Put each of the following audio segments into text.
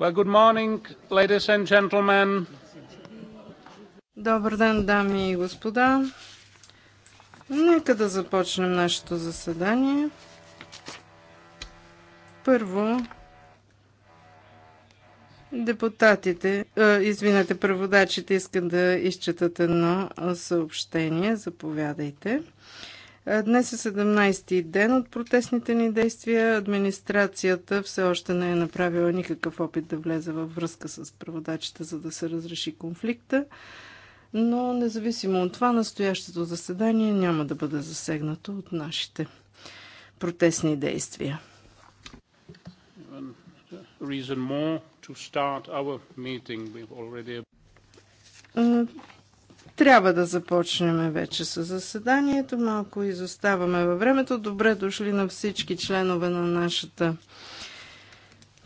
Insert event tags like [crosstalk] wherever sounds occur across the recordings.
Well, good morning, ladies and gentlemen. Добър ден, дами и господа. Нека да започнем нашето заседание. Първо, депутатите, э, извинете, преводачите искат да изчетат едно съобщение. Заповядайте. Заповядайте. Е, днес е 17-ти ден от протестните ни действия. Администрацията все още не е направила никакъв опит да влезе във връзка с преводачите, за да се разреши конфликта. Но независимо от това, настоящото заседание няма да бъде засегнато от нашите протестни действия. Трябва да започнем вече с заседанието. Малко изоставаме във времето. Добре дошли на всички членове на нашата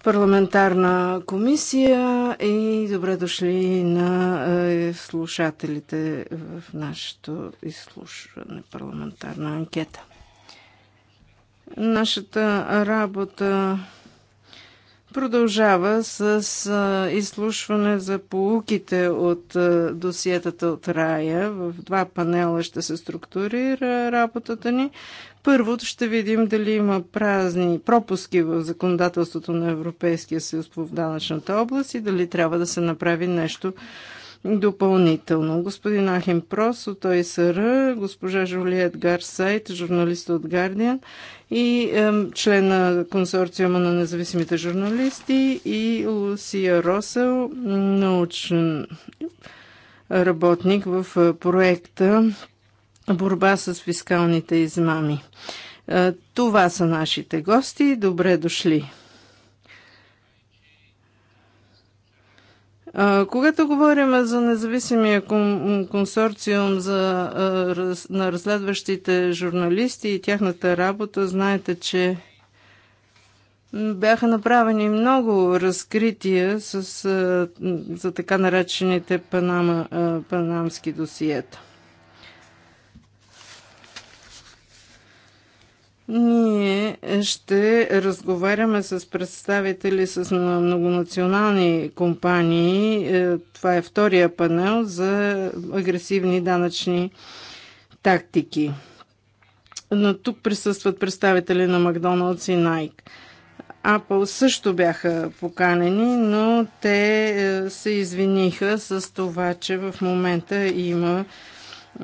парламентарна комисия и добре дошли на е, слушателите в нашето изслушване парламентарна анкета. Нашата работа Продължава с а, изслушване за полуките от а, досиетата от Рая. В два панела ще се структурира работата ни. Първо ще видим дали има празни пропуски в законодателството на Европейския съюз по данъчната област и дали трябва да се направи нещо допълнително. Господин Ахим Прос от ОСР, госпожа Жулиет Гарсайт, журналист от Гардиан и е, член на консорциума на независимите журналисти и Лусия Росел, научен работник в е, проекта Борба с фискалните измами. Е, това са нашите гости. Добре дошли! Когато говорим за независимия консорциум за, на разследващите журналисти и тяхната работа, знаете, че бяха направени много разкрития с, за така наречените панама, панамски досиета. Ние ще разговаряме с представители с многонационални компании. Е, това е втория панел за агресивни данъчни тактики. Но тук присъстват представители на Макдоналдс и Найк. Apple също бяха поканени, но те е, се извиниха с това, че в момента има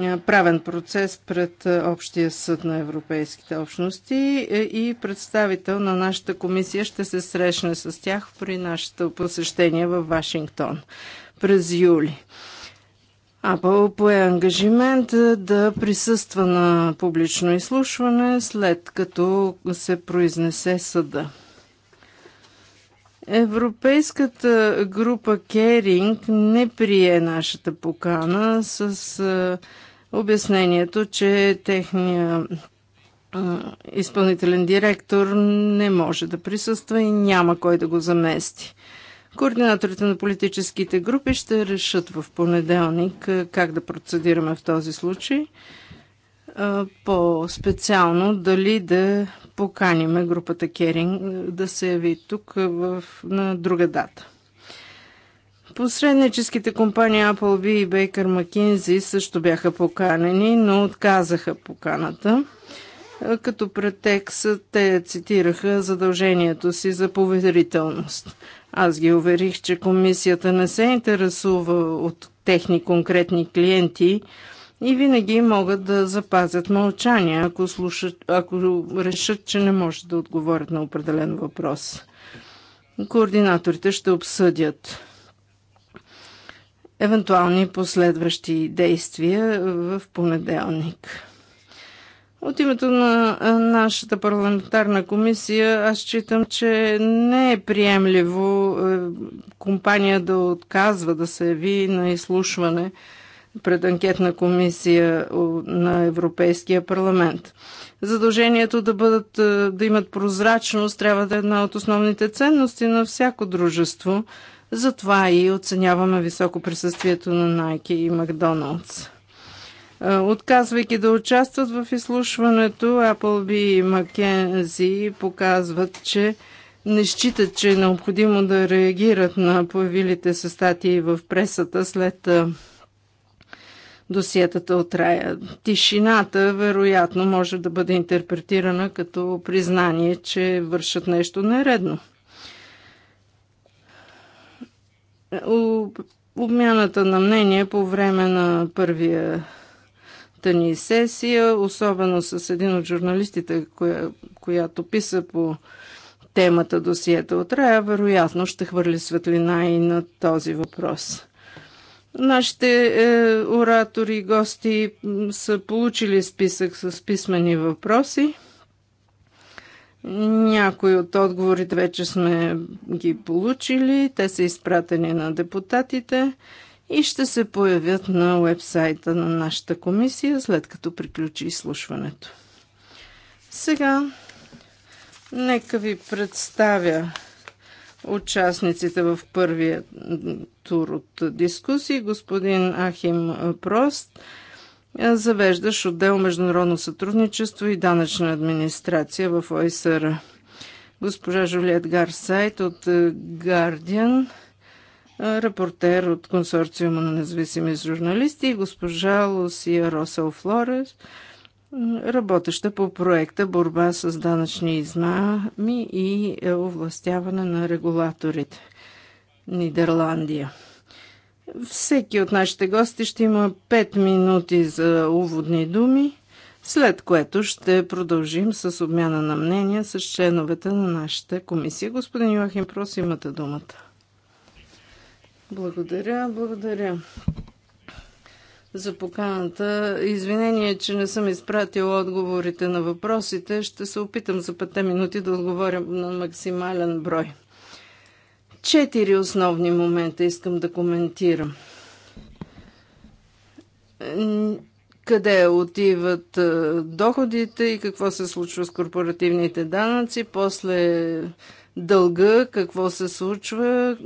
е, правен процес пред е, Общия съд на Европейските общности е, и представител на нашата комисия ще се срещне с тях при нашето посещение в Вашингтон през юли. Апъл пое ангажимент да присъства на публично изслушване след като се произнесе съда. Европейската група Керинг не прие нашата покана с обяснението, че техния изпълнителен директор не може да присъства и няма кой да го замести. Координаторите на политическите групи ще решат в понеделник как да процедираме в този случай. По-специално дали да поканиме групата Керинг е, да се яви тук е, в, на друга дата. Посредническите компании Apple B и Baker McKinsey също бяха поканени, но отказаха поканата. Е, като претекст те цитираха задължението си за поверителност. Аз ги уверих, че комисията не се интересува от техни конкретни клиенти, и винаги могат да запазят мълчание, ако, слушат, ако решат, че не може да отговорят на определен въпрос. Координаторите ще обсъдят евентуални последващи действия в понеделник. От името на нашата парламентарна комисия аз считам, че не е приемливо е, компания да отказва да се яви на изслушване – пред анкетна комисия на Европейския парламент. Задължението да, бъдат, е, да имат прозрачност трябва да е една от основните ценности на всяко дружество. Затова и оценяваме високо присъствието на Nike и Макдоналдс. Е, отказвайки да участват в изслушването, B и McKenzie показват, че не считат, че е необходимо да реагират на появилите се статии в пресата след е, досиетата от рая. Тишината, вероятно, може да бъде интерпретирана като признание, че вършат нещо нередно. Обмяната на мнение по време на първия тъни сесия, особено с един от журналистите, коя, която писа по темата досиета от рая, вероятно ще хвърли светлина и на този въпрос. Нашите е, оратори и гости са получили списък с писмени въпроси. Някои от отговорите вече сме ги получили. Те са изпратени на депутатите и ще се появят на вебсайта на нашата комисия, след като приключи изслушването. Сега нека ви представя участниците в първия тур от дискусии. Господин Ахим Прост, завеждаш отдел Международно сътрудничество и данъчна администрация в ОИСР. Госпожа Жулиет Гарсайт от Guardian, репортер от консорциума на независими журналисти и госпожа Лусия Росел Флорес – работеща по проекта Борба с данъчни измами и е, овластяване на регулаторите. Нидерландия. Всеки от нашите гости ще има 5 минути за уводни думи, след което ще продължим с обмяна на мнения с членовете на нашата комисия. Господин Йоахим Прос, имате думата. Благодаря, благодаря за поканата. Извинение, че не съм изпратил отговорите на въпросите. Ще се опитам за пъте минути да отговоря на максимален брой. Четири основни момента искам да коментирам. Къде отиват е, доходите и какво се случва с корпоративните данъци, после дълга, какво се случва,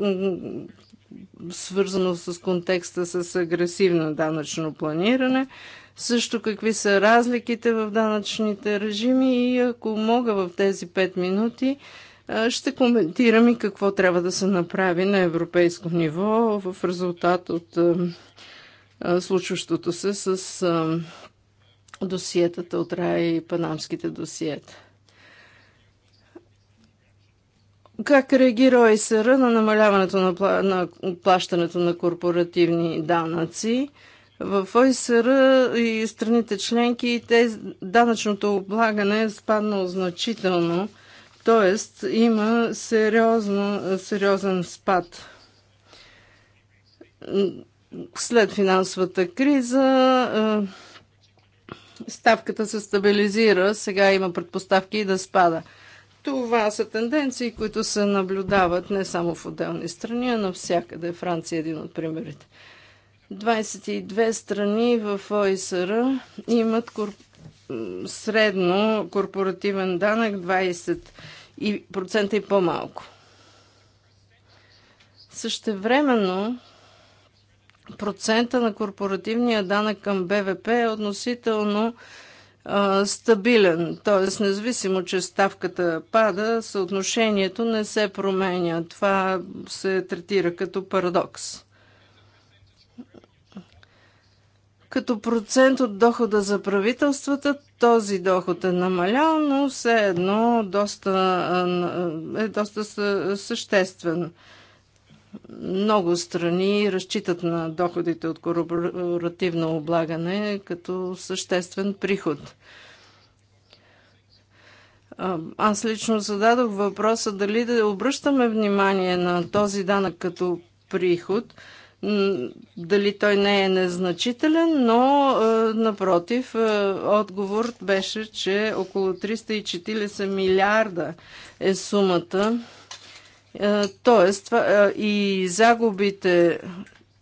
свързано с контекста с агресивно данъчно планиране. Също какви са разликите в данъчните режими и ако мога в тези 5 минути, ще коментирам и какво трябва да се направи на европейско ниво в резултат от случващото се с досиетата от рай и панамските досиета. Как реагира ОСР на намаляването на, пла... на плащането на корпоративни данъци? В ОСР и страните членки те, данъчното облагане е спаднало значително, т.е. има сериозно, сериозен спад. След финансовата криза е, ставката се стабилизира, сега има предпоставки и да спада. Това са тенденции, които се наблюдават не само в отделни страни, а навсякъде. Франция е един от примерите. 22 страни в ОИСР имат корп... средно корпоративен данък 20% и, и по-малко. Същевременно процента на корпоративния данък към БВП е относително стабилен, т.е. независимо, че ставката пада, съотношението не се променя. Това се третира като парадокс. Като процент от дохода за правителствата, този доход е намалял, но все едно доста, е доста съществен. Много страни разчитат на доходите от корпоративно облагане като съществен приход. Аз лично зададох въпроса дали да обръщаме внимание на този данък като приход, дали той не е незначителен, но напротив, отговор беше, че около 340 милиарда е сумата е, тоест, е, и загубите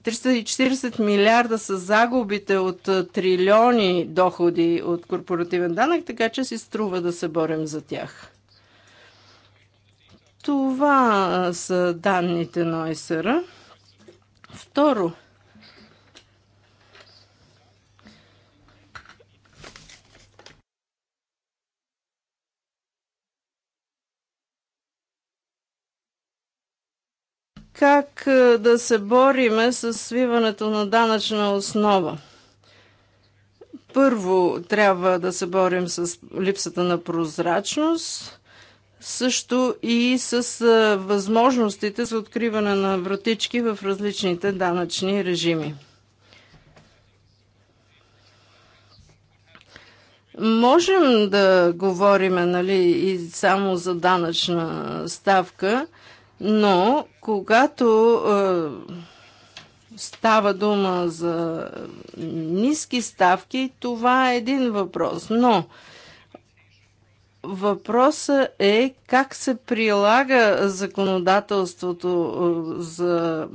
340 милиарда са загубите от е, трилиони доходи от корпоративен данък, така че си струва да се борим за тях. Това са данните на ОСР. Второ, как е, да се бориме с свиването на данъчна основа. Първо трябва да се борим с липсата на прозрачност, също и с е, възможностите за откриване на вратички в различните данъчни режими. Можем да говорим нали, и само за данъчна ставка – но когато става дума за ниски ставки, това е един въпрос. Но въпросът е как се прилага законодателството за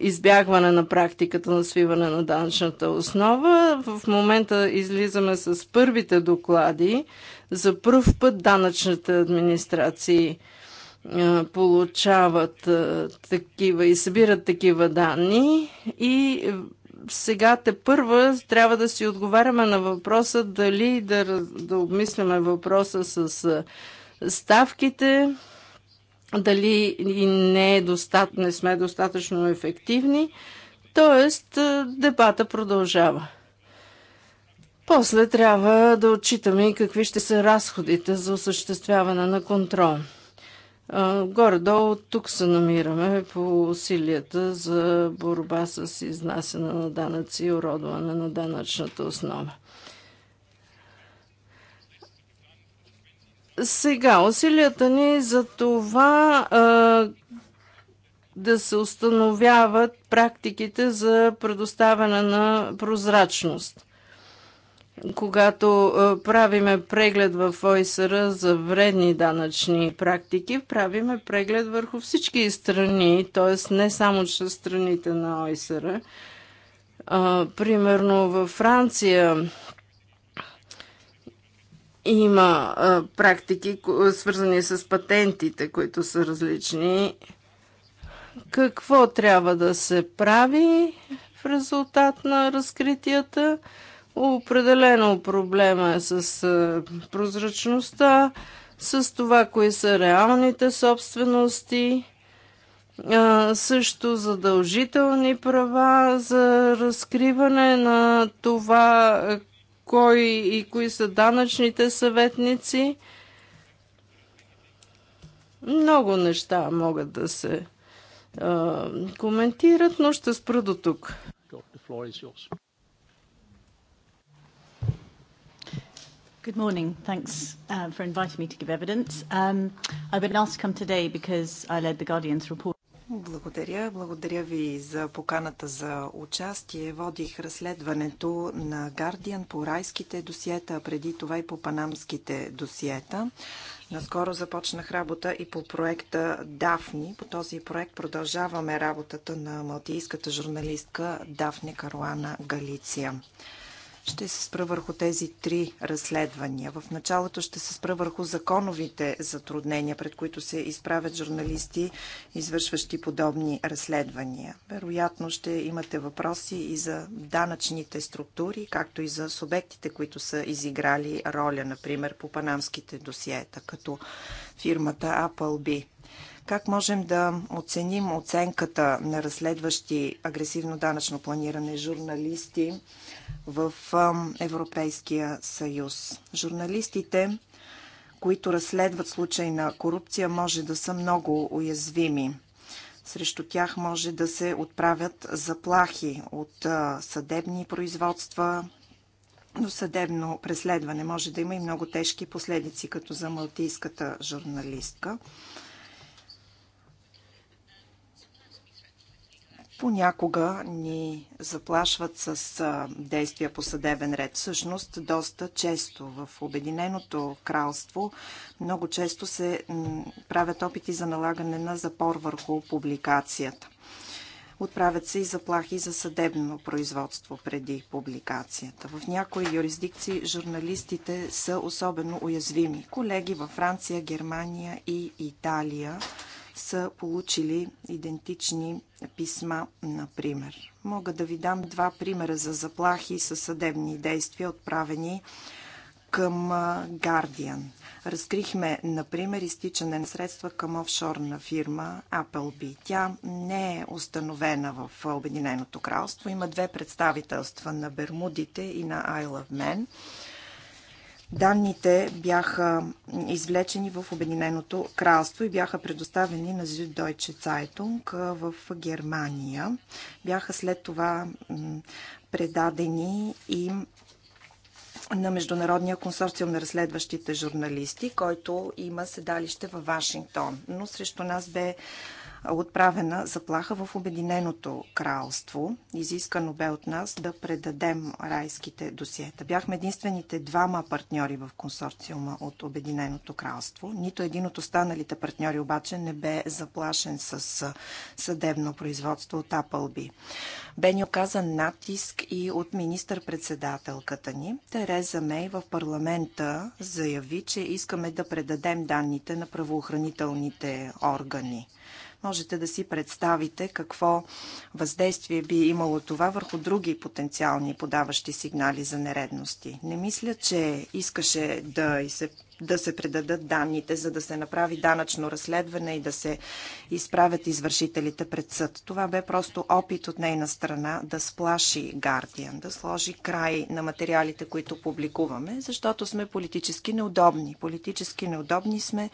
избягване на практиката на свиване на данъчната основа. В момента излизаме с първите доклади. За първ път данъчните администрации – получават такива и събират такива данни и сега те първа трябва да си отговаряме на въпроса дали да, да обмисляме въпроса с ставките, дали и не, е достат, не сме достатъчно ефективни. Тоест, дебата продължава. После трябва да отчитаме какви ще са разходите за осъществяване на контрол. Горе-долу тук се намираме по усилията за борба с изнасяне на данъци и уродване на данъчната основа. Сега, усилията ни за това а, да се установяват практиките за предоставяне на прозрачност когато е, правиме преглед в ОИСР за вредни данъчни практики, правиме преглед върху всички страни, т.е. не само че страните на ОИСР. Е, примерно във Франция има е, практики, свързани с патентите, които са различни. Какво трябва да се прави в резултат на разкритията? Определено проблема е с прозрачността, с това, кои са реалните собствености, също задължителни права за разкриване на това, кой и кои са данъчните съветници. Много неща могат да се коментират, но ще спра до тук. Good morning. Thanks uh, for inviting me to give evidence. Um, I've been asked to come today because I led the Guardian's report. Благодаря. Благодаря ви за поканата за участие. Водих разследването на Guardian по райските досиета, а преди това и по панамските досиета. Наскоро започнах работа и по проекта Дафни. По този проект продължаваме работата на малтийската журналистка Дафни Каруана Галиция. Ще се спра върху тези три разследвания. В началото ще се спра върху законовите затруднения, пред които се изправят журналисти, извършващи подобни разследвания. Вероятно ще имате въпроси и за данъчните структури, както и за субектите, които са изиграли роля, например, по панамските досиета, като фирмата Apple B. как можем да оценим оценката на разследващи агресивно данъчно планиране журналисти в Европейския съюз. Журналистите, които разследват случай на корупция, може да са много уязвими. Срещу тях може да се отправят заплахи от съдебни производства, но съдебно преследване може да има и много тежки последици, като за малтийската журналистка. понякога ни заплашват с действия по съдебен ред. Всъщност, доста често в Обединеното кралство много често се правят опити за налагане на запор върху публикацията. Отправят се и заплахи за съдебно производство преди публикацията. В някои юрисдикции журналистите са особено уязвими. Колеги във Франция, Германия и Италия са получили идентични писма, например. Мога да ви дам два примера за заплахи със съдебни действия, отправени към Guardian. Разкрихме, например, изтичане на средства към офшорна фирма Appleby. Тя не е установена в Обединеното кралство. Има две представителства на Бермудите и на Isle of Man. Данните бяха извлечени в Обединеното кралство и бяха предоставени на Süddeutsche Zeitung в Германия. Бяха след това предадени и на Международния консорциум на разследващите журналисти, който има седалище във Вашингтон. Но срещу нас бе отправена заплаха в Обединеното кралство. Изискано бе от нас да предадем райските досиета. Бяхме единствените двама партньори в консорциума от Обединеното кралство. Нито един от останалите партньори обаче не бе заплашен с съдебно производство от Апълби. Бе ни оказан натиск и от министър-председателката ни. Тереза Мей в парламента заяви, че искаме да предадем данните на правоохранителните органи. Можете да си представите какво въздействие би имало това върху други потенциални подаващи сигнали за нередности. Не мисля, че искаше да и се да се предадат данните, за да се направи данъчно разследване и да се изправят извършителите пред съд. Това бе просто опит от нейна страна да сплаши Гардиан, да сложи край на материалите, които публикуваме, защото сме политически неудобни. Политически неудобни сме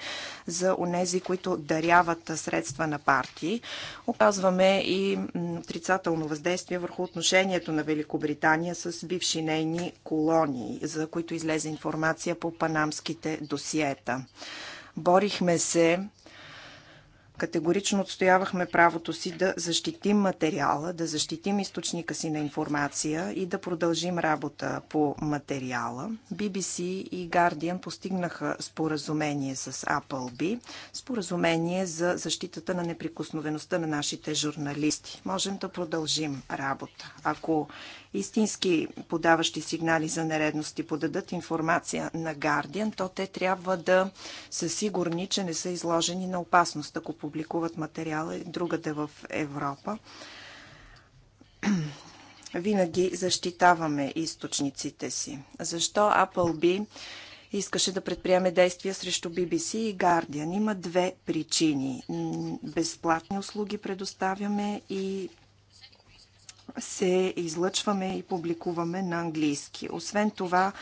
за онези, които даряват средства на партии. Оказваме и отрицателно въздействие върху отношението на Великобритания с бивши нейни колонии, за които излезе информация по панамските своите досиета. Борихме се категорично отстоявахме правото си да защитим материала, да защитим източника си на информация и да продължим работа по материала. BBC и Guardian постигнаха споразумение с B, споразумение за защитата на неприкосновеността на нашите журналисти. Можем да продължим работа. Ако истински подаващи сигнали за нередности подадат информация на Guardian, то те трябва да са сигурни, че не са изложени на опасност, ако публикуват материала другата в Европа. [clears throat] Винаги защитаваме източниците си. Защо Apple B искаше да предприеме действия срещу BBC и Guardian. Има две причини. Безплатни услуги предоставяме и се излъчваме и публикуваме на английски. Освен това,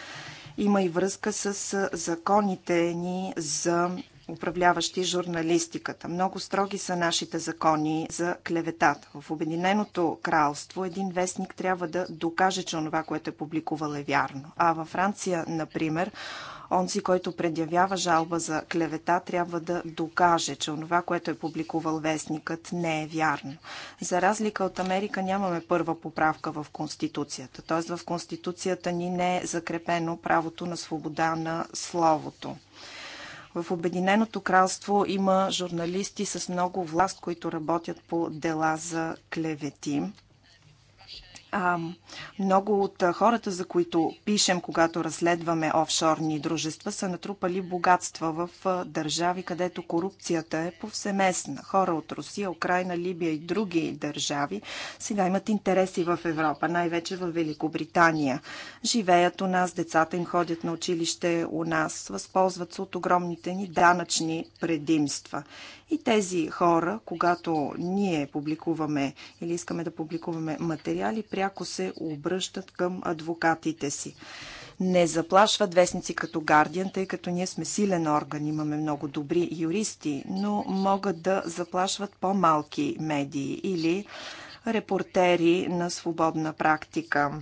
има и връзка с законите ни за управляващи журналистиката. Много строги са нашите закони за клеветата. В Обединеното кралство един вестник трябва да докаже, че онова, което е публикувал е вярно. А във Франция, например, онзи, който предявява жалба за клевета, трябва да докаже, че онова, което е публикувал вестникът, не е вярно. За разлика от Америка нямаме първа поправка в Конституцията. Т.е. в Конституцията ни не е закрепено правото на свобода на словото. В Обединеното кралство има журналисти с много власт, които работят по дела за клевети. А, много от хората, за които пишем, когато разследваме офшорни дружества, са натрупали богатства в държави, където корупцията е повсеместна. Хора от Русия, Украина, Либия и други държави сега имат интереси в Европа, най-вече в Великобритания. Живеят у нас, децата им ходят на училище у нас, възползват се от огромните ни данъчни предимства. И тези хора, когато ние публикуваме или искаме да публикуваме материали, пряко се обръщат към адвокатите си. Не заплашват вестници като Гардиан, тъй като ние сме силен орган, имаме много добри юристи, но могат да заплашват по-малки медии или репортери на свободна практика.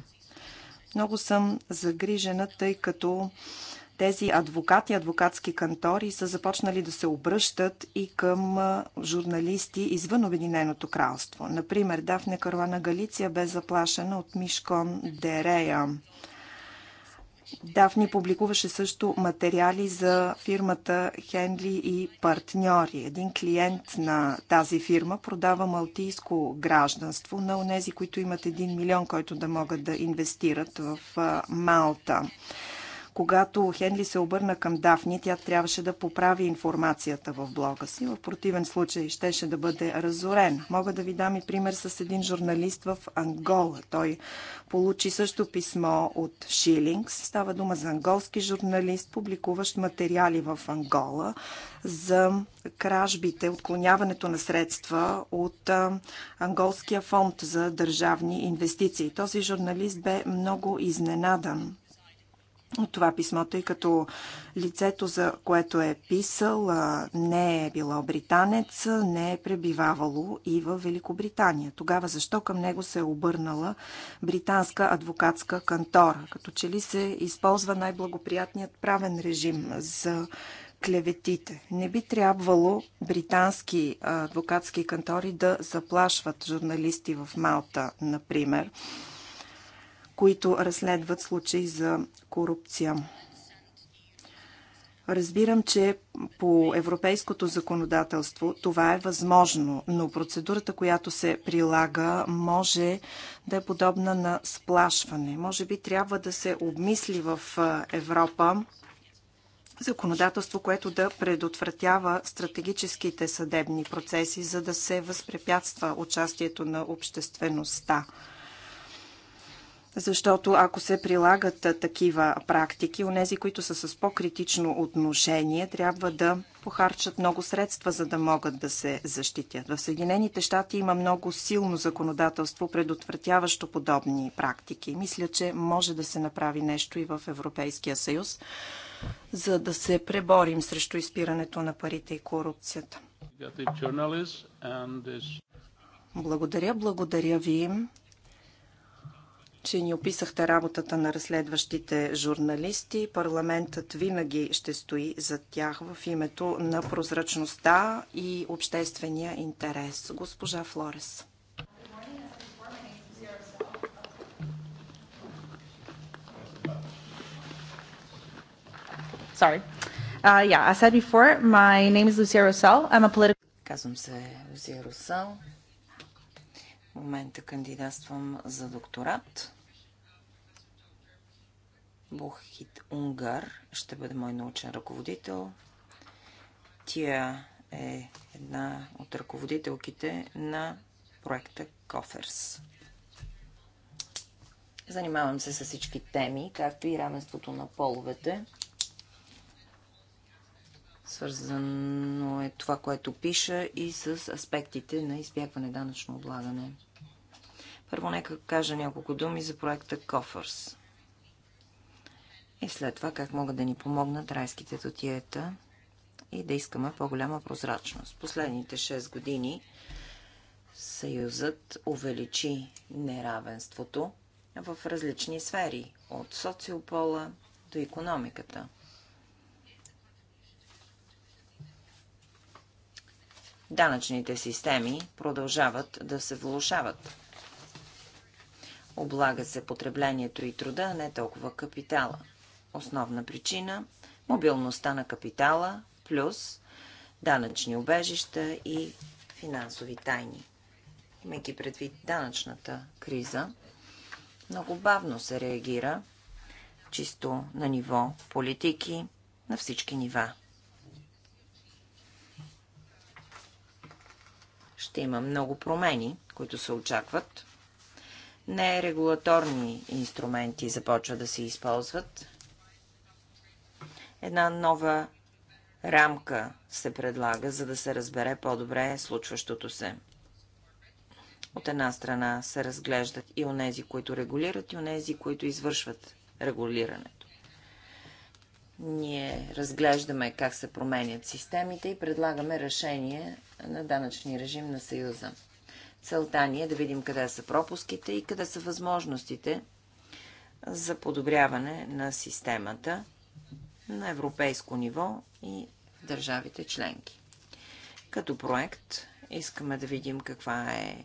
Много съм загрижена, тъй като тези адвокати, адвокатски кантори са започнали да се обръщат и към журналисти извън Обединеното кралство. Например, Дафне Каруана Галиция бе заплашена от Мишкон Дерея. Дафни публикуваше също материали за фирмата Хенли и партньори. Един клиент на тази фирма продава малтийско гражданство на онези, които имат 1 милион, който да могат да инвестират в Малта когато Хенли се обърна към Дафни, тя трябваше да поправи информацията в блога си. В противен случай щеше да бъде разорен. Мога да ви дам и пример с един журналист в Ангола. Той получи също писмо от Шилингс. Става дума за анголски журналист, публикуващ материали в Ангола за кражбите, отклоняването на средства от анголския фонд за държавни инвестиции. Този журналист бе много изненадан от това писмо, тъй като лицето, за което е писал, не е било британец, не е пребивавало и в Великобритания. Тогава защо към него се е обърнала британска адвокатска кантора? Като че ли се използва най-благоприятният правен режим за клеветите. Не би трябвало британски адвокатски кантори да заплашват журналисти в Малта, например които разследват случаи за корупция. Разбирам, че по европейското законодателство това е възможно, но процедурата, която се прилага, може да е подобна на сплашване. Може би трябва да се обмисли в Европа законодателство, което да предотвратява стратегическите съдебни процеси, за да се възпрепятства участието на обществеността. Защото ако се прилагат такива практики, нези, които са с по-критично отношение, трябва да похарчат много средства, за да могат да се защитят. В Съединените щати има много силно законодателство, предотвратяващо подобни практики. Мисля, че може да се направи нещо и в Европейския съюз, за да се преборим срещу изпирането на парите и корупцията. Благодаря, благодаря ви че ни описахте работата на разследващите журналисти. Парламентът винаги ще стои за тях в името на прозрачността и обществения интерес. Госпожа Флорес. Sorry. Uh, yeah, I said before, my name is Lucia I'm a political... Казвам се Лусия Русал. В момента кандидатствам за докторат. Бухит Унгар ще бъде мой научен ръководител. Тя е една от ръководителките на проекта Коферс. Занимавам се с всички теми, както и равенството на половете. Свързано е това, което пиша и с аспектите на избягване данъчно облагане. Първо нека кажа няколко думи за проекта Кофърс. И след това как могат да ни помогнат райските тотиета и да искаме по-голяма прозрачност. Последните 6 години Съюзът увеличи неравенството в различни сфери, от социопола до економиката. Данъчните системи продължават да се влушават. Облага се потреблението и труда, а не толкова капитала – основна причина мобилността на капитала плюс данъчни обежища и финансови тайни. Имайки предвид данъчната криза, много бавно се реагира чисто на ниво политики на всички нива. Ще има много промени, които се очакват. Нерегулаторни инструменти започват да се използват Една нова рамка се предлага, за да се разбере по-добре случващото се. От една страна се разглеждат и онези, които регулират, и онези, които извършват регулирането. Ние разглеждаме как се променят системите и предлагаме решение на данъчния режим на Съюза. Целта ни е да видим къде са пропуските и къде са възможностите за подобряване на системата на европейско ниво и в държавите членки. Като проект искаме да видим каква е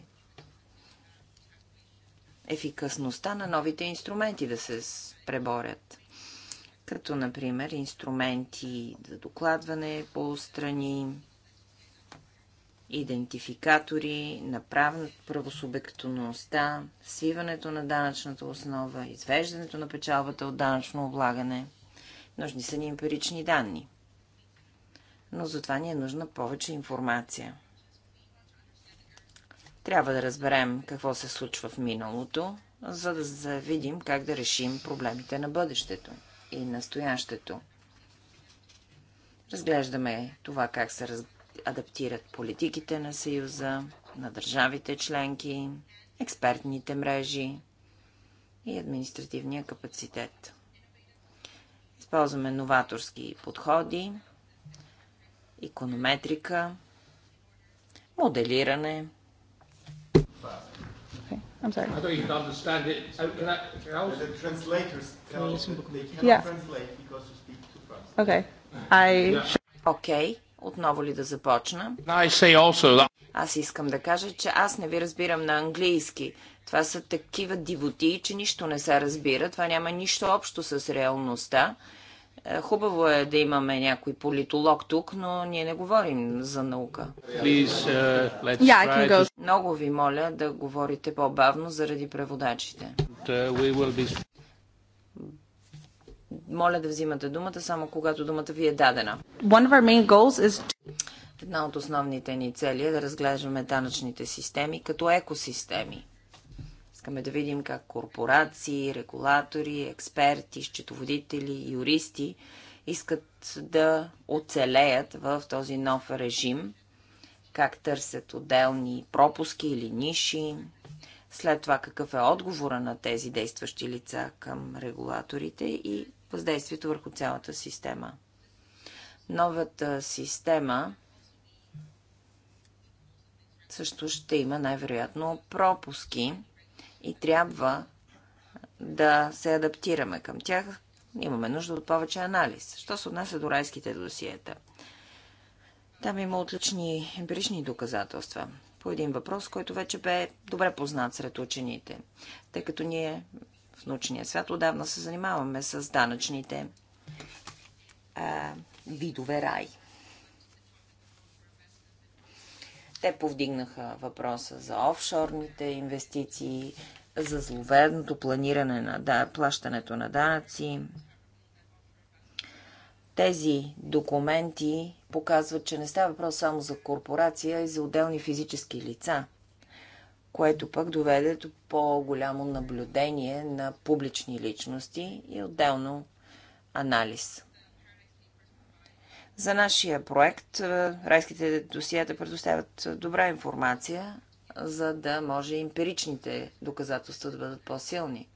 ефикасността на новите инструменти да се преборят. Като, например, инструменти за докладване по страни, идентификатори на правосубектността, свиването на данъчната основа, извеждането на печалбата от данъчно облагане – Нужни са ни емпирични данни. Но за това ни е нужна повече информация. Трябва да разберем какво се случва в миналото, за да завидим как да решим проблемите на бъдещето и настоящето. Разглеждаме това как се раз... адаптират политиките на Съюза, на държавите членки, експертните мрежи и административния капацитет използваме новаторски подходи, иконометрика, моделиране. Okay. I'm sorry. I thought understand it. Oh, can I, can I also... The translators tell they cannot yeah. translate because you speak too fast. Okay. I... Okay. Отново ли да започна? Аз искам да кажа, че аз не ви разбирам на английски. Това са такива дивоти, че нищо не се разбира. Това няма нищо общо с реалността. Е, хубаво е да имаме някой политолог тук, но ние не говорим за наука. Please, uh, yeah, to... Много ви моля да говорите по-бавно заради преводачите. Uh, be... Моля да взимате думата само когато думата ви е дадена. Is... Една от основните ни цели е да разглеждаме данъчните системи като екосистеми. Искаме да видим как корпорации, регулатори, експерти, счетоводители, юристи искат да оцелеят в този нов режим, как търсят отделни пропуски или ниши, след това какъв е отговора на тези действащи лица към регулаторите и въздействието върху цялата система. Новата система също ще има най-вероятно пропуски и трябва да се адаптираме към тях. Имаме нужда от повече анализ. Що се отнася до райските досиета? Там има отлични емпирични доказателства по един въпрос, който вече бе добре познат сред учените, тъй като ние в научния свят отдавна се занимаваме с данъчните а, видове рай. Те повдигнаха въпроса за офшорните инвестиции, за зловедното планиране на да, плащането на данъци. Тези документи показват, че не става въпрос само за корпорация и за отделни физически лица, което пък доведе до по-голямо наблюдение на публични личности и отделно анализ. За нашия проект е, райските досията предоставят добра информация, за да може емпиричните доказателства да бъдат по-силни.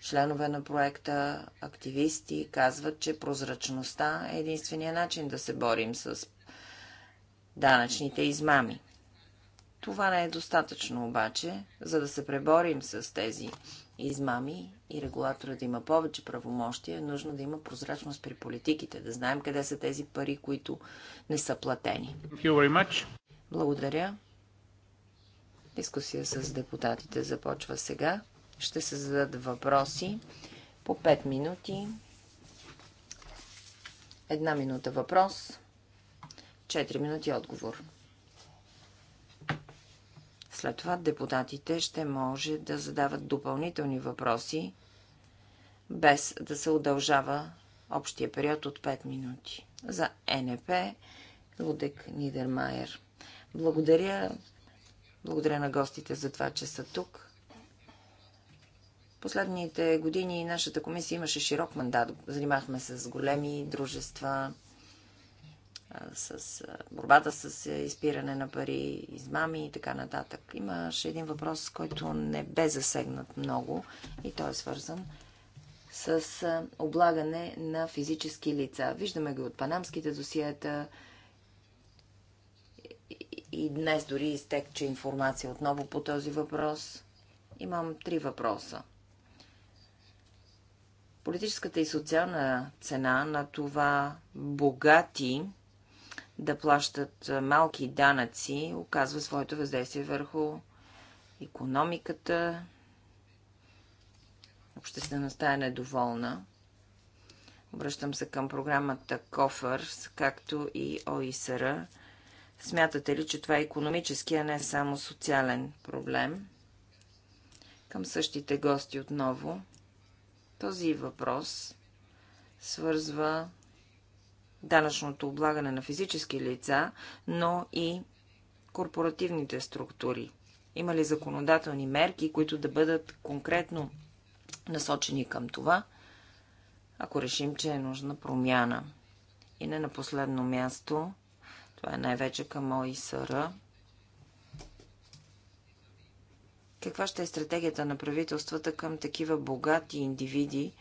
Членове на проекта, активисти казват, че прозрачността е единствения начин да се борим с данъчните измами. Това не е достатъчно обаче, за да се преборим с тези измами и регулатора да има повече правомощия, е нужно да има прозрачност при политиките, да знаем къде са тези пари, които не са платени. Благодаря. Дискусия с депутатите започва сега. Ще се зададат въпроси по 5 минути. Една минута въпрос, 4 минути отговор. След това депутатите ще може да задават допълнителни въпроси, без да се удължава общия период от 5 минути. За НП Лудек Нидермайер. Благодаря. Благодаря на гостите за това, че са тук. Последните години нашата комисия имаше широк мандат. Занимахме се с големи дружества, с борбата с изпиране на пари, измами и така нататък. Имаше един въпрос, който не бе засегнат много и той е свързан с облагане на физически лица. Виждаме ги от панамските досиета и днес дори изтекче информация отново по този въпрос. Имам три въпроса. Политическата и социална цена на това богати да плащат малки данъци, оказва своето въздействие върху економиката. Обществеността е недоволна. Обръщам се към програмата КОФърс, както и ОИСР. Смятате ли, че това е економически, а не само социален проблем? Към същите гости отново. Този въпрос свързва данъчното облагане на физически лица, но и корпоративните структури? Има ли законодателни мерки, които да бъдат конкретно насочени към това, ако решим, че е нужна промяна? И не на последно място, това е най-вече към ОИСР. Каква ще е стратегията на правителствата към такива богати индивиди,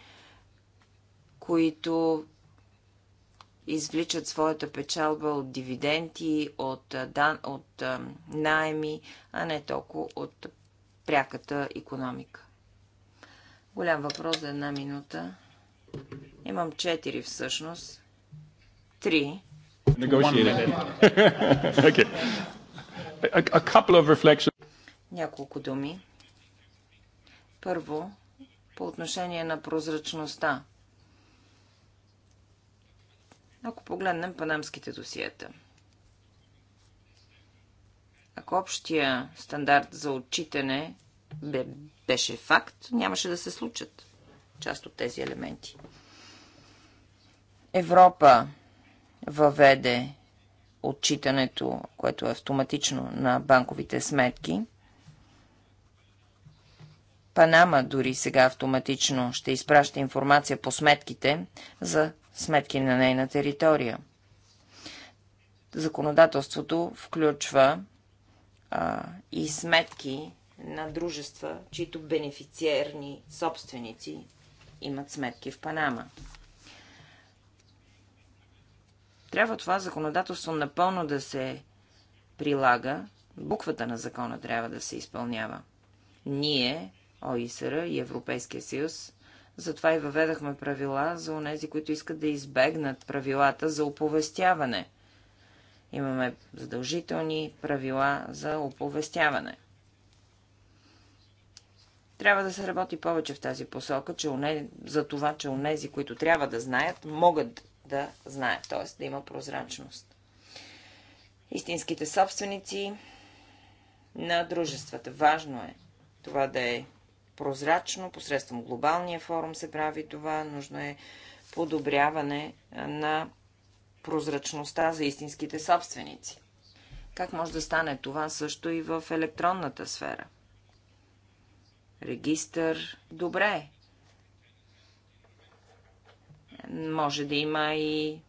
които извличат своята печалба от дивиденти, от, дан, от найеми, а не толкова от пряката економика. Голям въпрос за една минута. Имам четири всъщност. Три. [laughs] okay. a, a Няколко думи. Първо, по отношение на прозрачността. Ако погледнем панамските досиета. Ако общия стандарт за отчитане беше факт, нямаше да се случат част от тези елементи. Европа въведе отчитането, което е автоматично на банковите сметки. Панама дори сега автоматично ще изпраща информация по сметките за сметки на нейна територия. Законодателството включва а, и сметки на дружества, чието бенефициерни собственици имат сметки в Панама. Трябва това законодателство напълно да се прилага, буквата на закона трябва да се изпълнява. Ние, ОИСР и Европейския съюз, затова и въведахме правила за онези, които искат да избегнат правилата за оповестяване. Имаме задължителни правила за оповестяване. Трябва да се работи повече в тази посока, че уне... за това, че онези, които трябва да знаят, могат да знаят, т.е. да има прозрачност. Истинските собственици на дружествата. Важно е това да е прозрачно, посредством глобалния форум се прави това, нужно е подобряване на прозрачността за истинските собственици. Как може да стане това също и в електронната сфера? Регистър, добре. Може да има и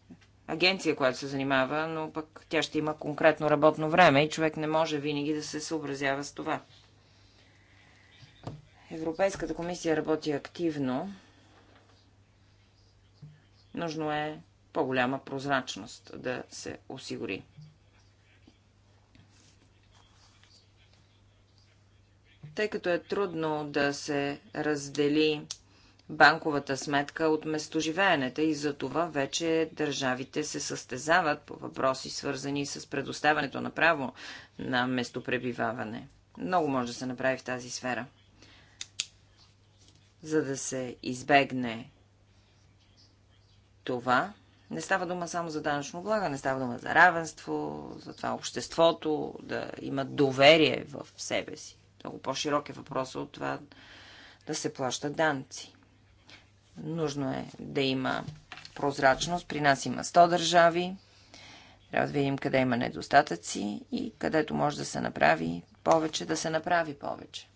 агенция, която се занимава, но пък тя ще има конкретно работно време и човек не може винаги да се съобразява с това. Европейската комисия работи активно. Нужно е по-голяма прозрачност да се осигури. Тъй като е трудно да се раздели банковата сметка от местоживеенето и за това вече държавите се състезават по въпроси, свързани с предоставането на право на местопребиваване. Много може да се направи в тази сфера. За да се избегне това, не става дума само за данъчно блага, не става дума за равенство, за това обществото да има доверие в себе си. Много по-широк е въпросът от това да се плащат данци. Нужно е да има прозрачност. При нас има 100 държави. Трябва да видим къде има недостатъци и където може да се направи повече, да се направи повече.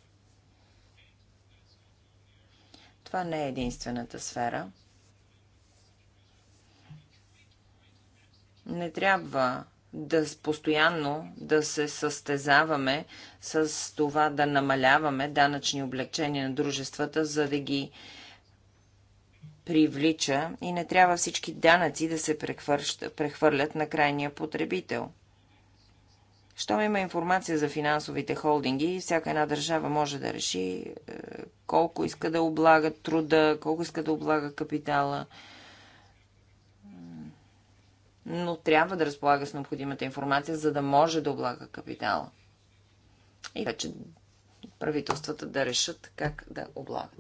Това не е единствената сфера. Не трябва да постоянно да се състезаваме с това да намаляваме данъчни облегчения на дружествата, за да ги привлича и не трябва всички данъци да се прехвърлят на крайния потребител. Щом има информация за финансовите холдинги, всяка една държава може да реши е, колко иска да облага труда, колко иска да облага капитала. Но трябва да разполага с необходимата информация, за да може да облага капитала. И вече правителствата да решат как да облагат.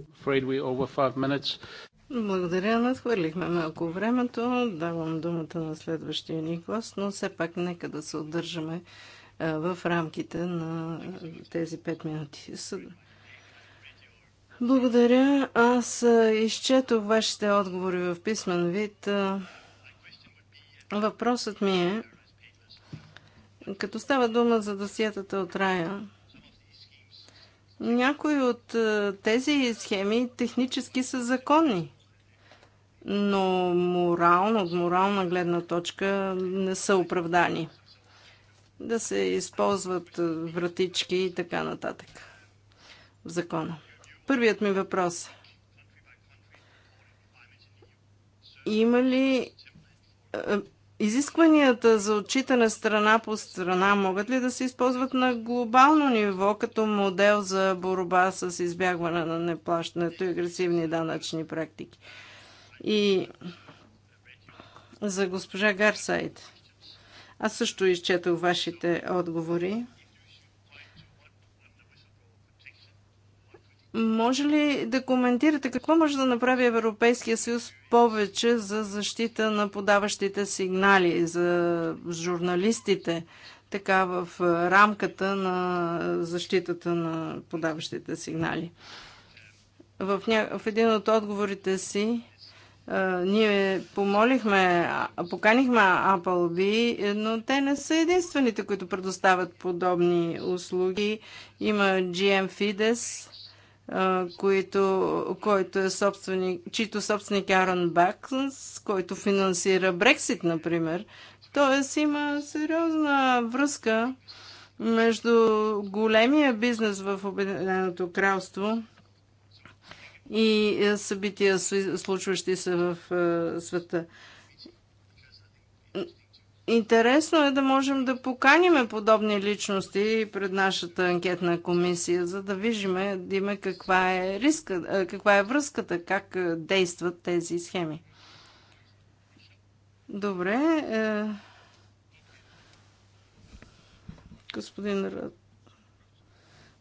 Благодаря, надхвърлихме малко времето. Давам думата на следващия ни гост, но все пак нека да се отдържаме в рамките на тези 5 минути. Благодаря. Аз изчетох вашите отговори в писмен вид. Въпросът ми е, като става дума за досиетата от рая, някои от тези схеми технически са законни, но морално, от морална гледна точка не са оправдани да се използват вратички и така нататък в закона. Първият ми въпрос е има ли изискванията за отчитане страна по страна могат ли да се използват на глобално ниво като модел за борба с избягване на неплащането и агресивни данъчни практики? И за госпожа Гарсайт. Аз също изчетох вашите отговори. Може ли да коментирате какво може да направи Европейския съюз повече за защита на подаващите сигнали, за журналистите, така в рамката на защитата на подаващите сигнали? В, ня... в един от отговорите си ние помолихме, поканихме B, но те не са единствените, които предоставят подобни услуги. Има GM Fides, който, който е собственик, чийто собственик е Арон Бакс, който финансира Брексит, например. Тоест има сериозна връзка между големия бизнес в Обединеното кралство – и е, събития, случващи се в е, света. Интересно е да можем да поканиме подобни личности пред нашата анкетна комисия, за да виждаме да каква е, риска, е, каква е връзката, как действат тези схеми. Добре. Е... Господин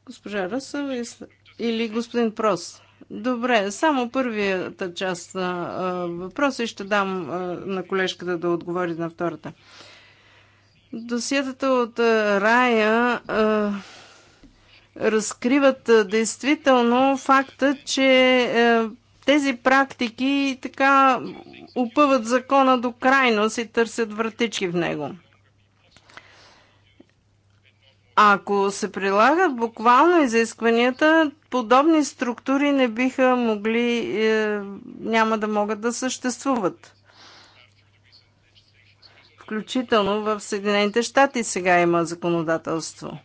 Госпожа Ръсъв или господин Прос? Добре, само първията част на въпроса и ще дам на колежката да отговори на втората. Досиетата от Рая разкриват действително факта, че тези практики така опъват закона до крайност и търсят вратички в него. Ако се прилагат буквално изискванията, подобни структури не биха могли, е, няма да могат да съществуват. Включително в Съединените щати сега има законодателство.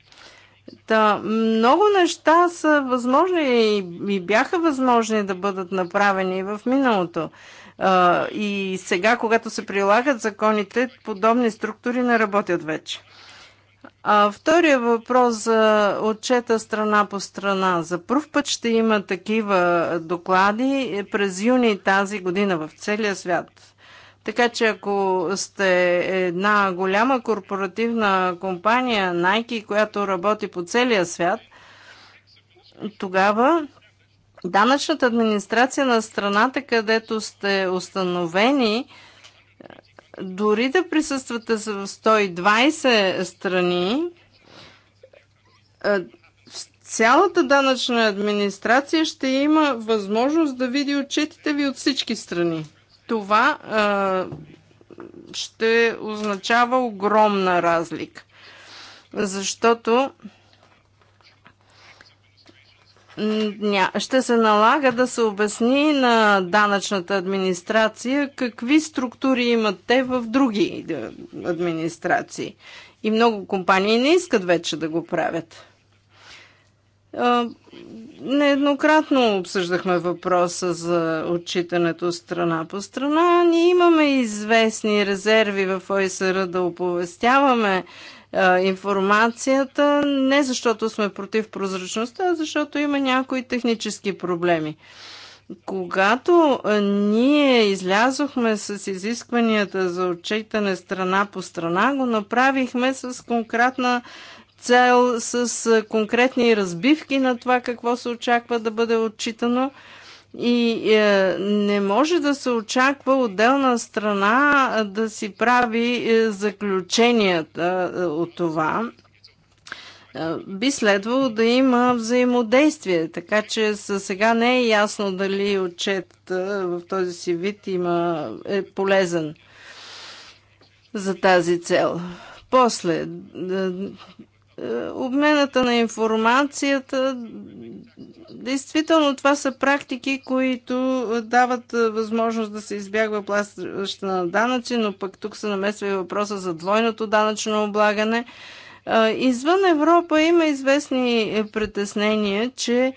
Та, много неща са възможни и, и бяха възможни да бъдат направени в миналото. А, и сега, когато се прилагат законите, подобни структури не работят вече. А втория въпрос за отчета страна по страна. За първ път ще има такива доклади през юни тази година в целия свят. Така че ако сте една голяма корпоративна компания Nike, която работи по целия свят, тогава данъчната администрация на страната, където сте установени, дори да присъствате в 120 страни, е, цялата данъчна администрация ще има възможност да види отчетите ви от всички страни. Това е, ще означава огромна разлика. Защото ще се налага да се обясни на данъчната администрация какви структури имат те в други е, администрации. И много компании не искат вече да го правят. Нееднократно обсъждахме въпроса за отчитането страна по страна. Ние имаме известни резерви в ОСР да оповестяваме информацията, не защото сме против прозрачността, а защото има някои технически проблеми. Когато ние излязохме с изискванията за отчитане страна по страна, го направихме с конкретна цел, с конкретни разбивки на това какво се очаква да бъде отчитано и е, не може да се очаква отделна страна е, да си прави е, заключенията е, от това. Е, би следвало да има взаимодействие, така че сега не е ясно дали отчет е, в този си вид има, е полезен за тази цел. После, е, обмената на информацията. Действително това са практики, които дават е, възможност да се избягва плащане на данъци, но пък тук се намесва и въпроса за двойното данъчно облагане. Е, извън Европа има известни притеснения, че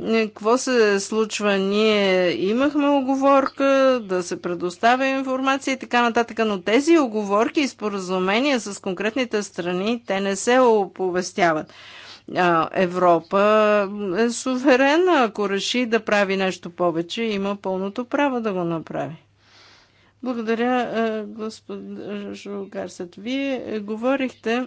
какво се случва? Ние имахме оговорка да се предоставя информация и така нататък, но тези оговорки и споразумения с конкретните страни, те не се оповестяват. Европа е суверена. Ако реши да прави нещо повече, има пълното право да го направи. Благодаря, господин Гарсет. Вие говорихте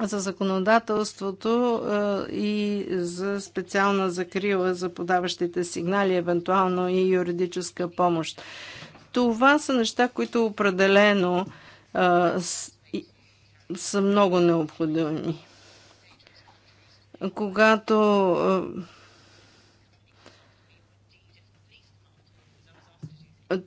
за законодателството е, и за специална закрила за подаващите сигнали, евентуално и юридическа помощ. Това са неща, които определено е, са много необходими. Когато е,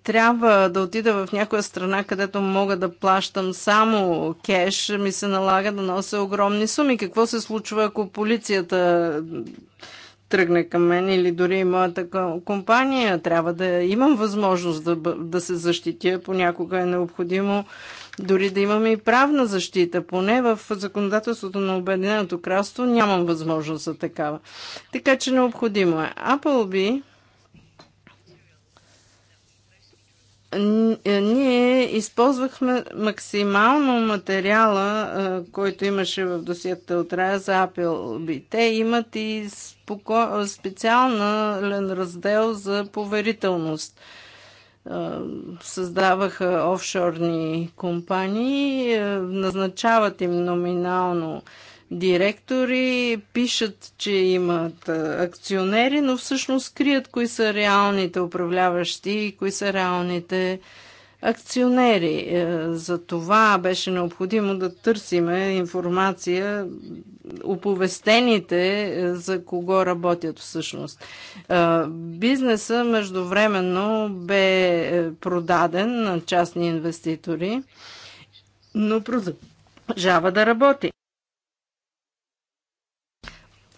трябва да отида в някоя страна, където мога да плащам само кеш, ми се налага да нося огромни суми. Какво се случва, ако полицията тръгне към мен или дори моята компания? Трябва да имам възможност да, да се защитя. Понякога е необходимо дори да имаме и правна защита. Поне в законодателството на Обединеното кралство нямам възможност за такава. Така че необходимо е. Appleby ние използвахме максимално материала, който имаше в досията от Рая за Апелби. Те имат и споко... специален раздел за поверителност. Създаваха офшорни компании, назначават им номинално директори, пишат, че имат акционери, но всъщност крият кои са реалните управляващи и кои са реалните акционери. Е, за това беше необходимо да търсиме информация, оповестените е, за кого работят всъщност. Е, бизнеса междувременно бе продаден на частни инвеститори, но продължава да работи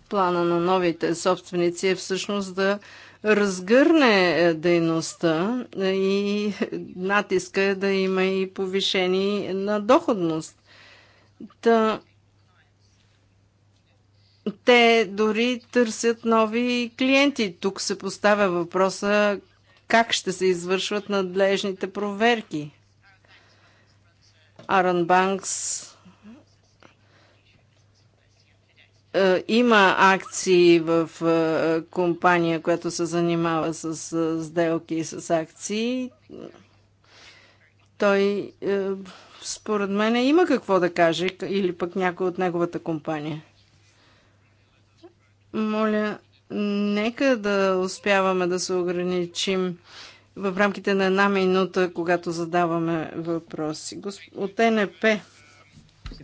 плана на новите собственици е всъщност да разгърне е, дейността е, и натиска е да има и повишени на доходност. Та, те дори търсят нови клиенти. Тук се поставя въпроса как ще се извършват надлежните проверки. Аран Банкс Е, има акции в е, компания, която се занимава с е, сделки и с акции, той според мен има какво да каже или пък някой от неговата компания. Моля, нека да успяваме да се ограничим в рамките на една минута, когато задаваме въпроси. От НП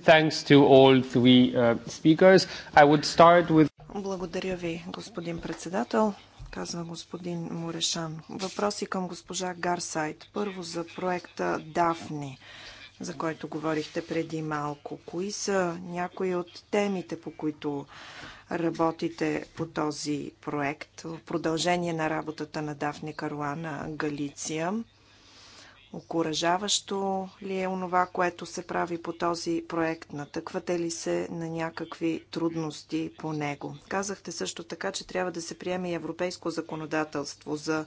Thanks to all three uh, speakers. I would start with... Благодаря ви, господин председател, казва господин Морешан. Въпроси към госпожа Гарсайт. Първо за проекта Дафни за който говорихте преди малко. Кои са някои от темите, по които работите по този проект в продължение на работата на Дафни Каруана Галиция? Окоръжаващо ли е онова, което се прави по този проект? Натъквате ли се на някакви трудности по него? Казахте също така, че трябва да се приеме и европейско законодателство за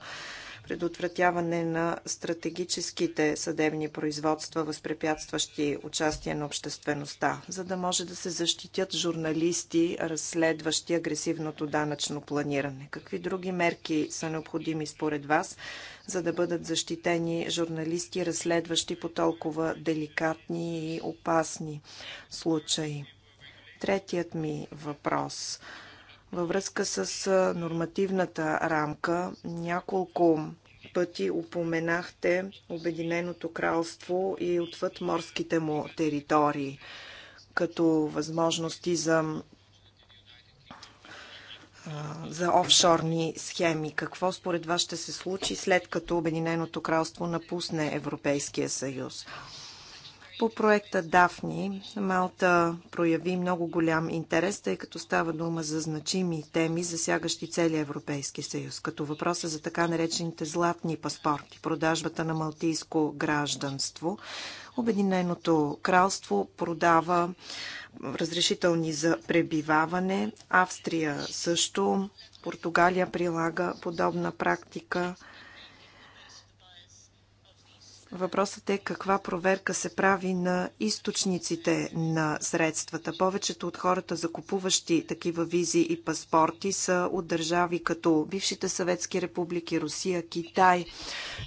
предотвратяване на стратегическите съдебни производства, възпрепятстващи участие на обществеността, за да може да се защитят журналисти, разследващи агресивното данъчно планиране? Какви други мерки са необходими според вас, за да бъдат защитени журналисти, разследващи по толкова деликатни и опасни случаи? Третият ми въпрос – във връзка с нормативната рамка, няколко пъти упоменахте Обединеното кралство и отвъд морските му територии като възможности за за офшорни схеми. Какво според вас ще се случи след като Обединеното кралство напусне Европейския съюз? По проекта Дафни Малта прояви много голям интерес, тъй като става дума за значими теми, засягащи целия Европейски съюз, като въпроса за така наречените златни паспорти, продажбата на малтийско гражданство. Обединеното кралство продава разрешителни за пребиваване. Австрия също. Португалия прилага подобна практика. Въпросът е каква проверка се прави на източниците на средствата. Повечето от хората, закупуващи такива визи и паспорти, са от държави като бившите съветски републики, Русия, Китай,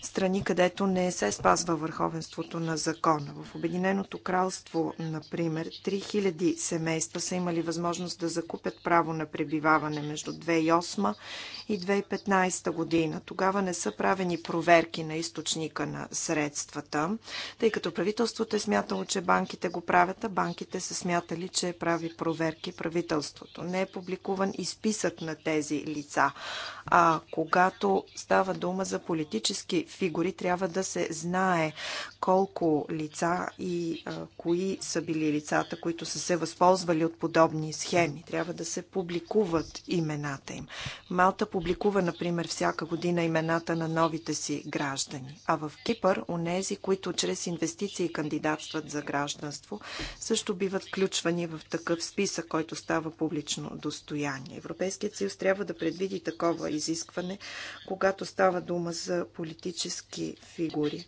страни, където не се спазва върховенството на закона. В Обединеното кралство, например, 3000 семейства са имали възможност да закупят право на пребиваване между 2008 и 2015 година. Тогава не са правени проверки на източника на средствата средствата, тъй като правителството е смятало, че банките го правят, а банките са смятали, че прави проверки правителството. Не е публикуван и списък на тези лица. А когато става дума за политически фигури, трябва да се знае колко лица и а, кои са били лицата, които са се възползвали от подобни схеми. Трябва да се публикуват имената им. Малта публикува, например, всяка година имената на новите си граждани. А в Кипър, онези, които чрез инвестиции кандидатстват за гражданство, също биват включвани в такъв списък, който става публично достояние. Европейският съюз трябва да предвиди такова изискване, когато става дума за политически фигури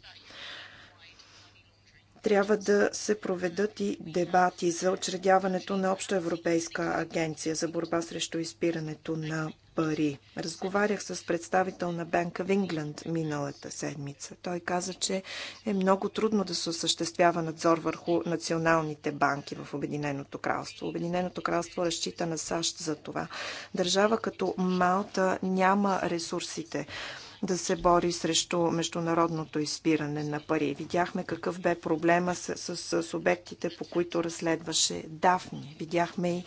трябва да се проведат и дебати за учредяването на Общоевропейска европейска агенция за борба срещу изпирането на пари. Разговарях с представител на Банка в Ингланд миналата седмица. Той каза, че е много трудно да се осъществява надзор върху националните банки в Обединеното кралство. Обединеното кралство разчита на САЩ за това. Държава като Малта няма ресурсите да се бори срещу международното изпиране на пари. Видяхме какъв бе проблема с, с, с субектите, по които разследваше Дафни. Видяхме и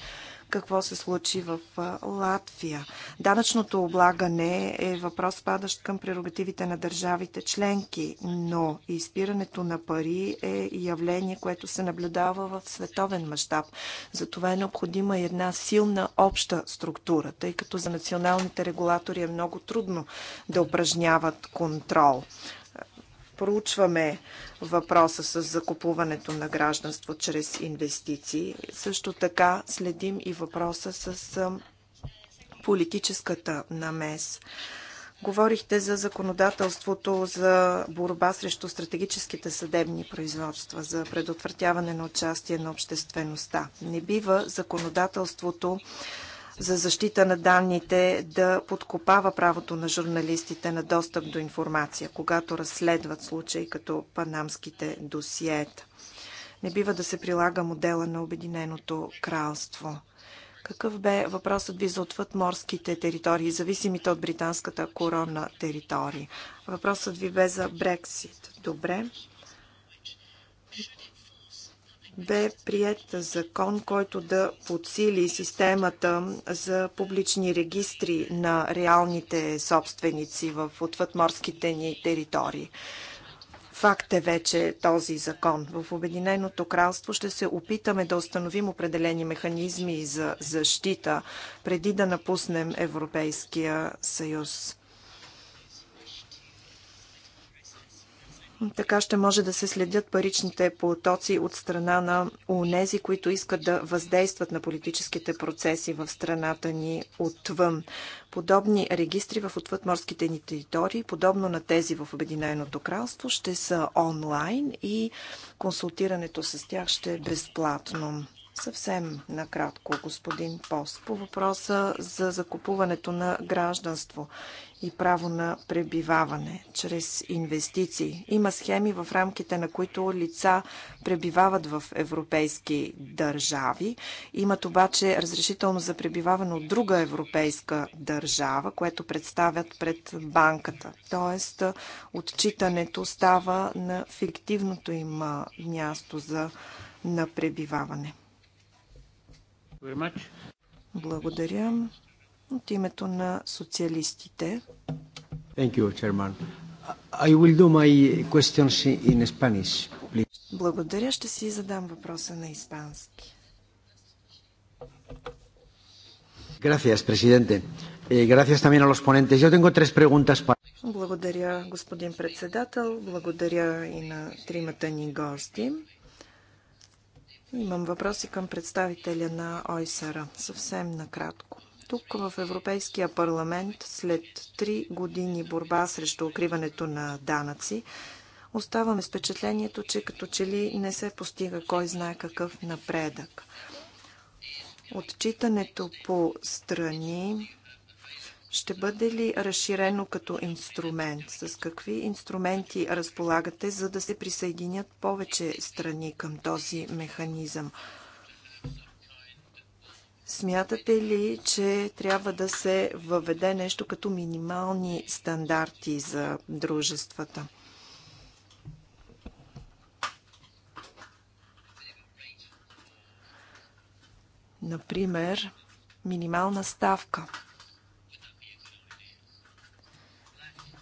какво се случи в Латвия. Данъчното облагане е въпрос падащ към прерогативите на държавите членки, но изпирането на пари е явление, което се наблюдава в световен мащаб. Затова е необходима една силна обща структура, тъй като за националните регулатори е много трудно да упражняват контрол проучваме въпроса с закупуването на гражданство чрез инвестиции. Също така следим и въпроса с политическата намес. Говорихте за законодателството за борба срещу стратегическите съдебни производства, за предотвратяване на участие на обществеността. Не бива законодателството за защита на данните да подкопава правото на журналистите на достъп до информация, когато разследват случаи като панамските досиета. Не бива да се прилага модела на Обединеното кралство. Какъв бе въпросът ви за отвъд морските територии, зависимите от британската корона територии? Въпросът ви бе за Брексит. Добре бе прият закон, който да подсили системата за публични регистри на реалните собственици в отвъдморските ни територии. Факт е вече този закон. В Обединеното кралство ще се опитаме да установим определени механизми за защита преди да напуснем Европейския съюз. Така ще може да се следят паричните потоци от страна на унези, които искат да въздействат на политическите процеси в страната ни отвън. Подобни регистри в отвъдморските ни територии, подобно на тези в Обединеното кралство, ще са онлайн и консултирането с тях ще е безплатно. Съвсем накратко, господин Пост, по въпроса за закупуването на гражданство и право на пребиваване чрез инвестиции. Има схеми в рамките на които лица пребивават в европейски държави, имат обаче разрешително за пребиваване от друга европейска държава, което представят пред банката. Тоест, отчитането става на фиктивното им място за на пребиваване. Благодаря. От името на социалистите. Thank you, Chairman. I will do my questions in Spanish, please. Благодаря, ще си задам въпроса на испански. Gracias, presidente. Eh, gracias también a los ponentes. Yo tengo tres preguntas para... Благодаря, господин председател. Благодаря и на тримата ни гости. Имам въпроси към представителя на ОИСАРА. Съвсем накратко. Тук в Европейския парламент след три години борба срещу укриването на данъци оставаме с впечатлението, че като че ли не се постига кой знае какъв напредък. Отчитането по страни ще бъде ли разширено като инструмент? С какви инструменти разполагате, за да се присъединят повече страни към този механизъм? Смятате ли, че трябва да се въведе нещо като минимални стандарти за дружествата? Например, минимална ставка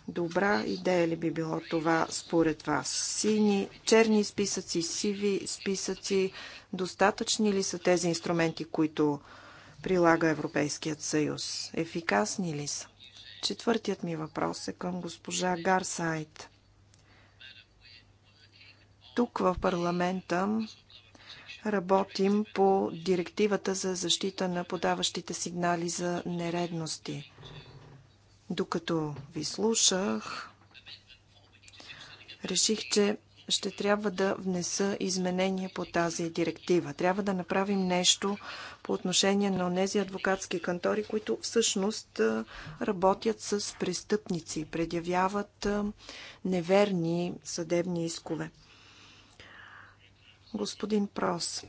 Добра идея ли би било това според вас? Сини, черни списъци, сиви списъци, достатъчни ли са тези инструменти, които прилага Европейският съюз? Ефикасни ли са? Четвъртият ми въпрос е към госпожа Гарсайт. Тук в парламента работим по директивата за защита на подаващите сигнали за нередности. Докато ви слушах, реших, че ще трябва да внеса изменения по тази директива. Трябва да направим нещо по отношение на тези адвокатски кантори, които всъщност работят с престъпници, предявяват неверни съдебни искове. Господин Прос,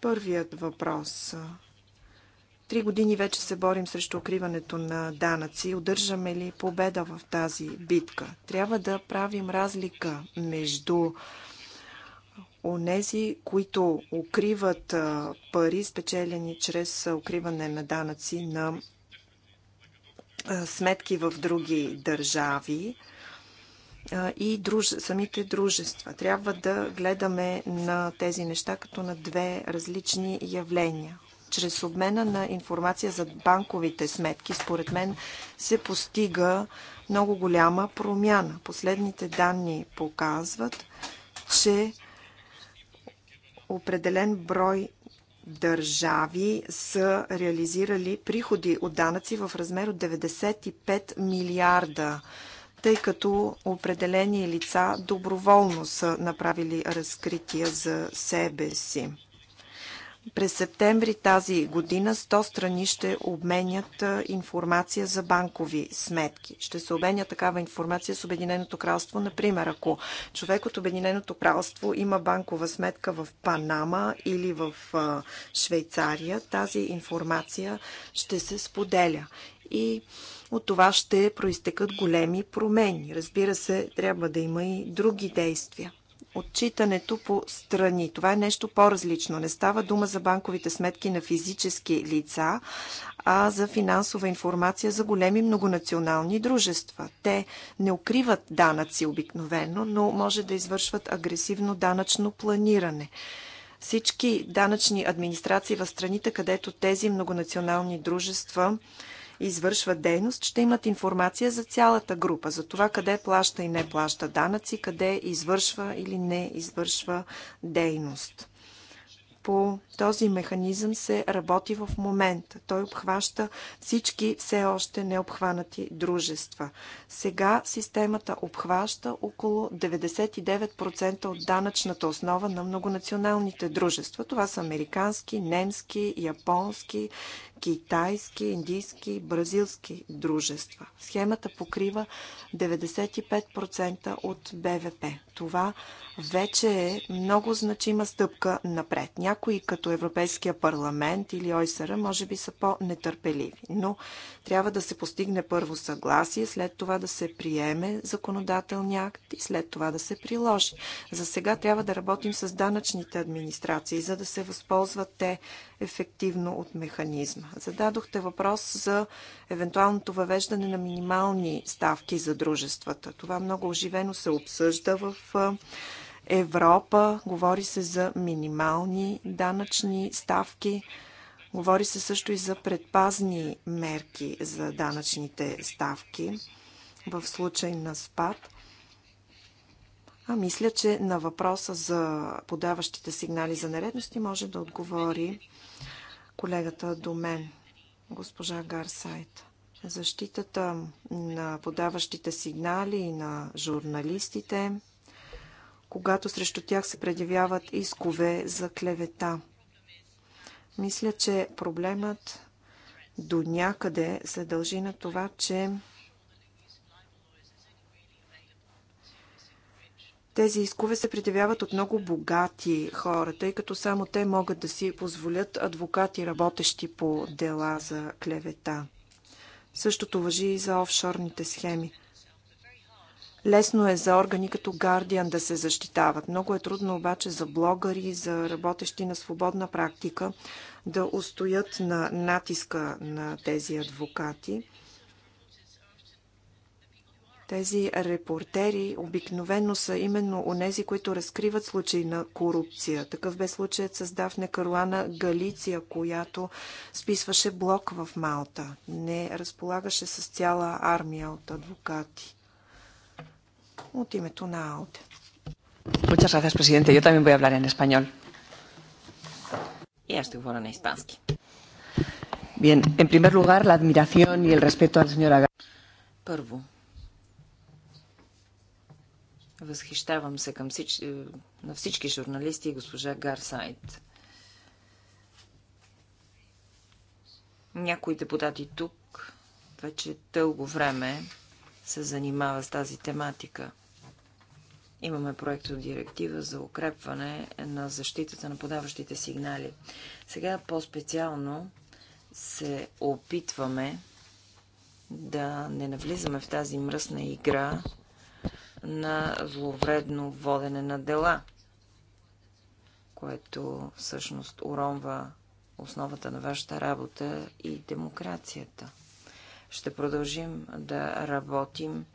първият въпрос – Три години вече се борим срещу укриването на данъци. Удържаме ли победа в тази битка? Трябва да правим разлика между онези, които укриват пари, спечелени чрез укриване на данъци на сметки в други държави и друж... самите дружества. Трябва да гледаме на тези неща като на две различни явления чрез обмена на информация за банковите сметки, според мен, се постига много голяма промяна. Последните данни показват, че определен брой държави са реализирали приходи от данъци в размер от 95 милиарда, тъй като определени лица доброволно са направили разкрития за себе си. През септември тази година 100 страни ще обменят информация за банкови сметки. Ще се обменя такава информация с Обединеното кралство. Например, ако човек от Обединеното кралство има банкова сметка в Панама или в Швейцария, тази информация ще се споделя. И от това ще проистекат големи промени. Разбира се, трябва да има и други действия отчитането по страни. Това е нещо по-различно. Не става дума за банковите сметки на физически лица, а за финансова информация за големи многонационални дружества. Те не укриват данъци обикновено, но може да извършват агресивно данъчно планиране всички данъчни администрации в страните, където тези многонационални дружества извършват дейност, ще имат информация за цялата група, за това къде плаща и не плаща данъци, къде извършва или не извършва дейност. По този механизъм се работи в момента. Той обхваща всички все още необхванати дружества. Сега системата обхваща около 99% от данъчната основа на многонационалните дружества. Това са американски, немски, японски, китайски, индийски, бразилски дружества. Схемата покрива 95% от БВП. Това вече е много значима стъпка напред. Някои като Европейския парламент или ОИСР може би са по-нетърпеливи, но трябва да се постигне първо съгласие, след това да се приеме законодателния акт и след това да се приложи. За сега трябва да работим с данъчните администрации, за да се възползват те ефективно от механизма. Зададохте въпрос за евентуалното въвеждане на минимални ставки за дружествата. Това много оживено се обсъжда в Европа. Говори се за минимални данъчни ставки. Говори се също и за предпазни мерки за данъчните ставки в случай на спад. А мисля, че на въпроса за подаващите сигнали за нередности може да отговори колегата до мен, госпожа Гарсайт. Защитата на подаващите сигнали и на журналистите, когато срещу тях се предявяват искове за клевета. Мисля, че проблемът до някъде се дължи на това, че Тези искове се предявяват от много богати хора, тъй като само те могат да си позволят адвокати, работещи по дела за клевета. Същото въжи и за офшорните схеми. Лесно е за органи като Guardian да се защитават. Много е трудно обаче за блогъри, за работещи на свободна практика да устоят на натиска на тези адвокати. Тези репортери обикновено са именно онези, които разкриват случаи на корупция. Такъв бе случаят с Дафне Каруана Галиция, която списваше блок в Малта. Не разполагаше с цяла армия от адвокати. От името на Ауде. Muchas gracias, presidente. Yo también voy a hablar en español. Y estoy fuera en hispanski. Bien, en primer lugar, la admiración y el respeto a la señora Pърво, Възхищавам се към всич... Е, на всички журналисти и госпожа Гарсайт. Някои депутати тук вече дълго време се занимава с тази тематика. Имаме проект от директива за укрепване на защитата на подаващите сигнали. Сега по-специално се опитваме да не навлизаме в тази мръсна игра на зловредно водене на дела, което всъщност уронва основата на вашата работа и демокрацията. Ще продължим да работим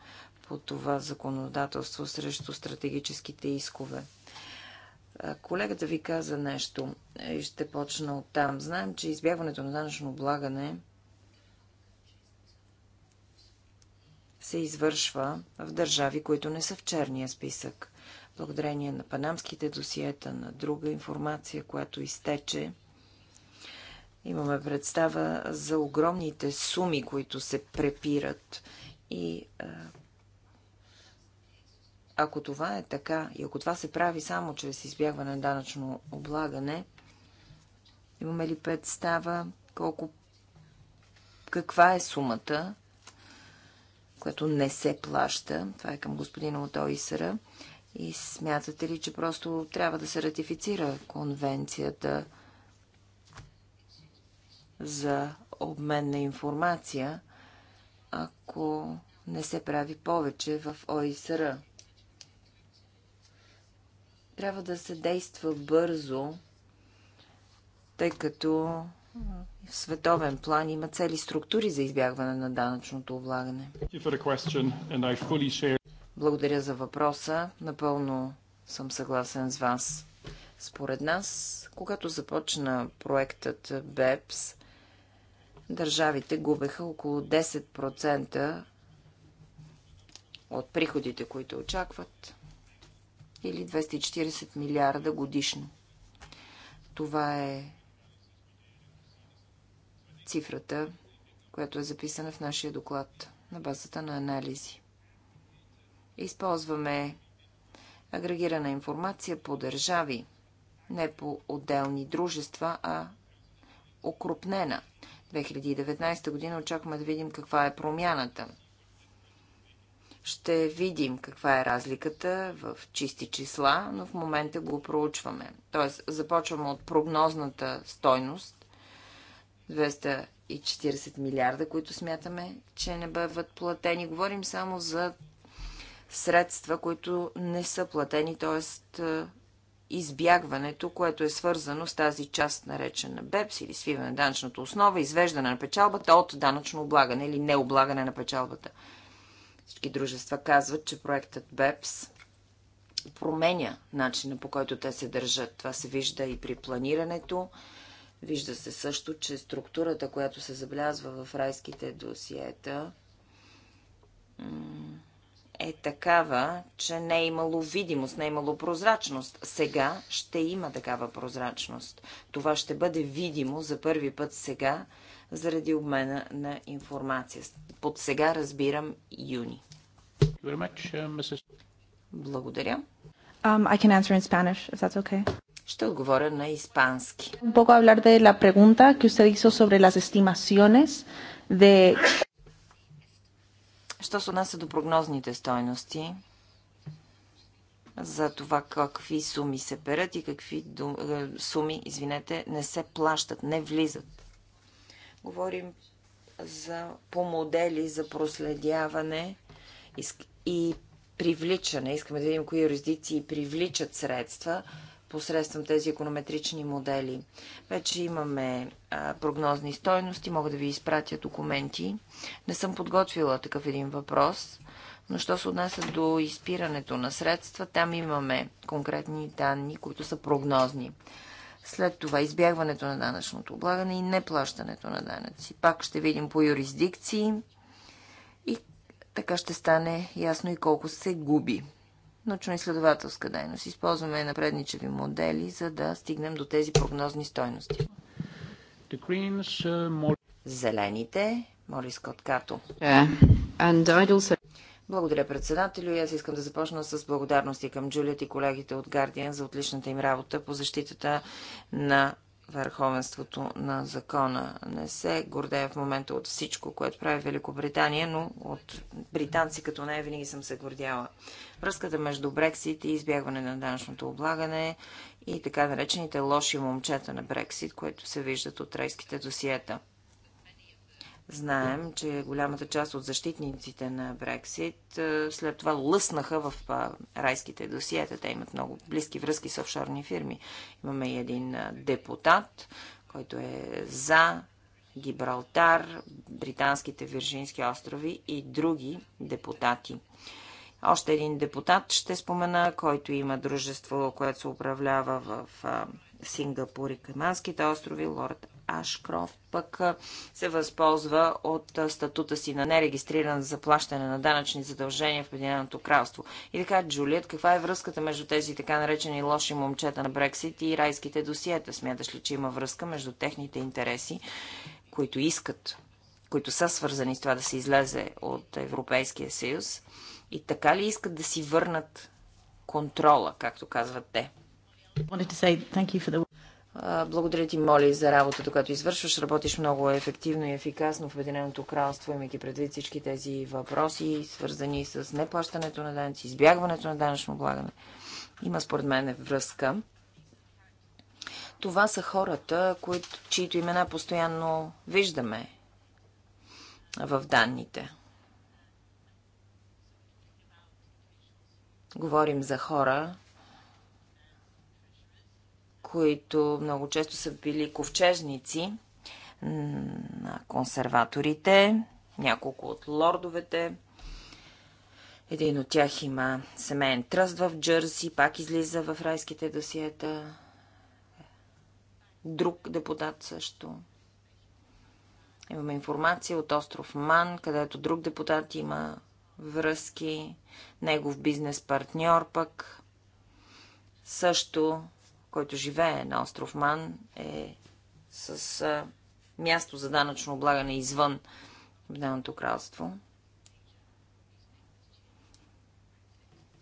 по това законодателство срещу стратегическите искове. Колегата ви каза нещо и ще почна от там. Знаем, че избягването на данъчно облагане се извършва в държави, които не са в черния списък. Благодарение на панамските досиета, на друга информация, която изтече, имаме представа за огромните суми, които се препират и ако това е така и ако това се прави само чрез избягване на данъчно облагане, имаме ли представа колко каква е сумата което не се плаща. Това е към господина от ОИСР. И смятате ли, че просто трябва да се ратифицира конвенцията за обмен на информация, ако не се прави повече в ОИСР? Трябва да се действа бързо, тъй като в световен план има цели структури за избягване на данъчното облагане. Благодаря за въпроса. Напълно съм съгласен с вас. Според нас, когато започна проектът БЕПС, държавите губеха около 10% от приходите, които очакват, или 240 милиарда годишно. Това е цифрата, която е записана в нашия доклад на базата на анализи. Използваме агрегирана информация по държави, не по отделни дружества, а окрупнена. 2019 година очакваме да видим каква е промяната. Ще видим каква е разликата в чисти числа, но в момента го проучваме. Тоест, започваме от прогнозната стойност 240 милиарда, които смятаме, че не бъдат платени. Говорим само за средства, които не са платени, т.е. избягването, което е свързано с тази част, наречена БЕПС или свиване на данъчната основа, извеждане на печалбата от данъчно облагане или необлагане на печалбата. Всички дружества казват, че проектът БЕПС променя начина по който те се държат. Това се вижда и при планирането, Вижда се също, че структурата, която се забелязва в райските досиета, е такава, че не е имало видимост, не е имало прозрачност. Сега ще има такава прозрачност. Това ще бъде видимо за първи път сега, заради обмена на информация. Под сега разбирам юни. Uh, Благодаря. Um, I can answer in Spanish, if that's okay. Ще отговоря на испански. Що се отнася до прогнозните стойности? за това какви суми се перат и какви дум... Е, суми, извинете, не се плащат, не влизат. Говорим за по модели за проследяване и привличане. Искаме да видим кои юрисдикции привличат средства, посредством тези економетрични модели. Вече имаме а, прогнозни стойности, мога да ви изпратя документи. Не съм подготвила такъв един въпрос, но що се отнася до изпирането на средства, там имаме конкретни данни, които са прогнозни. След това избягването на данъчното облагане и неплащането на данъци. Пак ще видим по юрисдикции и така ще стане ясно и колко се губи научно-изследователска дейност. Използваме напредничеви модели, за да стигнем до тези прогнозни стойности. Uh, Зелените, моли Скот Като. Благодаря, председателю. И аз искам да започна с благодарности към Джулият и колегите от Гардиан за отличната им работа по защитата на върховенството на закона. Не се гордея в момента от всичко, което прави Великобритания, но от британци като не винаги съм се гордяла връзката между Брексит и избягване на данъчното облагане и така наречените лоши момчета на Брексит, които се виждат от райските досиета. Знаем, че голямата част от защитниците на Брексит е, след това лъснаха в райските досиета. Те имат много близки връзки с офшорни фирми. Имаме и един депутат, който е за Гибралтар, Британските Виржински острови и други депутати. Още един депутат ще спомена, който има дружество, което се управлява в Сингапур и Кайманските острови, лорд Ашкрофт пък се възползва от статута си на нерегистриран за плащане на данъчни задължения в Единеното кралство. И така, Джулият, каква е връзката между тези така наречени лоши момчета на Брексит и райските досиета? Смяташ ли, че има връзка между техните интереси, които искат, които са свързани с това да се излезе от Европейския съюз? И така ли искат да си върнат контрола, както казват те? Благодаря ти, Моли, за работата, която извършваш. Работиш много ефективно и ефикасно в Обединеното кралство, имайки предвид всички тези въпроси, свързани с неплащането на данъци, избягването на данъчно облагане. Има, според мен, връзка. Това са хората, които, чието имена постоянно виждаме в данните. Говорим за хора, които много често са били ковчежници на консерваторите, няколко от лордовете. Един от тях има семейен тръст в Джърси, пак излиза в райските досиета. Друг депутат също. Имаме информация от остров Ман, където друг депутат има връзки, негов бизнес партньор пък също, който живее на остров Ман, е с а, място за данъчно облагане извън Обединеното кралство.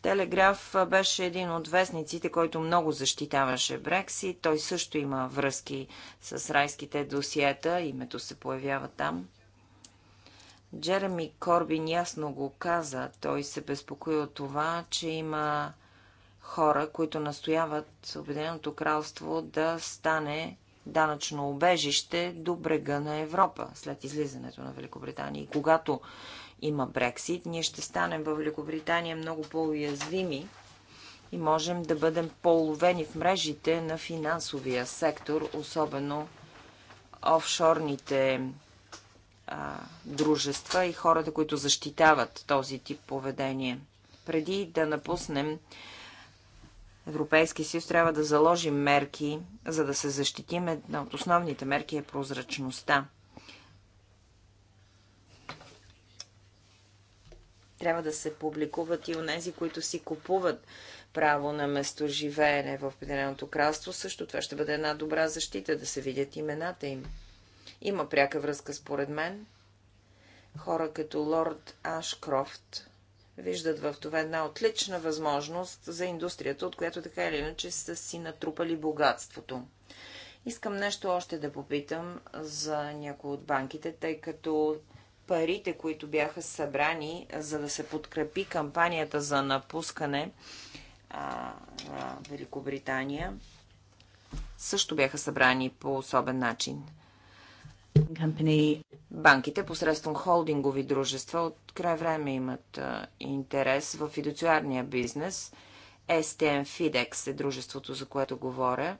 Телеграф беше един от вестниците, който много защитаваше Брекси. Той също има връзки с райските досиета, името се появява там – Джереми Корбин ясно го каза. Той се безпокои от това, че има хора, които настояват Обединеното кралство да стане данъчно убежище до брега на Европа след излизането на Великобритания. И когато има Брексит, ние ще станем в Великобритания много по-уязвими и можем да бъдем по-ловени в мрежите на финансовия сектор, особено офшорните а, дружества и хората, които защитават този тип поведение. Преди да напуснем Европейски съюз, трябва да заложим мерки, за да се защитим. Една от основните мерки е прозрачността. Трябва да се публикуват и нези, които си купуват право на местоживеене в Обединеното кралство. Също това ще бъде една добра защита, да се видят имената им. Има пряка връзка според мен. Хора като лорд Ашкрофт виждат в това една отлична възможност за индустрията, от която така или иначе са си натрупали богатството. Искам нещо още да попитам за някои от банките, тъй като парите, които бяха събрани, за да се подкрепи кампанията за напускане а, на Великобритания, също бяха събрани по особен начин. Банките посредством холдингови дружества от край време имат интерес в фидуциарния бизнес. STM FIDEX е дружеството, за което говоря.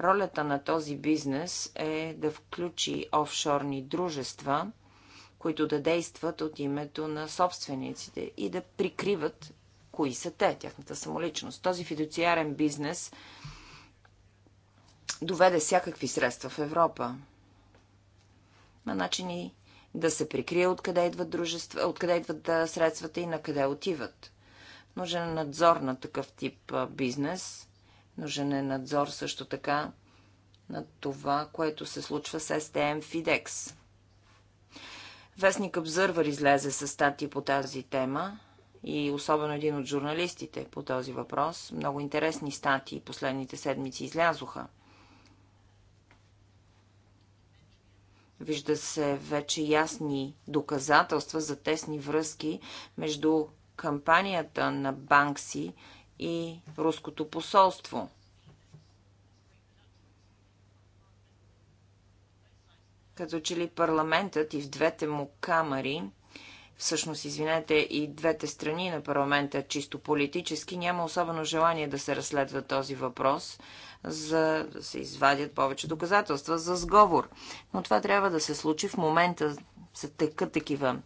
Ролята на този бизнес е да включи офшорни дружества, които да действат от името на собствениците и да прикриват кои са те, тяхната самоличност. Този фидуциарен бизнес доведе всякакви средства в Европа на начини да се прикрие откъде идват, дружества, откъде идват средствата и на къде отиват. Нужен е надзор на такъв тип бизнес. Нужен е надзор също така на това, което се случва с STM Fidex. Вестник Обзървър излезе с статии по тази тема и особено един от журналистите по този въпрос. Много интересни статии последните седмици излязоха. Вижда се вече ясни доказателства за тесни връзки между кампанията на Банкси и руското посолство. Като че ли парламентът и в двете му камери всъщност, извинете, и двете страни на парламента, чисто политически, няма особено желание да се разследва този въпрос, за да се извадят повече доказателства за сговор. Но това трябва да се случи в момента. Се тъка такива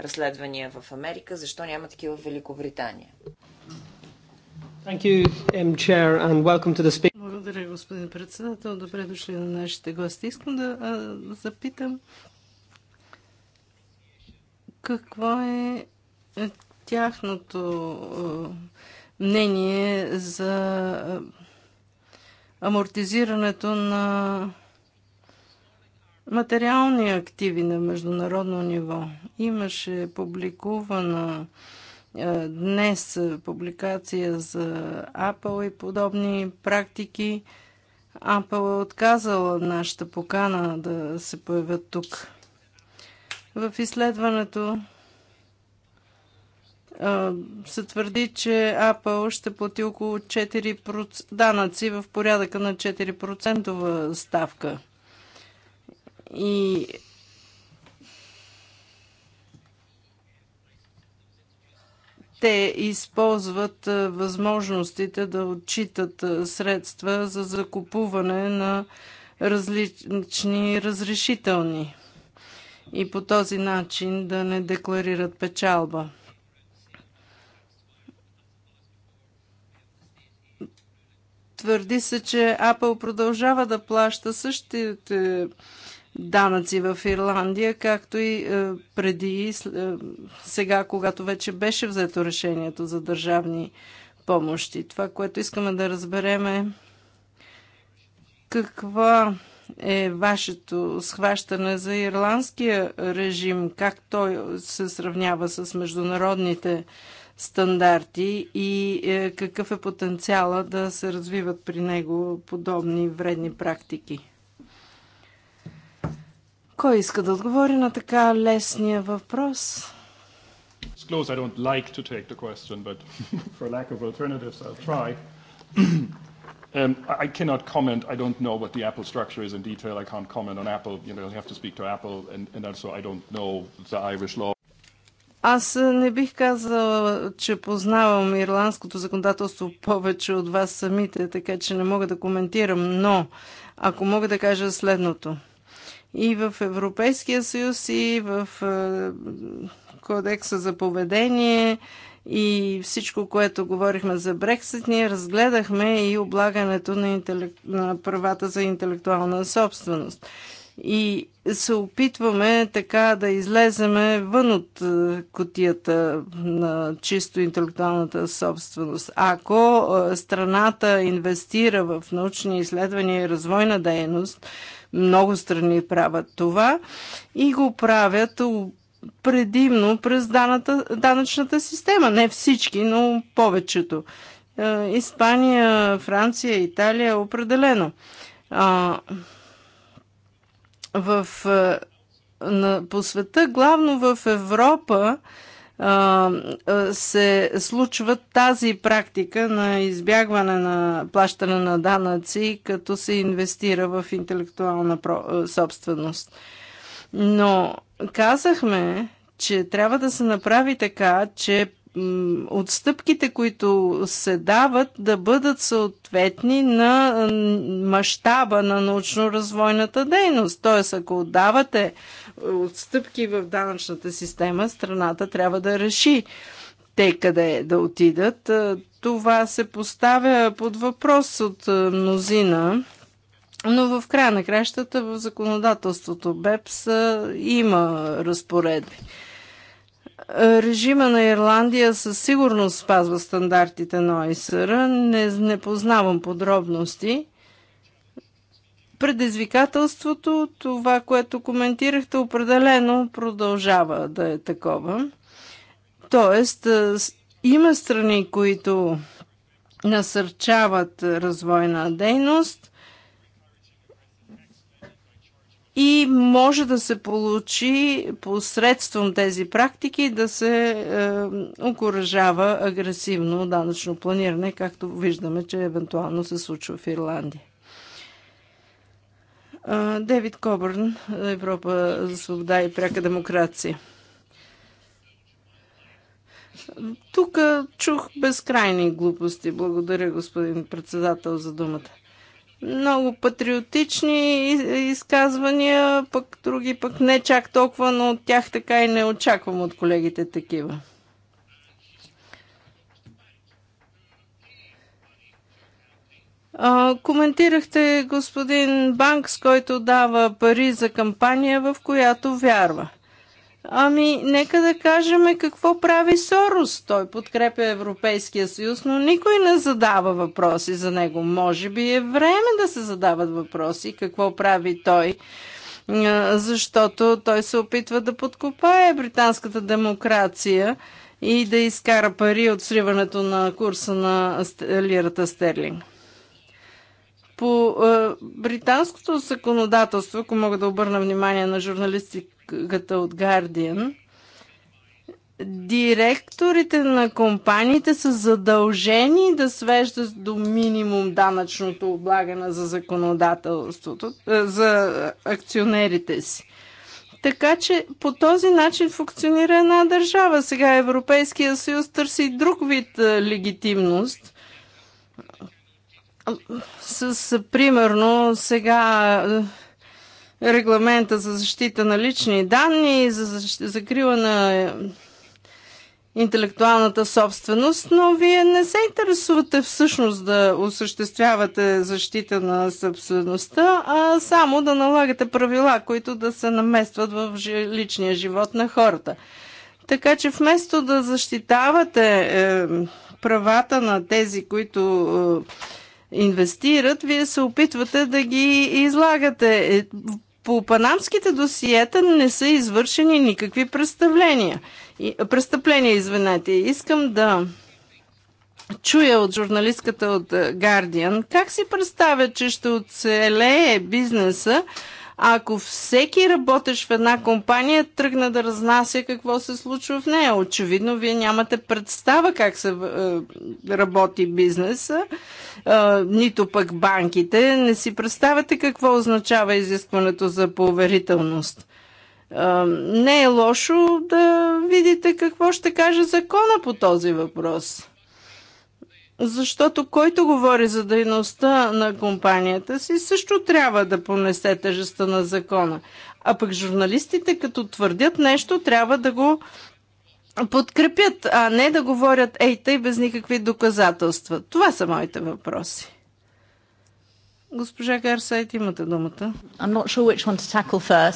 разследвания в Америка. Защо няма такива в Великобритания? Благодаря, господин председател. Добре дошли на нашите гости. Искам да а, запитам какво е, е тяхното е, мнение за е, амортизирането на материални активи на международно ниво. Имаше публикувана днес публикация за Apple и подобни практики. Apple е отказала нашата покана да се появят тук. В изследването се твърди, че Apple ще плати около 4% данъци в порядъка на 4% ставка. И те използват възможностите да отчитат средства за закупуване на различни разрешителни и по този начин да не декларират печалба. Твърди се, че Apple продължава да плаща същите данъци в Ирландия, както и е, преди, е, сега, когато вече беше взето решението за държавни помощи. Това, което искаме да разберем е каква е вашето схващане за ирландския режим, как той се сравнява с международните стандарти и е, какъв е потенциала да се развиват при него подобни вредни практики? Кой иска да отговори на така лесния въпрос? I don't like to take the question, but [laughs] for lack of alternatives, I'll try. [clears throat] Um, I cannot comment. I don't know what the Apple structure is in detail. I can't comment on Apple. You know, you have to speak to Apple, and, and also I don't know the Irish law. Аз е, не бих казала, че познавам ирландското законодателство повече от вас самите, така че не мога да коментирам, но ако мога да кажа следното. И в Европейския съюз, и в е, Кодекса за поведение, и всичко, което говорихме за Брексит, ние разгледахме и облагането на, интелек... на правата за интелектуална собственост. И се опитваме така да излеземе вън от е, котията на чисто интелектуалната собственост. Ако е, страната инвестира в научни изследвания и развойна дейност, много страни правят това и го правят предимно през даната, данъчната система. Не всички, но повечето. Е, Испания, Франция, Италия, определено. А, в, е, на, по света, главно в Европа, а, е, се случва тази практика на избягване на плащане на данъци, като се инвестира в интелектуална собственост. Но Казахме, че трябва да се направи така, че отстъпките, които се дават, да бъдат съответни на мащаба на научно-развойната дейност. Т.е. ако давате е, отстъпки в данъчната система, страната трябва да реши те къде да отидат. Е, това се поставя под въпрос от е, мнозина но в края на кращата в законодателството БЕПС има разпоредби. Режима на Ирландия със сигурност спазва стандартите на ОИСР. Не, не познавам подробности. Предизвикателството, това, което коментирахте, определено продължава да е такова. Тоест, има страни, които насърчават развойна дейност – и може да се получи посредством тези практики да се е, окоръжава агресивно данъчно планиране, както виждаме, че евентуално се случва в Ирландия. Девид Кобърн, Европа за свобода и пряка демокрация. Тук чух безкрайни глупости. Благодаря, господин председател, за думата много патриотични изказвания, пък други пък не чак толкова, но от тях така и не очаквам от колегите такива. А, коментирахте господин Банкс, който дава пари за кампания, в която вярва. Ами, нека да кажем какво прави Сорос. Той подкрепя Европейския съюз, но никой не задава въпроси за него. Може би е време да се задават въпроси какво прави той, защото той се опитва да подкопае британската демокрация и да изкара пари от сриването на курса на лирата Стерлинг по британското законодателство, ако мога да обърна внимание на журналистите, колегата от Guardian, директорите на компаниите са задължени да свеждат до минимум данъчното облагане за законодателството, е, за акционерите си. Така че по този начин функционира една държава. Сега Европейския съюз търси друг вид е, легитимност. С, примерно, сега е, регламента за защита на лични данни, за закрила на интелектуалната собственост, но вие не се интересувате всъщност да осъществявате защита на собствеността, а само да налагате правила, които да се наместват в личния живот на хората. Така че вместо да защитавате е, правата на тези, които е, инвестират, вие се опитвате да ги излагате. Е, по панамските досиета не са извършени никакви престъпления. престъпления, извинете. Искам да чуя от журналистката от Guardian как си представя, че ще оцелее бизнеса, ако всеки работещ в една компания тръгна да разнася какво се случва в нея. Очевидно, вие нямате представа как се е, работи бизнеса, е, нито пък банките. Не си представяте какво означава изискването за поверителност. Е, не е лошо да видите какво ще каже закона по този въпрос защото който говори за дейността на компанията си, също трябва да понесе тежестта на закона. А пък журналистите, като твърдят нещо, трябва да го подкрепят, а не да говорят ей тъй без никакви доказателства. Това са моите въпроси. Госпожа Гарсайт, имате думата. Uh,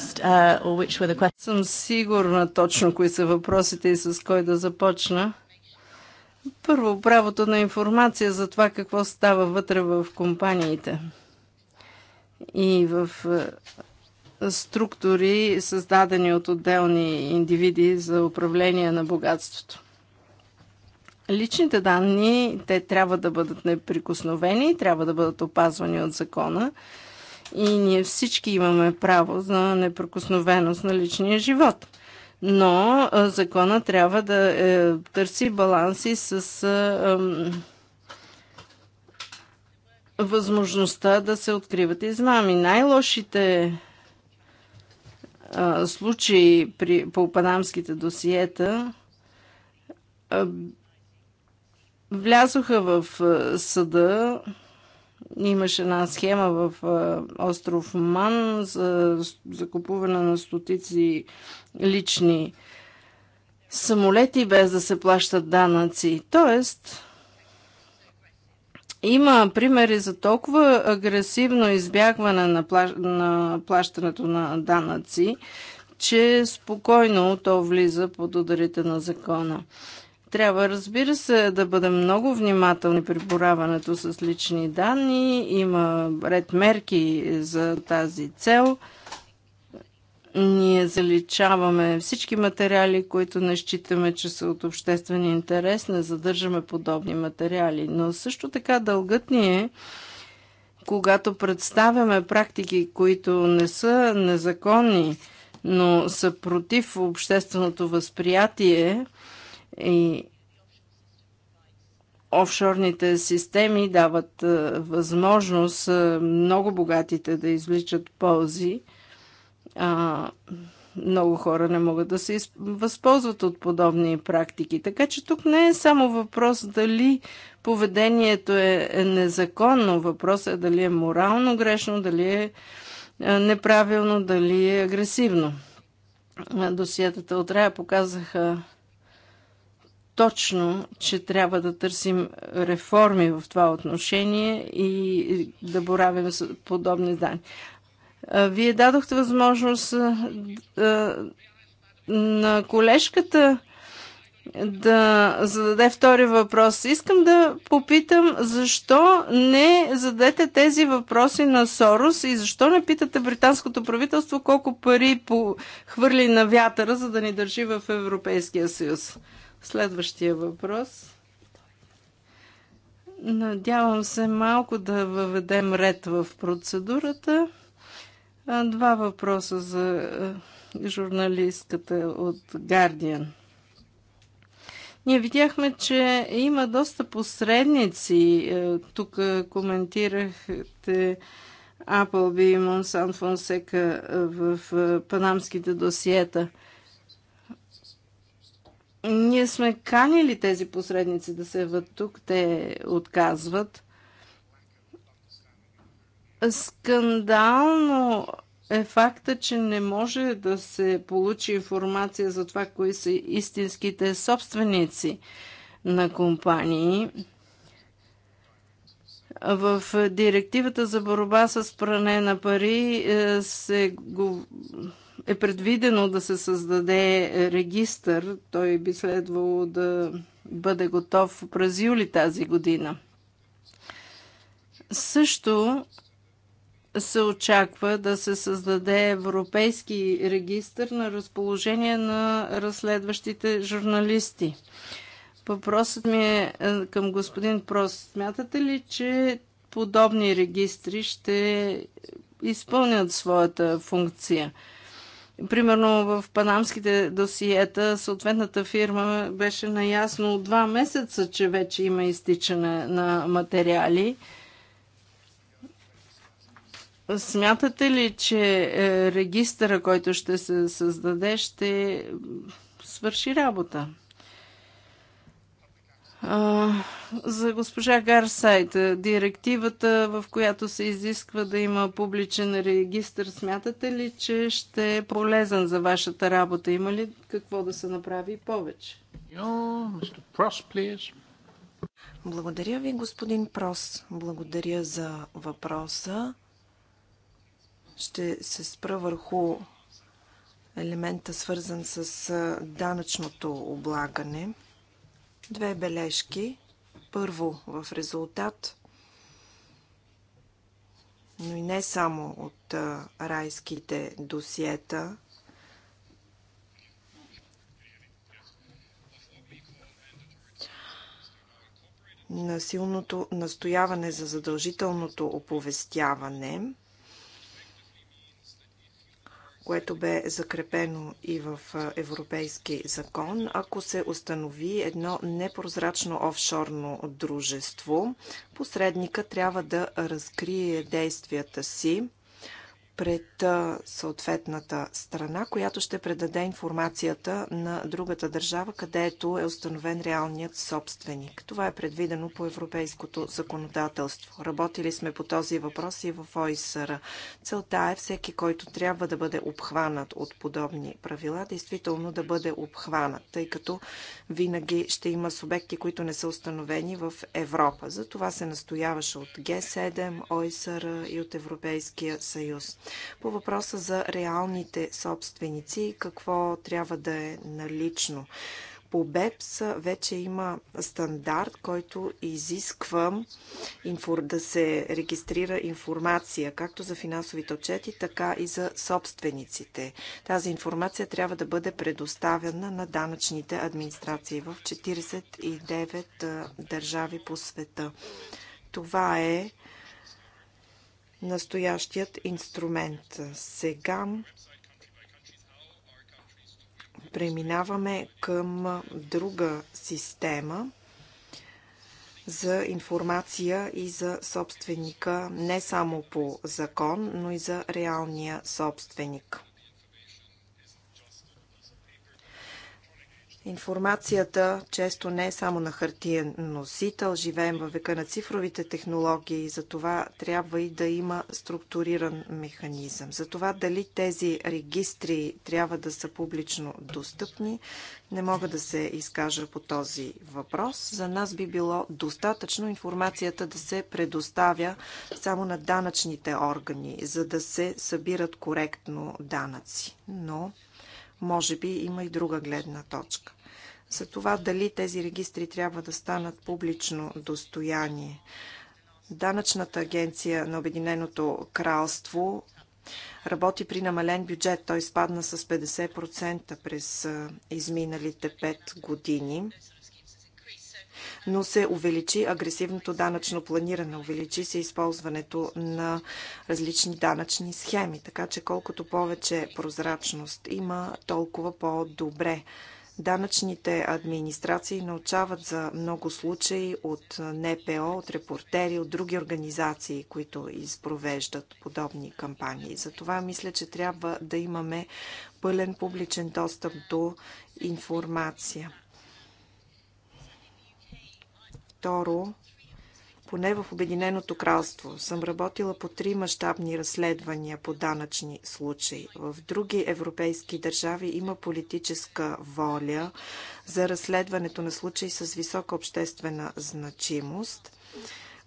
Съм сигурна точно кои са въпросите и с кой да започна. Първо, правото на информация за това какво става вътре в компаниите и в е, структури, създадени от отделни индивиди за управление на богатството. Личните данни, те трябва да бъдат неприкосновени, трябва да бъдат опазвани от закона и ние всички имаме право за неприкосновеност на личния живот – но закона трябва да е, търси баланси с възможността да се откриват измами. Най-лошите случаи при, по панамските досиета влязоха в съда Имаше една схема в остров Ман за закупуване на стотици лични самолети без да се плащат данъци. Тоест, има примери за толкова агресивно избягване на, пла... на плащането на данъци, че спокойно то влиза под ударите на закона. Трябва, разбира се, да бъдем много внимателни при пораването с лични данни. Има ред мерки за тази цел. Ние заличаваме всички материали, които не считаме, че са от обществен интерес. Не задържаме подобни материали. Но също така дългът ни е когато представяме практики, които не са незаконни, но са против общественото възприятие, и офшорните системи дават е, възможност е, много богатите да извличат ползи. А, много хора не могат да се възползват от подобни практики. Така че тук не е само въпрос дали поведението е, е незаконно. Въпросът е дали е морално грешно, дали е неправилно, дали е агресивно. Досиятата от Рая показаха точно, че трябва да търсим реформи в това отношение и да боравим с подобни данни. Вие дадохте възможност на колежката да зададе втори въпрос. Искам да попитам защо не зададете тези въпроси на Сорос и защо не питате британското правителство колко пари хвърли на вятъра, за да ни държи в Европейския съюз. Следващия въпрос. Надявам се малко да въведем ред в процедурата. Два въпроса за журналистката от Guardian. Ние видяхме, че има доста посредници. Тук коментирахте Appleby и Монсан Fonseca в панамските досиета – ние сме канили тези посредници да се яват тук, те отказват. Скандално е факта, че не може да се получи информация за това, кои са истинските собственици на компании. В директивата за борба с пране на пари е, се е предвидено да се създаде регистър. Той би следвало да бъде готов през юли тази година. Също се очаква да се създаде европейски регистр на разположение на разследващите журналисти. Въпросът ми е, е към господин Прос. Смятате ли, че подобни регистри ще изпълнят своята функция? Примерно в панамските досиета съответната фирма беше наясно от два месеца, че вече има изтичане на материали. Смятате ли, че е, регистъра, който ще се създаде, ще свърши работа? За госпожа Гарсайт, директивата, в която се изисква да има публичен регистр, смятате ли, че ще е полезен за вашата работа? Има ли какво да се направи повече? Благодаря ви, господин Прос. Благодаря за въпроса. Ще се спра върху елемента, свързан с данъчното облагане – Две бележки. Първо, в резултат, но и не само от райските досиета, на силното настояване за задължителното оповестяване – което бе закрепено и в европейски закон, ако се установи едно непрозрачно офшорно дружество, посредника трябва да разкрие действията си пред съответната страна, която ще предаде информацията на другата държава, където е установен реалният собственик. Това е предвидено по европейското законодателство. Работили сме по този въпрос и в ОИСР. Целта е всеки, който трябва да бъде обхванат от подобни правила, действително да бъде обхванат, тъй като винаги ще има субекти, които не са установени в Европа. За това се настояваше от Г7, ОИСР и от Европейския съюз. По въпроса за реалните собственици какво трябва да е налично. По БЕПС вече има стандарт, който изисква да се регистрира информация, както за финансовите отчети, така и за собствениците. Тази информация трябва да бъде предоставена на данъчните администрации в 49 държави по света. Това е настоящият инструмент. Сега преминаваме към друга система за информация и за собственика не само по закон, но и за реалния собственик. Информацията често не е само на хартиен носител. Живеем във века на цифровите технологии и за това трябва и да има структуриран механизъм. За това дали тези регистри трябва да са публично достъпни, не мога да се изкажа по този въпрос. За нас би било достатъчно информацията да се предоставя само на данъчните органи, за да се събират коректно данъци. Но може би има и друга гледна точка за това дали тези регистри трябва да станат публично достояние. Данъчната агенция на Обединеното кралство работи при намален бюджет. Той спадна с 50% през изминалите 5 години но се увеличи агресивното данъчно планиране, увеличи се използването на различни данъчни схеми. Така че колкото повече прозрачност има, толкова по-добре. Данъчните администрации научават за много случаи от НПО, от репортери, от други организации, които изпровеждат подобни кампании. Затова мисля, че трябва да имаме пълен публичен достъп до информация. Второ, поне в Обединеното кралство, съм работила по три мащабни разследвания по данъчни случаи. В други европейски държави има политическа воля за разследването на случаи с висока обществена значимост.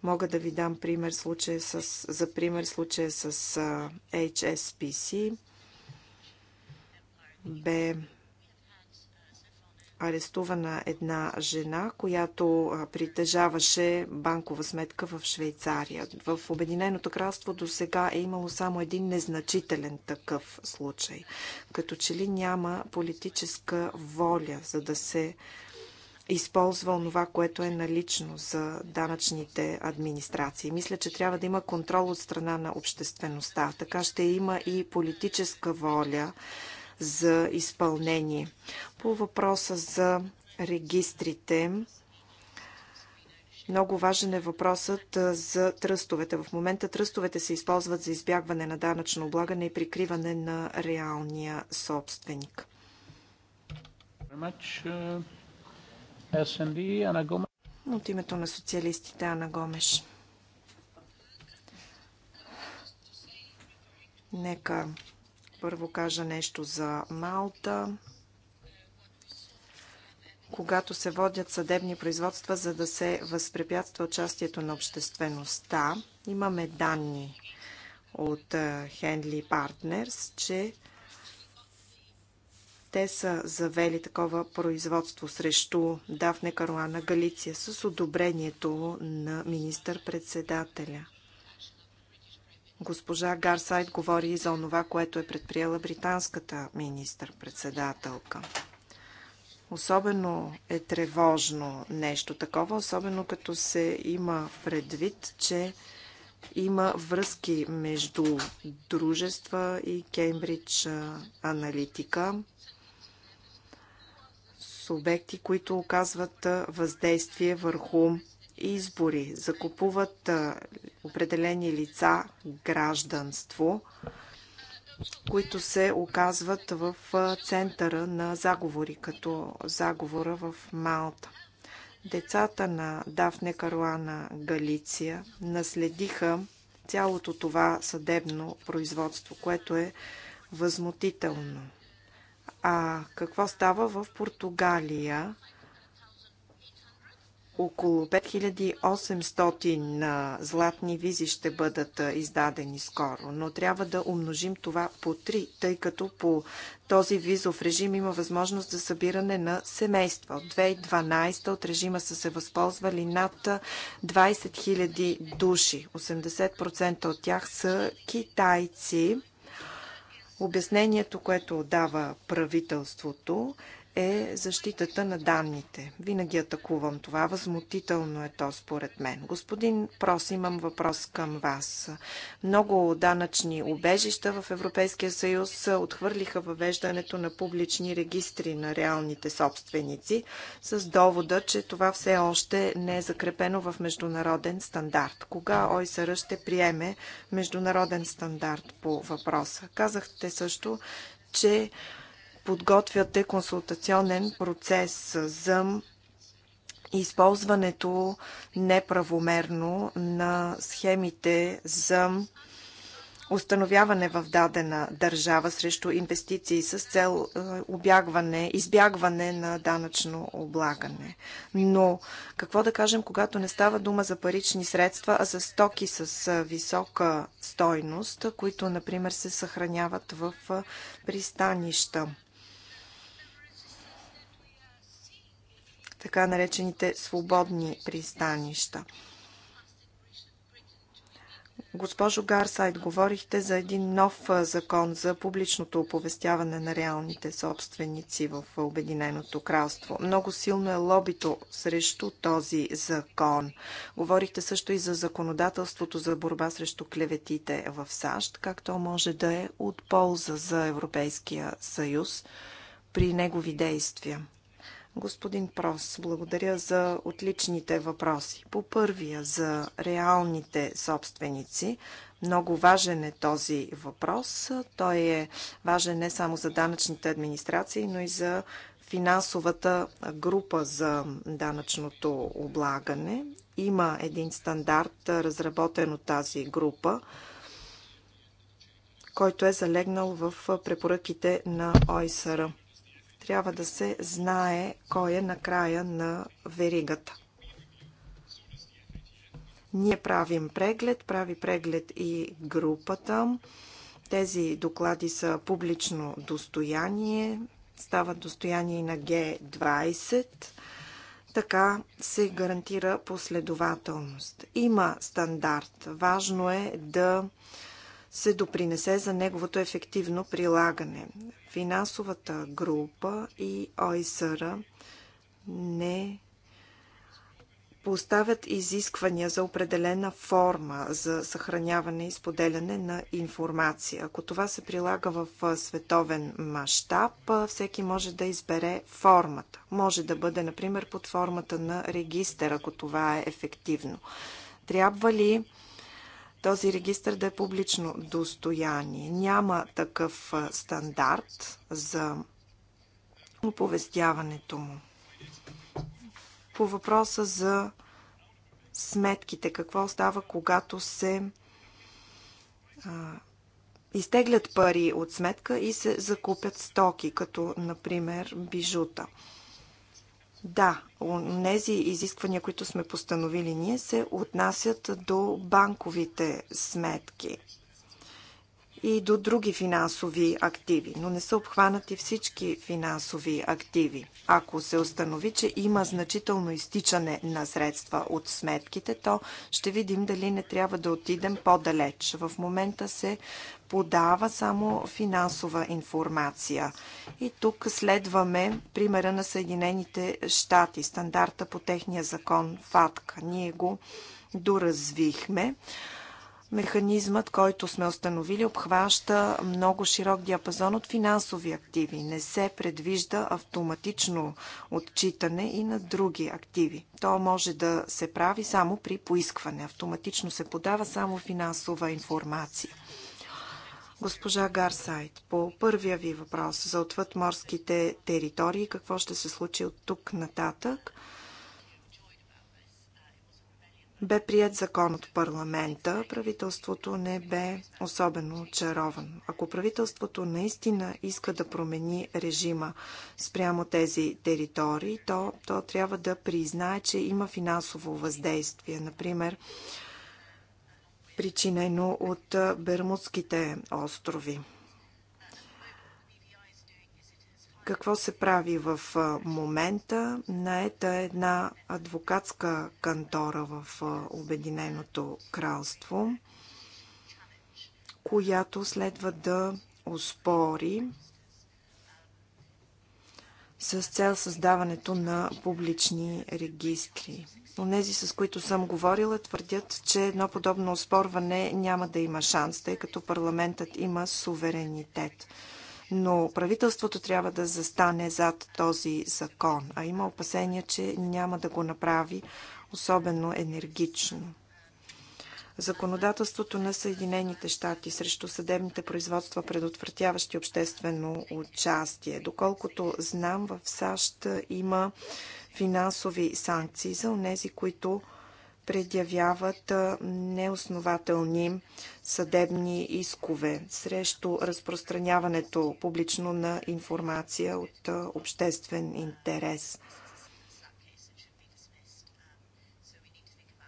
Мога да ви дам пример случая с, за пример случая с HSBC. Бе арестувана една жена, която притежаваше банкова сметка в Швейцария. В Обединеното кралство до сега е имало само един незначителен такъв случай. Като че ли няма политическа воля, за да се използва онова, което е налично за данъчните администрации. Мисля, че трябва да има контрол от страна на обществеността. Така ще има и политическа воля за изпълнение. По въпроса за регистрите, много важен е въпросът за тръстовете. В момента тръстовете се използват за избягване на данъчно облагане и прикриване на реалния собственик. От името на социалистите Ана Гомеш. Нека първо кажа нещо за Малта. Когато се водят съдебни производства, за да се възпрепятства участието на обществеността, имаме данни от е, Henley Partners, че те са завели такова производство срещу Дафне Каруана Галиция с одобрението на министър-председателя. Госпожа Гарсайт говори и за онова, което е предприела британската министър-председателка. Особено е тревожно нещо такова, особено като се има предвид, че има връзки между дружества и Кембридж аналитика, субекти, които оказват въздействие върху избори, закупуват определени лица гражданство, които се оказват в центъра на заговори, като заговора в Малта. Децата на Дафне Каруана Галиция наследиха цялото това съдебно производство, което е възмутително. А какво става в Португалия? около 5800 златни визи ще бъдат издадени скоро, но трябва да умножим това по 3, тъй като по този визов режим има възможност за събиране на семейства. От 2012 от режима са се възползвали над 20 000 души. 80% от тях са китайци. Обяснението, което дава правителството, е защитата на данните. Винаги атакувам това. Възмутително е то според мен. Господин Прос, имам въпрос към вас. Много данъчни обежища в Европейския съюз отхвърлиха въвеждането на публични регистри на реалните собственици с довода, че това все още не е закрепено в международен стандарт. Кога ОИСР ще приеме международен стандарт по въпроса? Казахте също, че подготвяте консултационен процес за използването неправомерно на схемите за установяване в дадена държава срещу инвестиции с цел е, обягване, избягване на данъчно облагане. Но какво да кажем, когато не става дума за парични средства, а за стоки с е, висока стойност, които, например, се съхраняват в е, пристанища? така наречените свободни пристанища. Госпожо Гарсайт, говорихте за един нов закон за публичното оповестяване на реалните собственици в Обединеното кралство. Много силно е лобито срещу този закон. Говорихте също и за законодателството за борба срещу клеветите в САЩ, както може да е от полза за Европейския съюз при негови действия. Господин Прос, благодаря за отличните въпроси. По първия за реалните собственици, много важен е този въпрос. Той е важен не само за данъчните администрации, но и за финансовата група за данъчното облагане. Има един стандарт, разработен от тази група, който е залегнал в препоръките на ОИСРА трябва да се знае кой е на края на веригата. Ние правим преглед, прави преглед и групата. Тези доклади са публично достояние, стават достояние и на Г20. Така се гарантира последователност. Има стандарт. Важно е да се допринесе за неговото ефективно прилагане. Финансовата група и ОИСР не поставят изисквания за определена форма за съхраняване и споделяне на информация. Ако това се прилага в световен мащаб, всеки може да избере формата. Може да бъде, например, под формата на регистър, ако това е ефективно. Трябва ли този регистр да е публично достояние. Няма такъв стандарт за оповестяването му. По въпроса за сметките, какво става, когато се а, изтеглят пари от сметка и се закупят стоки, като например бижута. Да, тези изисквания, които сме постановили ние, се отнасят до банковите сметки и до други финансови активи, но не са обхванати всички финансови активи. Ако се установи, че има значително изтичане на средства от сметките, то ще видим дали не трябва да отидем по-далеч. В момента се подава само финансова информация. И тук следваме примера на Съединените щати, стандарта по техния закон ФАТКА. Ние го доразвихме. Механизмът, който сме установили, обхваща много широк диапазон от финансови активи. Не се предвижда автоматично отчитане и на други активи. То може да се прави само при поискване. Автоматично се подава само финансова информация. Госпожа Гарсайт, по първия ви въпрос за отвъдморските територии, какво ще се случи от тук нататък – бе прият закон от парламента, правителството не бе особено очаровано. Ако правителството наистина иска да промени режима спрямо тези територии, то, то трябва да признае, че има финансово въздействие. Например, причинено от Бермудските острови. Какво се прави в момента? Наета е една адвокатска кантора в Обединеното кралство, която следва да оспори с цел създаването на публични регистри. Онези, с които съм говорила, твърдят, че едно подобно оспорване няма да има шанс, тъй като парламентът има суверенитет но правителството трябва да застане зад този закон, а има опасения, че няма да го направи особено енергично. Законодателството на Съединените щати срещу съдебните производства, предотвратяващи обществено участие. Доколкото знам, в САЩ има финансови санкции за онези, които предявяват неоснователни съдебни искове срещу разпространяването публично на информация от обществен интерес.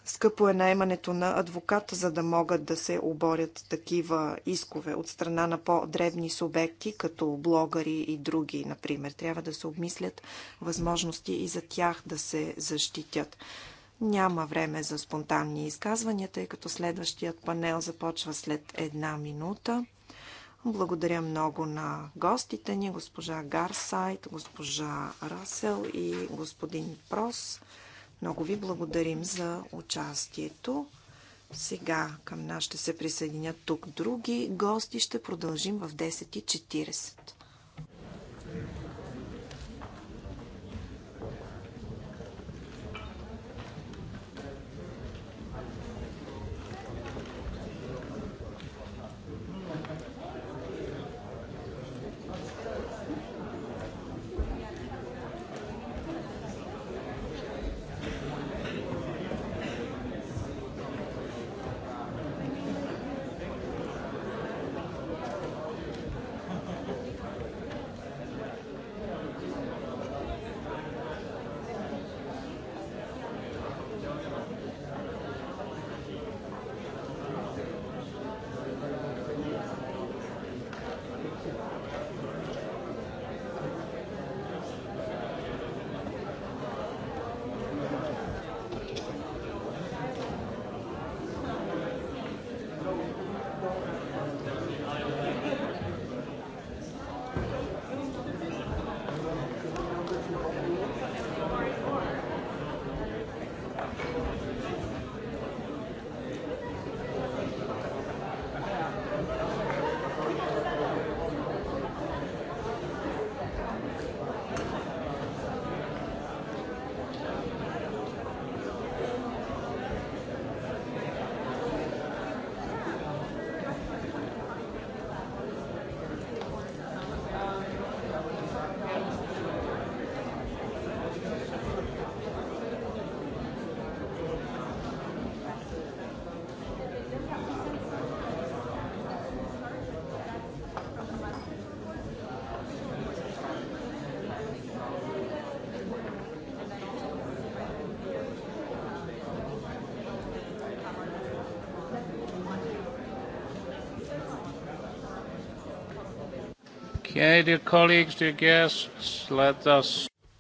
Скъпо е найемането на адвокат, за да могат да се оборят такива искове от страна на по-дребни субекти, като блогъри и други, например. Трябва да се обмислят възможности и за тях да се защитят. Няма време за спонтанни изказвания, тъй като следващият панел започва след една минута. Благодаря много на гостите ни, госпожа Гарсайт, госпожа Расел и господин Прос. Много ви благодарим за участието. Сега към нас ще се присъединят тук други гости. Ще продължим в 10.40.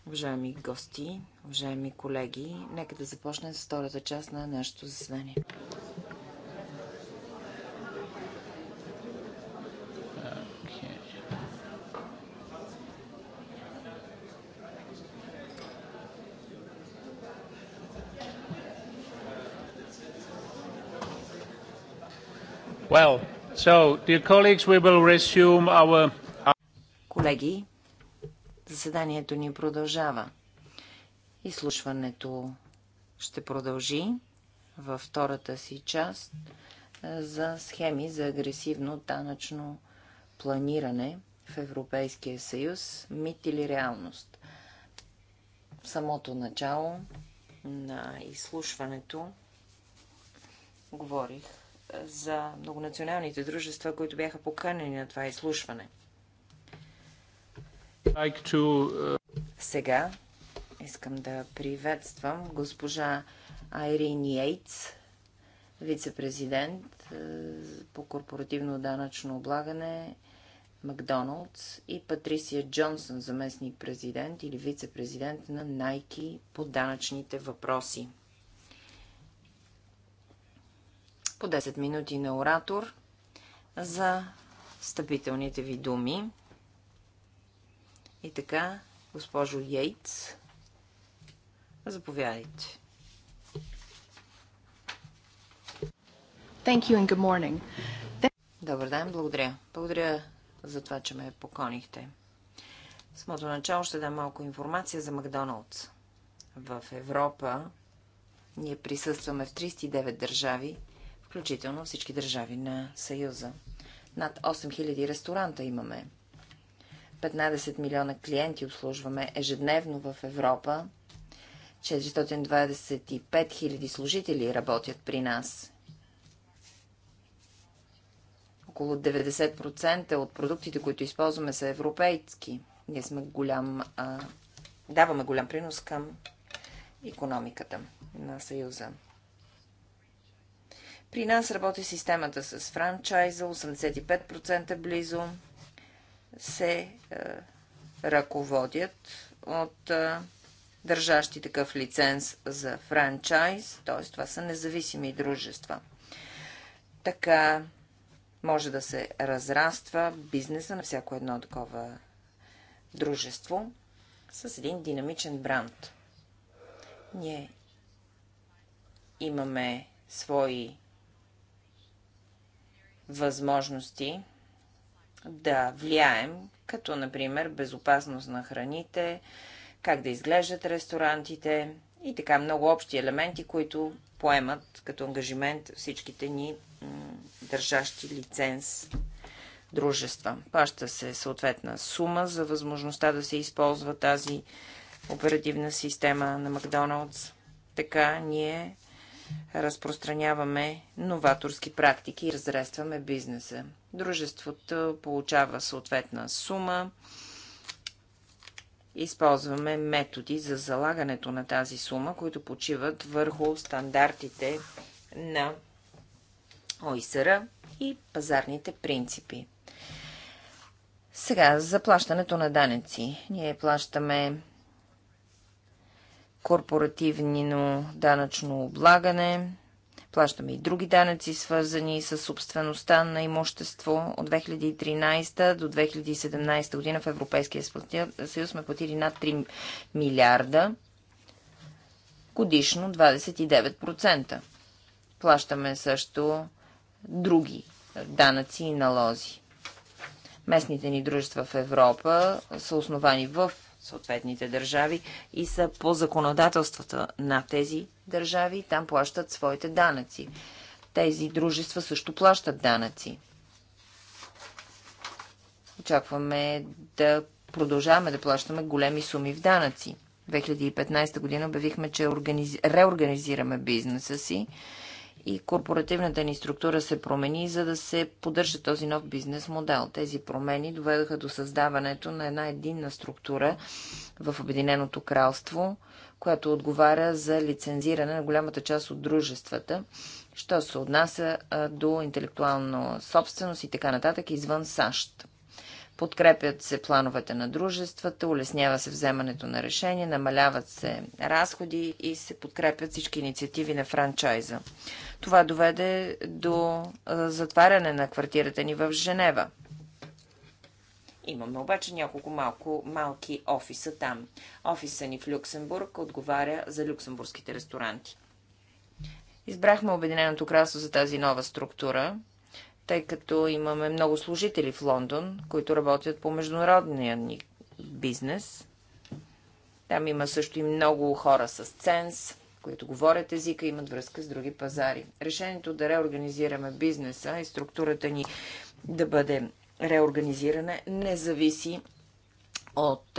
уважаеми гости, уважаеми колеги, нека да започнем с втората част на нашето заседание. Well, so, dear colleagues, we will resume our Колеги, заседанието ни продължава. Изслушването ще продължи във втората си част за схеми за агресивно данъчно планиране в Европейския съюз, мит или реалност. В самото начало на изслушването говорих за многонационалните дружества, които бяха поканени на това изслушване – Uh, Сега искам да приветствам госпожа Айрин Йейтс, вице-президент е, по корпоративно данъчно облагане Макдоналдс и Патрисия Джонсън, заместник-президент или вице-президент на Найки по данъчните въпроси. По 10 минути на оратор за встъпителните ви думи. И така, госпожо Йейтс, заповядайте. Thank you and good morning. Добър ден, благодаря. Благодаря за това, че ме поконихте. С самото начало ще дам малко информация за Макдоналдс. В Европа ние присъстваме в 39 държави, включително всички държави на Съюза. Над 8000 ресторанта имаме. 15 милиона клиенти обслужваме ежедневно в Европа. 425 хиляди служители работят при нас. Около 90% от продуктите, които използваме, са европейски. Ние сме голям, а, даваме голям принос към економиката на Съюза. При нас работи системата с франчайза, 85% близо се е, ръководят от е, държащи такъв лиценз за франчайз, т.е. това са независими дружества. Така може да се разраства бизнеса на всяко едно такова дружество с един динамичен бранд. Ние имаме свои възможности да влияем, като например безопасност на храните, как да изглеждат ресторантите и така много общи елементи, които поемат като ангажимент всичките ни държащи лиценз дружества. Плаща се съответна сума за възможността да се използва тази оперативна система на Макдоналдс. Така ние разпространяваме новаторски практики и разрестваме бизнеса. Дружеството получава съответна сума. Използваме методи за залагането на тази сума, които почиват върху стандартите на ОИСР и пазарните принципи. Сега, за плащането на данъци. Ние плащаме корпоративно данъчно облагане. Плащаме и други данъци, свързани с собствеността на имущество. От 2013 до 2017 година в Европейския съюз сме платили над 3 милиарда годишно 29%. Плащаме също други данъци и налози. Местните ни дружества в Европа са основани в съответните държави и са по законодателствата на тези държави и там плащат своите данъци. Тези дружества също плащат данъци. Очакваме да продължаваме да плащаме големи суми в данъци. 2015 година обявихме, че реорганизираме бизнеса си и корпоративната ни структура се промени, за да се поддържа този нов бизнес модел. Тези промени доведоха до създаването на една единна структура в Обединеното кралство, която отговаря за лицензиране на голямата част от дружествата, що се отнася до интелектуална собственост и така нататък извън САЩ. Подкрепят се плановете на дружествата, улеснява се вземането на решения, намаляват се разходи и се подкрепят всички инициативи на франчайза. Това доведе до затваряне на квартирата ни в Женева. Имаме обаче няколко малко, малки офиса там. Офиса ни в Люксембург отговаря за люксембургските ресторанти. Избрахме Обединеното кралство за тази нова структура, тъй като имаме много служители в Лондон, които работят по международния ни бизнес. Там има също и много хора с ценз които говорят езика, имат връзка с други пазари. Решението да реорганизираме бизнеса и структурата ни да бъде реорганизирана не зависи от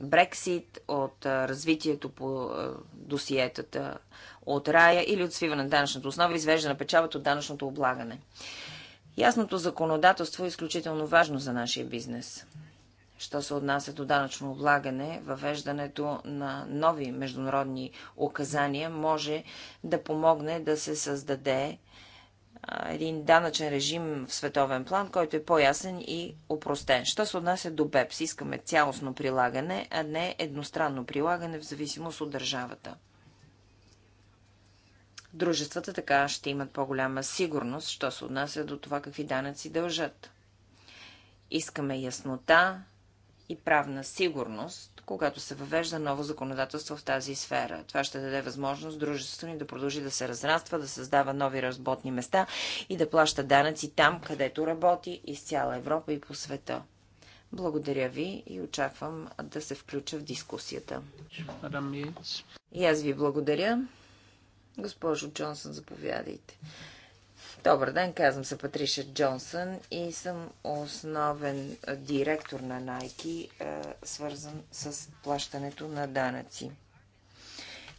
Брексит, от развитието по досиетата от рая или от свиване на данъчната основа, извежда на печалбата от данъчното облагане. Ясното законодателство е изключително важно за нашия бизнес. Що се отнася до данъчно облагане, въвеждането на нови международни указания може да помогне да се създаде един данъчен режим в световен план, който е по-ясен и упростен. Що се отнася до БЕПС? Искаме цялостно прилагане, а не едностранно прилагане в зависимост от държавата. Дружествата така ще имат по-голяма сигурност, що се отнася до това какви данъци дължат. Искаме яснота и правна сигурност, когато се въвежда ново законодателство в тази сфера. Това ще даде възможност дружеството ни да продължи да се разраства, да създава нови разботни места и да плаща данъци там, където работи из цяла Европа и по света. Благодаря ви и очаквам да се включа в дискусията. И аз ви благодаря. Госпожо Джонсън, заповядайте. Добър ден, казвам се Патриша Джонсън и съм основен директор на Nike, е, свързан с плащането на данъци.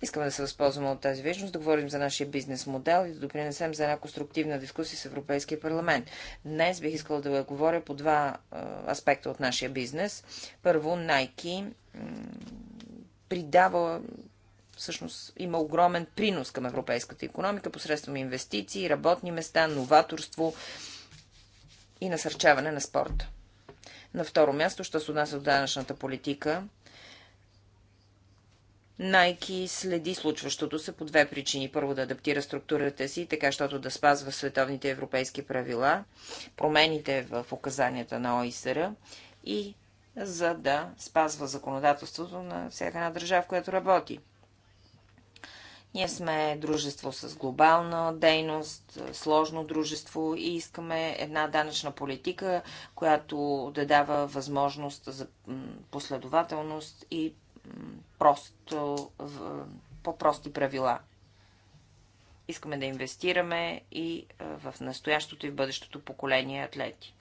Искаме да се възползваме от тази вечност, да говорим за нашия бизнес модел и да допринесем за една конструктивна дискусия с Европейския парламент. Днес бих искала да говоря по два е, аспекта от нашия бизнес. Първо, Nike придава всъщност има огромен принос към европейската економика посредством инвестиции, работни места, новаторство и насърчаване на спорта. На второ място, що се отнася до данъчната политика, Найки следи случващото се по две причини. Първо да адаптира структурата си, така щото да спазва световните европейски правила, промените в указанията на ОИСР и за да спазва законодателството на всяка една държава, в която работи. Ние сме дружество с глобална дейност, сложно дружество и искаме една данъчна политика, която да дава възможност за последователност и просто, по-прости правила. Искаме да инвестираме и в настоящото и в бъдещото поколение атлети.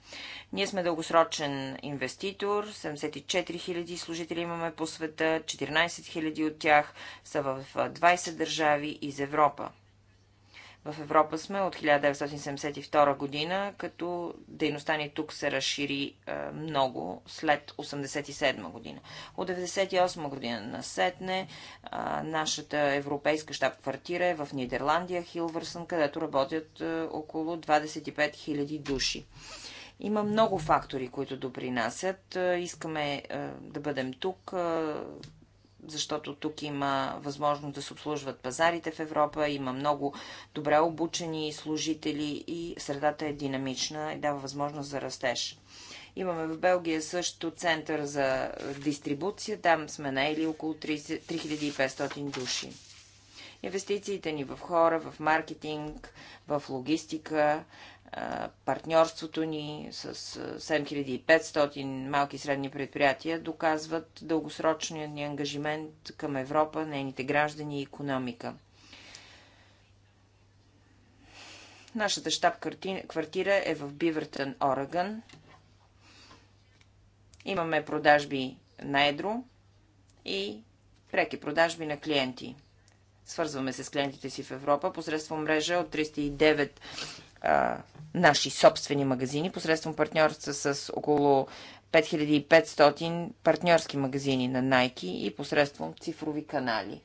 Ние сме дългосрочен инвеститор, 74 000 служители имаме по света, 14 000 от тях са в 20 държави из Европа. В Европа сме от 1972 година, като дейността ни тук се разшири е, много след 1987 година. От 1998 година насетне е, нашата европейска щаб-квартира е в Нидерландия, Хилвърсън, където работят е, около 25 000 души. Има много фактори, които допринасят. Искаме да бъдем тук защото тук има възможност да се обслужват пазарите в Европа, има много добре обучени служители и средата е динамична и дава възможност за растеж. Имаме в Белгия също център за дистрибуция, там сме наели около 3500 души. Инвестициите ни в хора, в маркетинг, в логистика, партньорството ни с 7500 малки и средни предприятия доказват дългосрочния ни ангажимент към Европа, нейните граждани и економика. Нашата щаб-квартира е в Бивертън, Орегън. Имаме продажби на едро и преки продажби на клиенти. Свързваме се с клиентите си в Европа посредством мрежа от 309 а, наши собствени магазини, посредством партньорства с около 5500 партньорски магазини на Nike и посредством цифрови канали.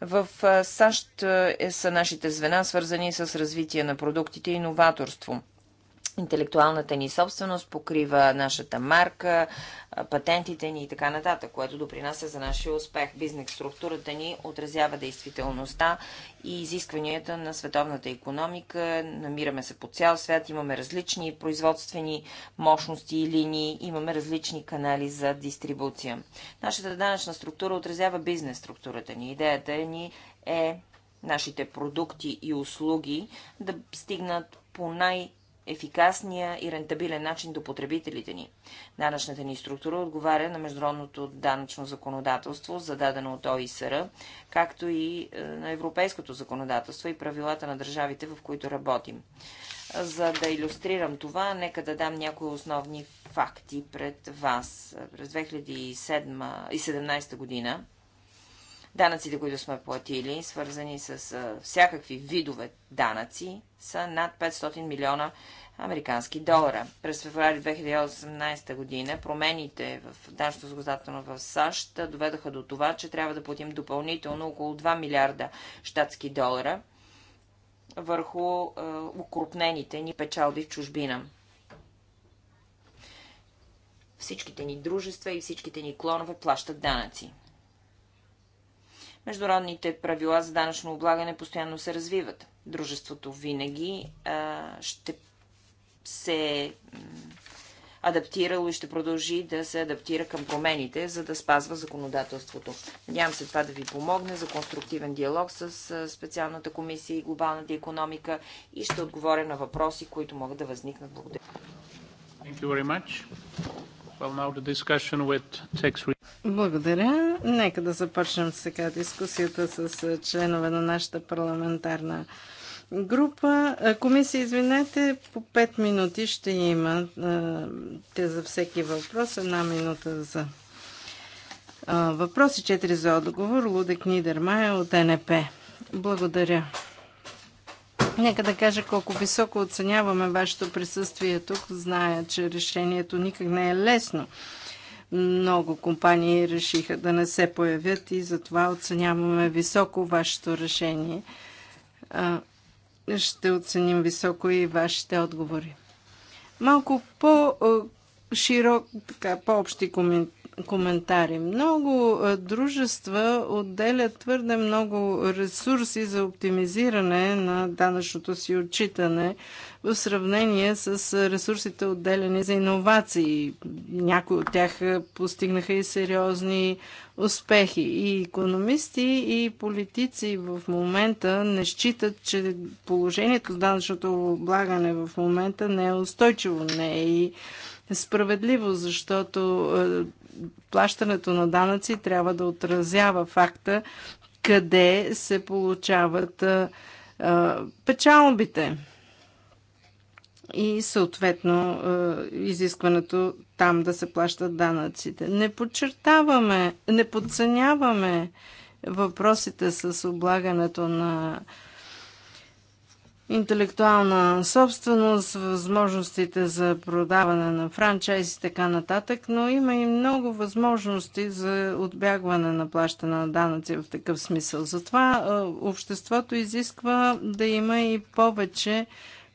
В САЩ е, са нашите звена, свързани с развитие на продуктите и новаторство – интелектуалната ни собственост покрива нашата марка, патентите ни и така нататък, което допринася за нашия успех. Бизнес структурата ни отразява действителността и изискванията на световната економика. Намираме се по цял свят, имаме различни производствени мощности и линии, имаме различни канали за дистрибуция. Нашата данъчна структура отразява бизнес структурата ни. Идеята ни е нашите продукти и услуги да стигнат по най- ефикасния и рентабилен начин до потребителите ни. Данъчната ни структура отговаря на международното данъчно законодателство, зададено от ОИСР, както и е, на европейското законодателство и правилата на държавите, в които работим. За да иллюстрирам това, нека да дам някои основни факти пред вас. През 2017 година Данъците, които сме платили, свързани с всякакви видове данъци, са над 500 милиона американски долара. През февруари 2018 година промените в данъчното законодателно в САЩ доведоха до това, че трябва да платим допълнително около 2 милиарда щатски долара върху е, укрупнените ни печалби в чужбина. Всичките ни дружества и всичките ни клонове плащат данъци. Международните правила за данъчно облагане постоянно се развиват. Дружеството винаги а, ще се адаптирало и ще продължи да се адаптира към промените, за да спазва законодателството. Надявам се това да ви помогне за конструктивен диалог с специалната комисия и глобалната економика и ще отговоря на въпроси, които могат да възникнат. Благодаря. Благодаря. Нека да започнем сега дискусията с членове на нашата парламентарна група. Комисия, извинете, по 5 минути ще има те за всеки въпрос. Една минута за въпроси, 4 за отговор. Лудек Нидермайер от НП. Благодаря. Нека да кажа колко високо оценяваме вашето присъствие тук. Зная, че решението никак не е лесно. Много компании решиха да не се появят и затова оценяваме високо вашето решение. Ще оценим високо и вашите отговори. Малко по-широк, така, по-общи коментари коментари. Много е, дружества отделят твърде много ресурси за оптимизиране на данъчното си отчитане в сравнение с е, ресурсите отделени за иновации. Някои от тях е, постигнаха и сериозни успехи. И економисти, и политици в момента не считат, че положението с данъчното облагане в момента не е устойчиво, не е и справедливо, защото е, плащането на данъци трябва да отразява факта къде се получават е, е, печалбите и съответно изискването там да се плащат данъците. Не подчертаваме, не подценяваме въпросите с облагането на интелектуална собственост, възможностите за продаване на франчайз и така нататък, но има и много възможности за отбягване на плащане на данъци в такъв смисъл. Затова е, обществото изисква да има и повече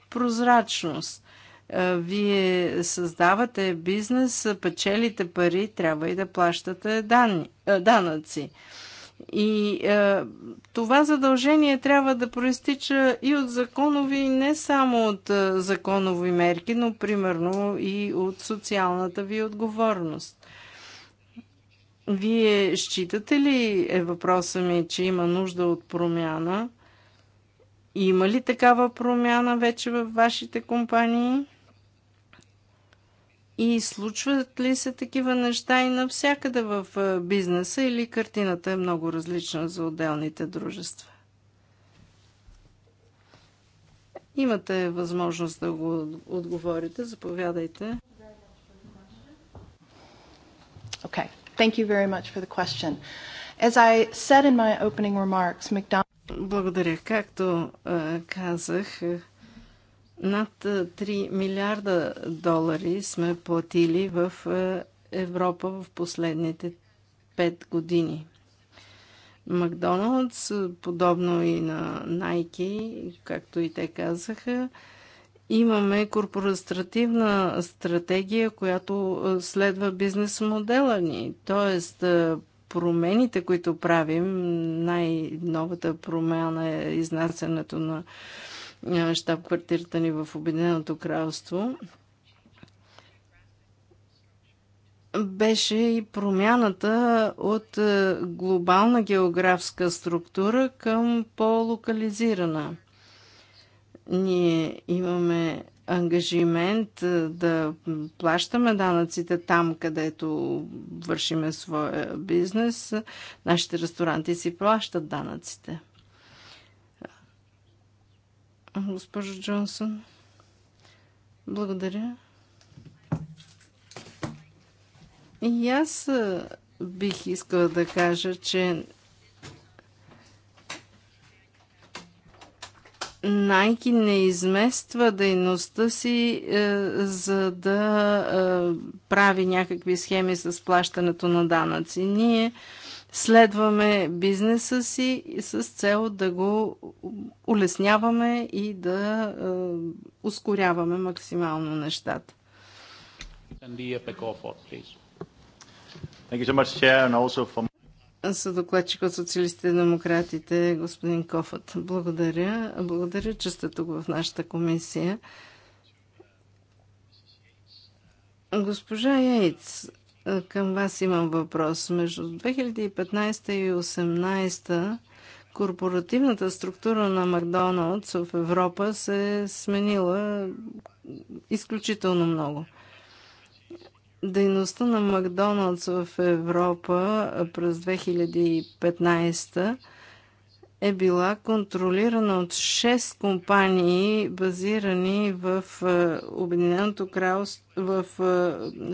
прозрачност. Е, вие създавате бизнес, печелите пари, трябва и да плащате данни, е, данъци. И е, това задължение трябва да проистича и от законови, не само от е, законови мерки, но примерно и от социалната ви отговорност. Вие считате ли, е въпроса ми, че има нужда от промяна? Има ли такава промяна вече във вашите компании? И случват ли се такива неща и навсякъде в е, бизнеса или картината е много различна за отделните дружества? Имате възможност да го отговорите. Заповядайте. Okay. Thank you very much for the question. As I said in my opening remarks, McDonald's... Благодаря. Както е, казах, е, над 3 е, милиарда долари сме платили в е, Европа в последните 5 години. Макдоналдс, подобно и на Nike, както и те казаха, имаме корпоративна стратегия, която е, следва бизнес модела ни. Тоест, промените, които правим, най-новата промяна е изнасянето на е, щаб-квартирата ни в Обединеното кралство, беше и промяната от е, глобална географска структура към по-локализирана. Ние имаме ангажимент е, да плащаме данъците там, където вършиме своя бизнес. Нашите ресторанти си плащат данъците госпожо Джонсон. Благодаря. И аз бих искала да кажа, че Найки не измества дейността си, е, за да е, прави някакви схеми с плащането на данъци. Ние следваме бизнеса си с цел да го улесняваме и да ускоряваме максимално нещата. Съдокладчик от социалистите и демократите, господин Кофът. Благодаря. Благодаря, че сте тук в нашата комисия. Госпожа Яйц, е, към вас имам въпрос. Между 2015 и 2018 корпоративната структура на Макдоналдс в Европа се е сменила изключително много. Дейността на Макдоналдс в Европа през 2015 е била контролирана от 6 компании, базирани в е, Обединеното кралство, в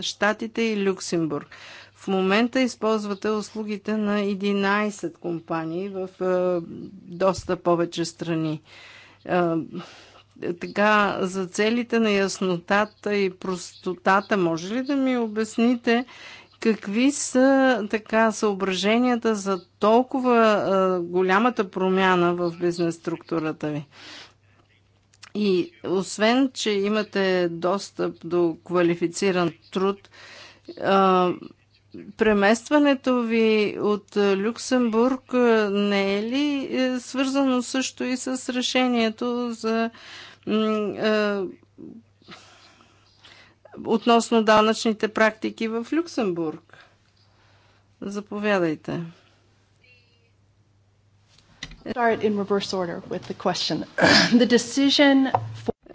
Штатите е, и Люксембург. В момента използвате услугите на 11 компании в е, доста повече страни. Така, за целите на яснотата и простотата, може ли да ми обясните Какви са така съображенията за толкова а, голямата промяна в бизнес структурата ви? И освен, че имате достъп до квалифициран труд, а, преместването ви от Люксембург не е ли е, свързано също и с решението за относно данъчните практики в Люксембург. Заповядайте.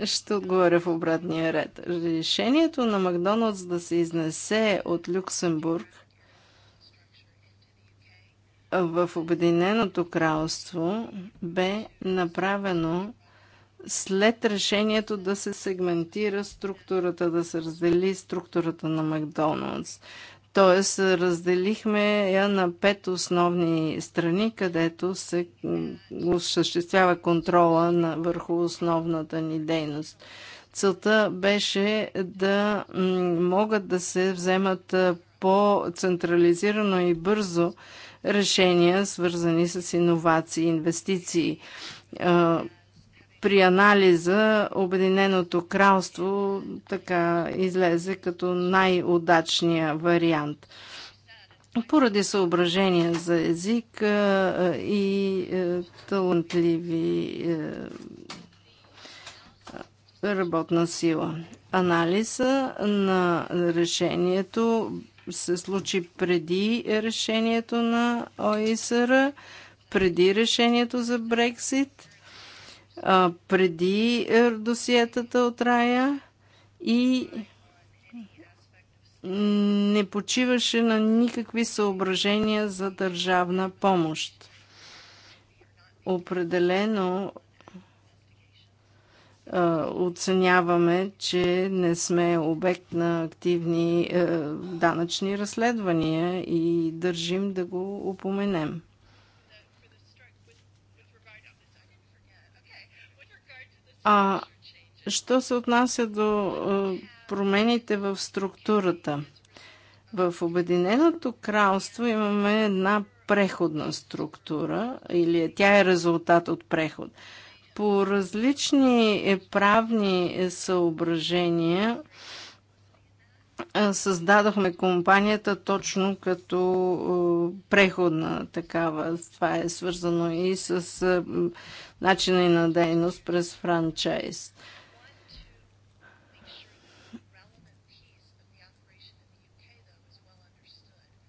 Ще отговоря в обратния ред. Решението на Макдоналдс да се изнесе от Люксембург в Обединеното кралство бе направено след решението да се сегментира структурата, да се раздели структурата на Макдоналдс. Тоест, разделихме я на пет основни страни, където се осъществява контрола на, върху основната ни дейност. Целта беше да могат да се вземат по-централизирано и бързо решения, свързани с иновации, инвестиции при анализа Обединеното кралство така излезе като най-удачния вариант. Поради съображения за език и талантливи работна сила. Анализа на решението се случи преди решението на ОИСР, преди решението за Брексит – а, преди е, досиетата от Рая и не почиваше на никакви съображения за държавна помощ. Определено оценяваме, че не сме обект на активни е, данъчни разследвания и държим да го упоменем. А що се отнася до промените в структурата? В Обединеното кралство имаме една преходна структура, или тя е резултат от преход. По различни е, правни е, съображения, създадохме компанията точно като преходна такава. Това е свързано и с начина и на дейност през франчайз.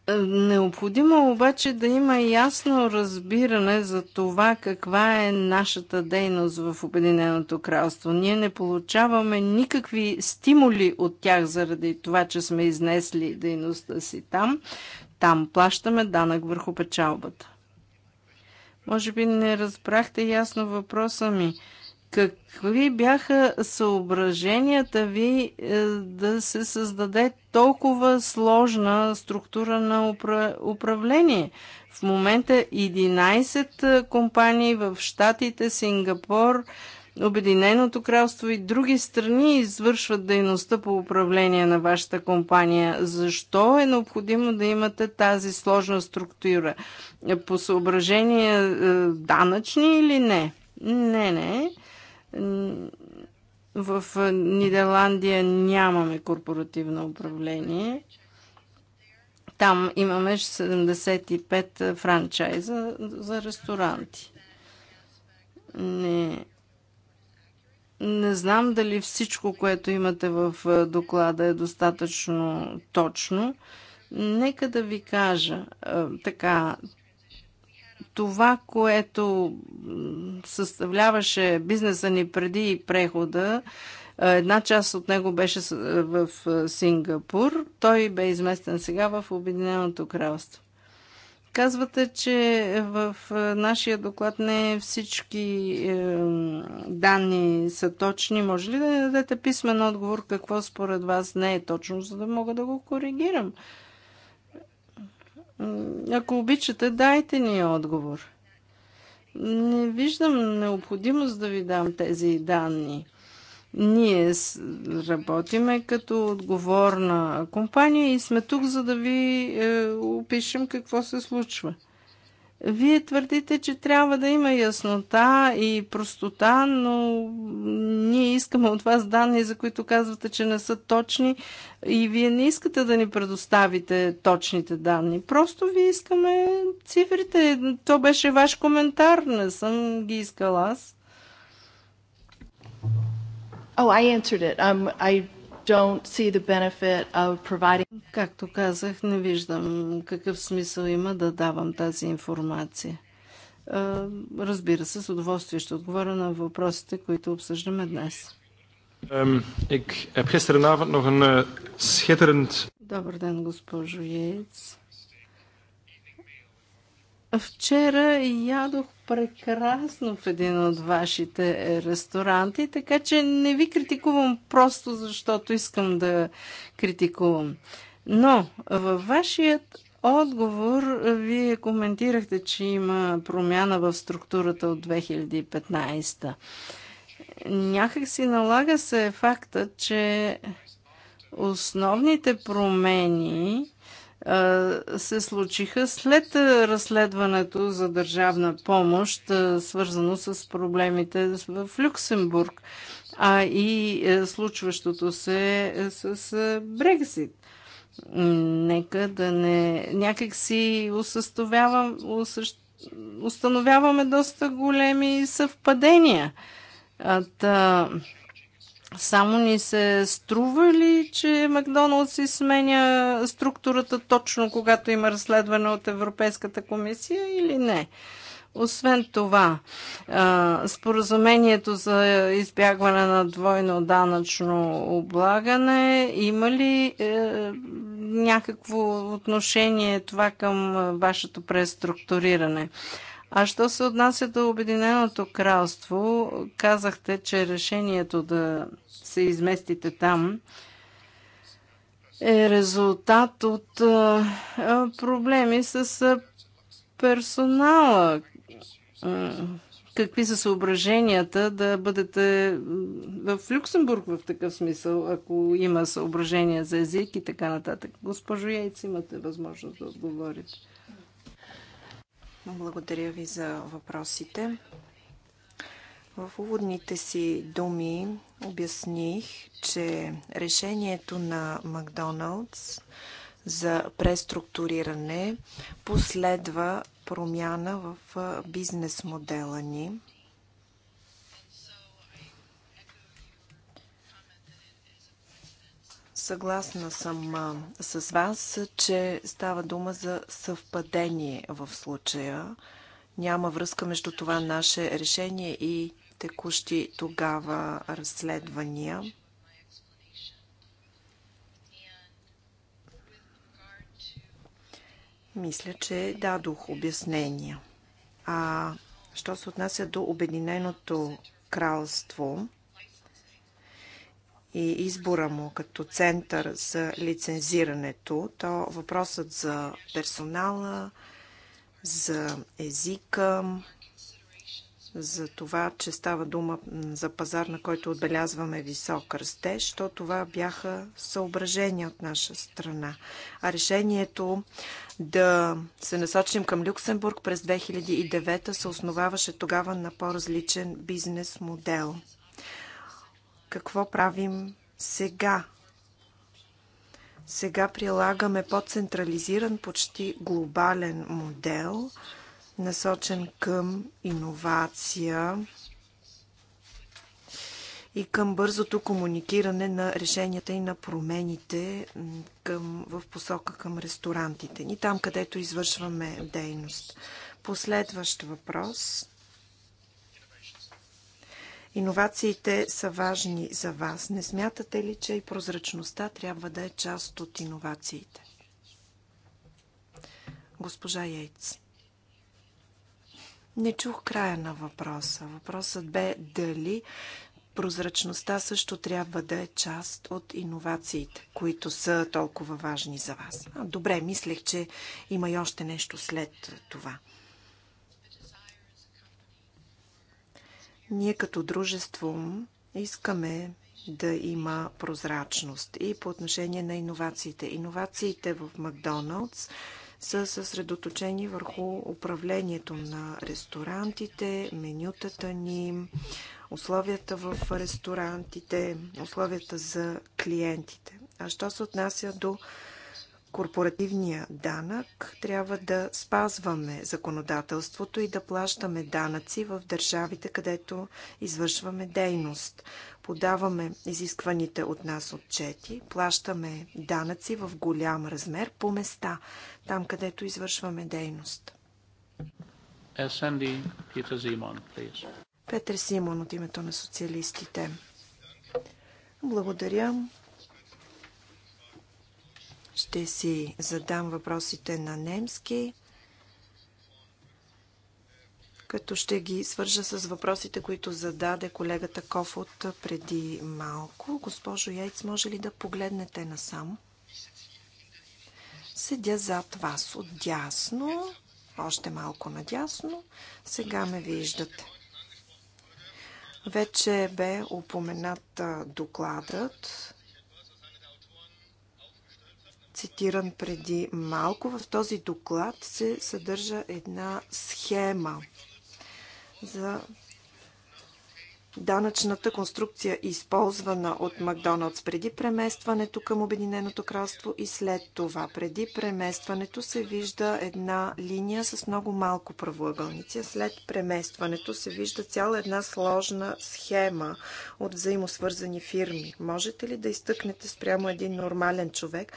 Е, необходимо обаче да има ясно разбиране за това каква е нашата дейност в Обединеното кралство. Ние не получаваме никакви стимули от тях заради това, че сме изнесли дейността си там. Там плащаме данък върху печалбата. Може би не разбрахте ясно въпроса ми. Какви бяха съображенията ви е, да се създаде толкова сложна структура на управление? В момента 11 е, компании в Штатите, Сингапур, Обединеното кралство и други страни извършват дейността по управление на вашата компания. Защо е необходимо да имате тази сложна структура? Е, по съображение данъчни или не? Не, не. В Нидерландия нямаме корпоративно управление. Там имаме 75 франчайза за ресторанти. Не, не знам дали всичко, което имате в доклада е достатъчно точно. Нека да ви кажа така, това, което съставляваше бизнеса ни преди прехода, една част от него беше в Сингапур. Той бе изместен сега в Обединеното кралство. Казвате, че в нашия доклад не всички е, данни са точни. Може ли да дадете писмен отговор какво според вас не е точно, за да мога да го коригирам? Ако обичате, дайте ни отговор. Не виждам необходимост да ви дам тези данни. Ние работиме като отговорна компания и сме тук, за да ви е, опишем какво се случва. Вие твърдите, че трябва да има яснота и простота, но ние искаме от вас данни, за които казвате, че не са точни и вие не искате да ни предоставите точните данни. Просто ви искаме цифрите. То беше ваш коментар, не съм ги искала аз. Oh, I answered it. Um, I Както казах, не виждам какъв смисъл има да давам тази информация. Разбира се, с удоволствие ще отговоря на въпросите, които обсъждаме днес. Eh, Добър ден, госпожо Йейтс. Вчера ядох прекрасно в един от вашите ресторанти, така че не ви критикувам просто защото искам да критикувам. Но във вашият отговор вие коментирахте, че има промяна в структурата от 2015. Някак си налага се факта, че основните промени се случиха след разследването за държавна помощ, свързано с проблемите в Люксембург, а и е, случващото се е, с е, Брексит. Нека да не... Някак си усъстовявам, усъщ... установяваме доста големи съвпадения. Та... От само ни се струва ли, че Макдоналд си сменя структурата точно когато има разследване от Европейската комисия или не? Освен това, споразумението за избягване на двойно данъчно облагане има ли е, някакво отношение това към е, вашето преструктуриране? А що се отнася до Обединеното кралство, казахте, че решението да се изместите там, е резултат от проблеми с персонала. Какви са съображенията да бъдете в Люксембург в такъв смисъл, ако има съображения за език и така нататък? Госпожо Яйц, имате възможност да отговорите. Благодаря ви за въпросите. В уводните си думи Обясних, че решението на Макдоналдс за преструктуриране последва промяна в бизнес модела ни. Съгласна съм с вас, че става дума за съвпадение в случая. Няма връзка между това наше решение и текущи тогава разследвания. Мисля, че дадох обяснения. А що се отнася до Обединеното кралство и избора му като център за лицензирането, то въпросът за персонала, за езика, за това, че става дума за пазар, на който отбелязваме висок растеж, то това бяха съображения от наша страна. А решението да се насочим към Люксембург през 2009 се основаваше тогава на по-различен бизнес модел. Какво правим сега? Сега прилагаме по-централизиран, почти глобален модел – насочен към иновация и към бързото комуникиране на решенията и на промените към, в посока към ресторантите ни, там където извършваме дейност. Последващ въпрос. Иновациите са важни за вас. Не смятате ли, че и прозрачността трябва да е част от иновациите? Госпожа Яйци. Не чух края на въпроса. Въпросът бе дали прозрачността също трябва да е част от иновациите, които са толкова важни за вас. А, добре, мислех, че има и още нещо след това. Ние като дружество искаме да има прозрачност и по отношение на иновациите. Иновациите в Макдоналдс са съсредоточени върху управлението на ресторантите, менютата ни, условията в ресторантите, условията за клиентите. А що се отнася до корпоративния данък, трябва да спазваме законодателството и да плащаме данъци в държавите, където извършваме дейност подаваме изискваните от нас отчети, плащаме данъци в голям размер по места, там където извършваме дейност. Петър Симон от името на социалистите. Благодаря. Ще си задам въпросите на немски като ще ги свържа с въпросите, които зададе колегата Кофот преди малко. Госпожо Яйц, може ли да погледнете насам? Седя зад вас отдясно, още малко надясно. Сега ме виждате. Вече бе упоменат докладът, цитиран преди малко. В този доклад се съдържа една схема – за данъчната конструкция, използвана от Макдоналдс преди преместването към Обединеното кралство и след това. Преди преместването се вижда една линия с много малко правоъгълници, а след преместването се вижда цяла една сложна схема от взаимосвързани фирми. Можете ли да изтъкнете спрямо един нормален човек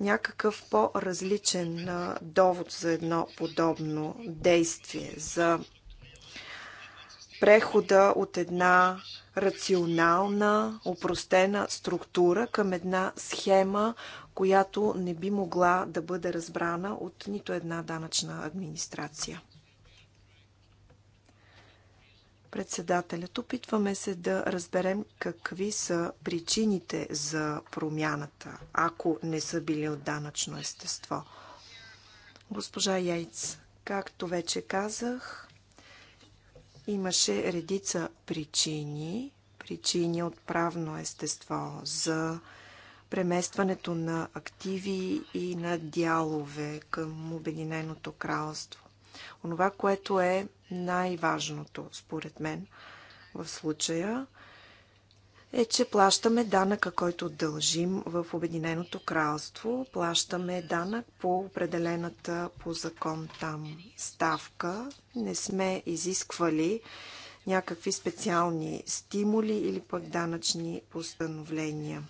някакъв по-различен довод за едно подобно действие, за прехода от една рационална, упростена структура към една схема, която не би могла да бъде разбрана от нито една данъчна администрация. Председателят, опитваме се да разберем какви са причините за промяната, ако не са били от данъчно естество. Госпожа Яйц, както вече казах, Имаше редица причини, причини от правно естество за преместването на активи и на дялове към Обединеното кралство. Онова, което е най-важното, според мен, в случая – е, че плащаме данъка, който дължим в Обединеното кралство. Плащаме данък по определената по закон там ставка. Не сме изисквали някакви специални стимули или пък данъчни постановления.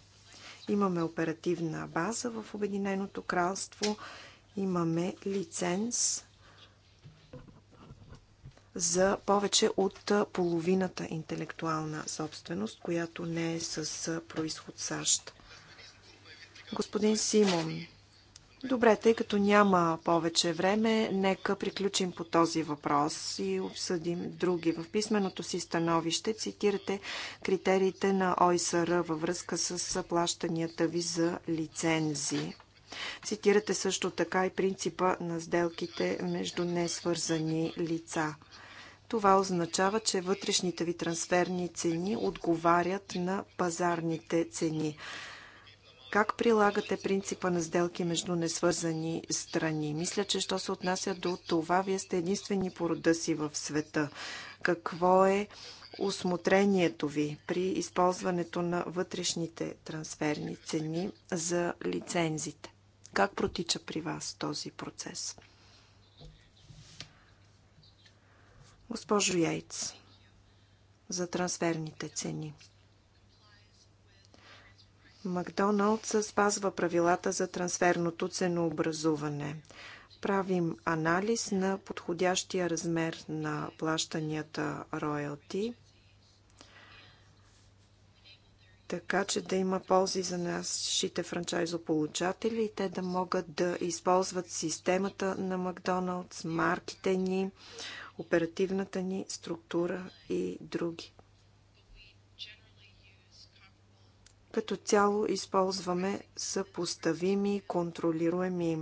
Имаме оперативна база в Обединеното кралство, имаме лиценз за повече от половината интелектуална собственост, която не е с происход САЩ. Господин Симон, добре, тъй като няма повече време, нека приключим по този въпрос и обсъдим други. В писменото си становище цитирате критериите на ОИСР във връзка с плащанията ви за лицензи. Цитирате също така и принципа на сделките между несвързани лица – това означава, че вътрешните ви трансферни цени отговарят на пазарните цени. Как прилагате принципа на сделки между несвързани страни? Мисля, че що се отнася до това, вие сте единствени по рода си в света. Какво е осмотрението ви при използването на вътрешните трансферни цени за лицензите? Как протича при вас този процес? Госпожо Яйц, за трансферните цени. Макдоналдс спазва правилата за трансферното ценообразуване. Правим анализ на подходящия размер на плащанията роялти, така че да има ползи за нашите франчайзополучатели и те да могат да използват системата на Макдоналдс, марките ни, оперативната ни структура и други. Като цяло използваме съпоставими и контролируеми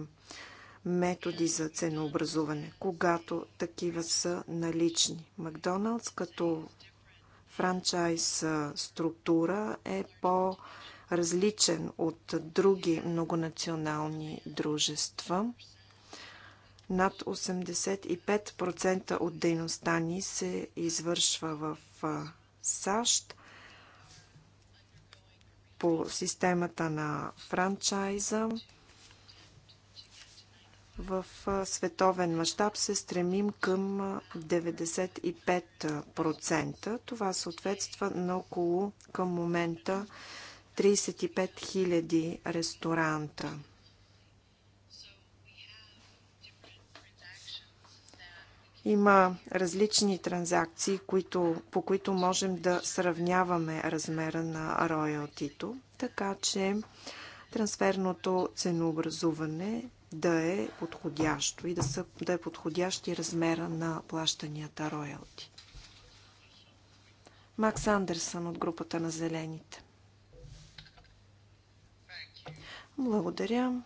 методи за ценообразуване, когато такива са налични. Макдоналдс като франчайз структура е по-различен от други многонационални дружества – над 85% от дейността ни се извършва в САЩ по системата на франчайза. В световен мащаб се стремим към 95%. Това съответства на около към момента 35 000 ресторанта. Има различни транзакции, които, по които можем да сравняваме размера на роялтито, така че трансферното ценообразуване да е подходящо и да, са, да е подходящ и размера на плащанията роялти. Макс Андерсън от групата на Зелените. Благодаря.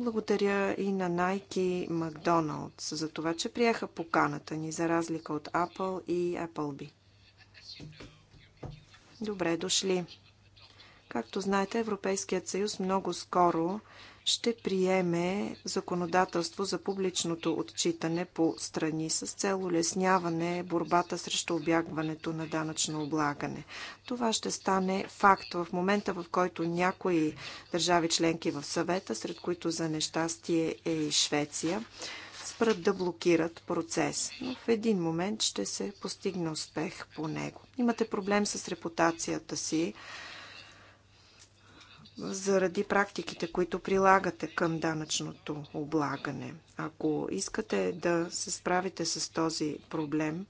Благодаря и на Nike и McDonald's за това, че приеха поканата ни за разлика от Apple и B. Добре дошли! Както знаете, Европейският съюз много скоро ще приеме законодателство за публичното отчитане по страни с цел улесняване борбата срещу обягването на данъчно облагане. Това ще стане факт в момента, в който някои държави членки в съвета, сред които за нещастие е и Швеция, спрат да блокират процес, но в един момент ще се постигне успех по него. Имате проблем с репутацията си заради практиките, които прилагате към данъчното облагане. Ако искате да се справите с този проблем,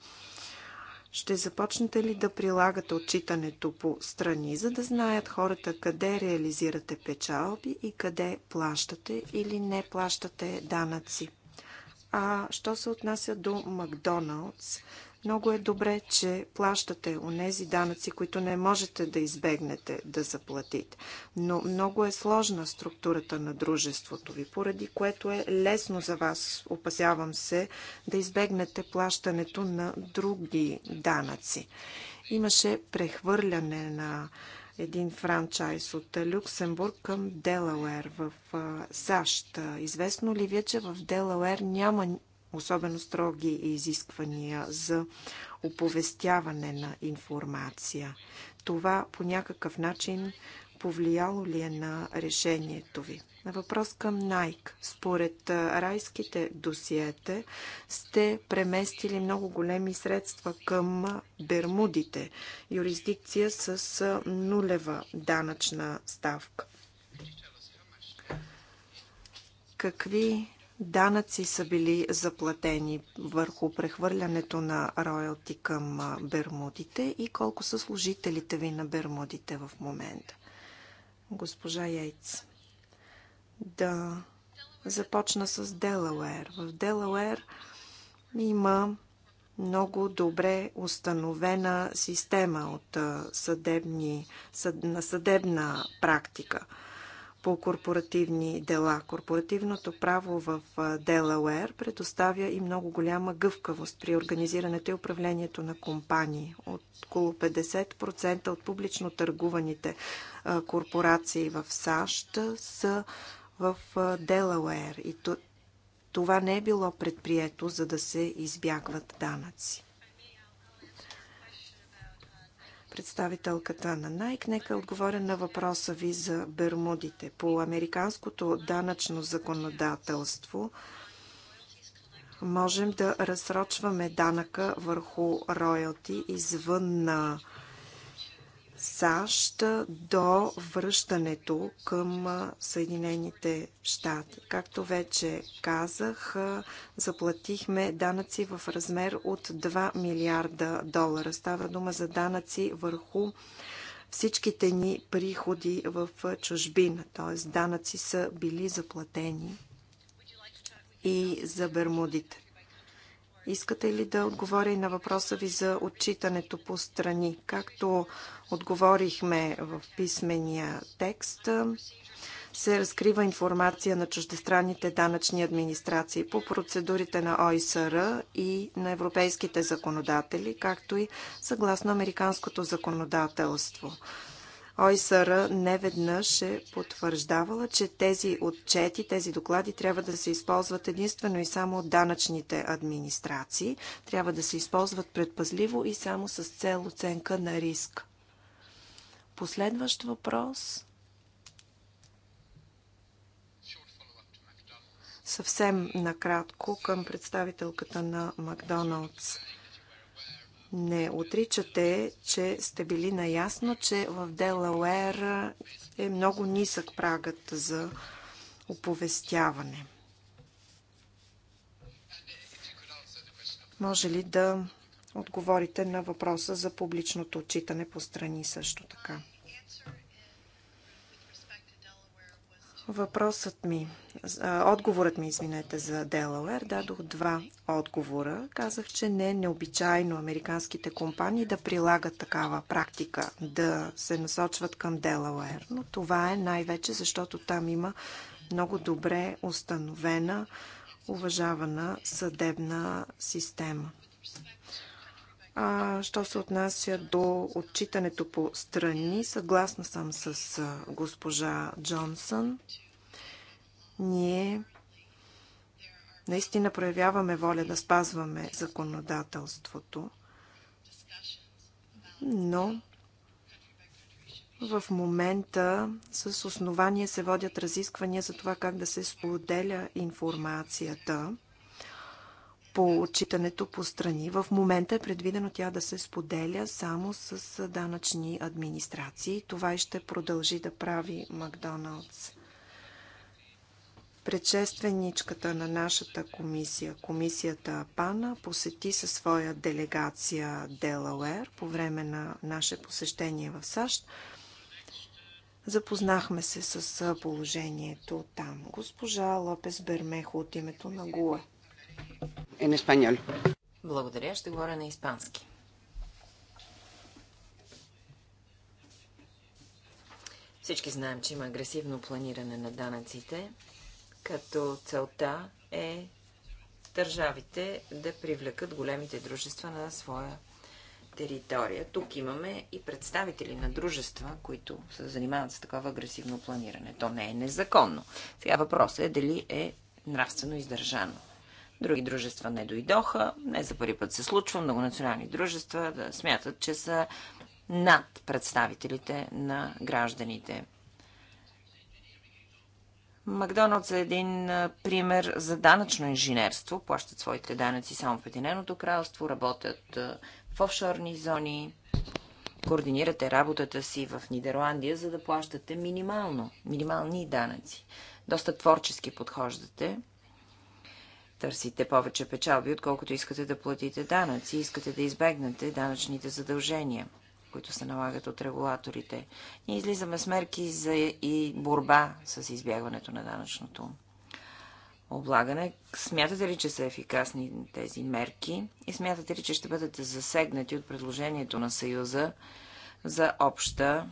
ще започнете ли да прилагате отчитането по страни, за да знаят хората къде реализирате печалби и къде плащате или не плащате данъци? А що се отнася до Макдоналдс, много е добре, че плащате онези данъци, които не можете да избегнете да заплатите. Но много е сложна структурата на дружеството ви, поради което е лесно за вас, опасявам се, да избегнете плащането на други данъци. Имаше прехвърляне на един франчайз от Люксембург към Делауер в САЩ. Известно ли ви е, че в Делауер няма особено строги изисквания за оповестяване на информация? Това по някакъв начин Повлияло ли е на решението ви? На въпрос към Найк: Според райските досиете сте преместили много големи средства към Бермудите, юрисдикция с нулева данъчна ставка. Какви данъци са били заплатени върху прехвърлянето на роялти към Бермудите и колко са служителите ви на Бермудите в момента? госпожа Яйц, Да започна с Делауер. В Делауер има много добре установена система от съдебни, съд, на съдебна практика – по корпоративни дела. Корпоративното право в Делауер предоставя и много голяма гъвкавост при организирането и управлението на компании. От около 50% от публично търгуваните корпорации в САЩ са в Делауер и това не е било предприето, за да се избягват данъци. представителката на Найк. Нека отговоря на въпроса ви за Бермудите. По американското данъчно законодателство можем да разсрочваме данъка върху роялти извън на САЩ до връщането към Съединените щати. Както вече казах, заплатихме данъци в размер от 2 милиарда долара. Става дума за данъци върху всичките ни приходи в чужбина, т.е. данъци са били заплатени и за Бермудите. Искате ли да отговоря и на въпроса ви за отчитането по страни? Както отговорихме в писмения текст, се разкрива информация на чуждестранните данъчни администрации по процедурите на ОИСР и на европейските законодатели, както и съгласно американското законодателство. ОИСР веднъж е потвърждавала, че тези отчети, тези доклади трябва да се използват единствено и само от данъчните администрации. Трябва да се използват предпазливо и само с цел оценка на риск. Последващ въпрос. Съвсем накратко към представителката на Макдоналдс не отричате, че сте били наясно, че в Делауер е много нисък прагът за оповестяване. Може ли да отговорите на въпроса за публичното отчитане по страни също така? Въпросът ми, отговорът ми, извинете, за Делауер, дадох два отговора. Казах, че не е необичайно американските компании да прилагат такава практика, да се насочват към Делауер. Но това е най-вече, защото там има много добре установена, уважавана съдебна система що се отнася до отчитането по страни, съгласна съм с госпожа Джонсън. Ние наистина проявяваме воля да спазваме законодателството, но в момента с основание се водят разисквания за това как да се споделя информацията по отчитането по страни. В момента е предвидено тя да се споделя само с данъчни администрации. Това и ще продължи да прави Макдоналдс. Предшественичката на нашата комисия, комисията ПАНА, посети със своя делегация Делауер по време на наше посещение в САЩ. Запознахме се с положението там. Госпожа Лопес Бермехо от името на ГУЕ. En español. Благодаря, ще говоря на испански. Всички знаем, че има агресивно планиране на данъците, като целта е държавите да привлекат големите дружества на своя територия. Тук имаме и представители на дружества, които се занимават с такова агресивно планиране. То не е незаконно. Сега въпросът е дали е нравствено издържано. Други дружества не дойдоха. Не за първи път се случва много национални дружества да смятат, че са над представителите на гражданите. Макдоналдс е един пример за данъчно инженерство. Плащат своите данъци само в Единеното кралство, работят в офшорни зони, координирате работата си в Нидерландия, за да плащате минимално, минимални данъци. Доста творчески подхождате търсите повече печалби, отколкото искате да платите данъци, искате да избегнете данъчните задължения, които се налагат от регулаторите. Ние излизаме с мерки за и борба с избягването на данъчното облагане. Смятате ли, че са ефикасни тези мерки и смятате ли, че ще бъдете засегнати от предложението на Съюза за обща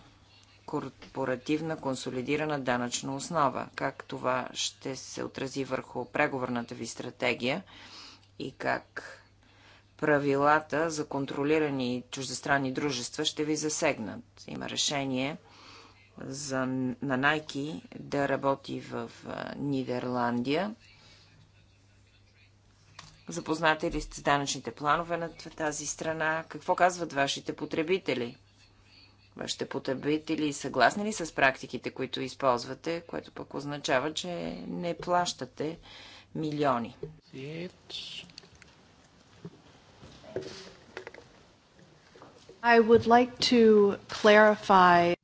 корпоративна консолидирана данъчна основа. Как това ще се отрази върху преговорната ви стратегия и как правилата за контролирани чуждестранни дружества ще ви засегнат. Има решение за, на Найки да работи в Нидерландия. Запознате ли сте с данъчните планове на тази страна? Какво казват вашите потребители? вашите потребители съгласни ли с практиките, които използвате, което пък означава, че не плащате милиони? I would like to clarify...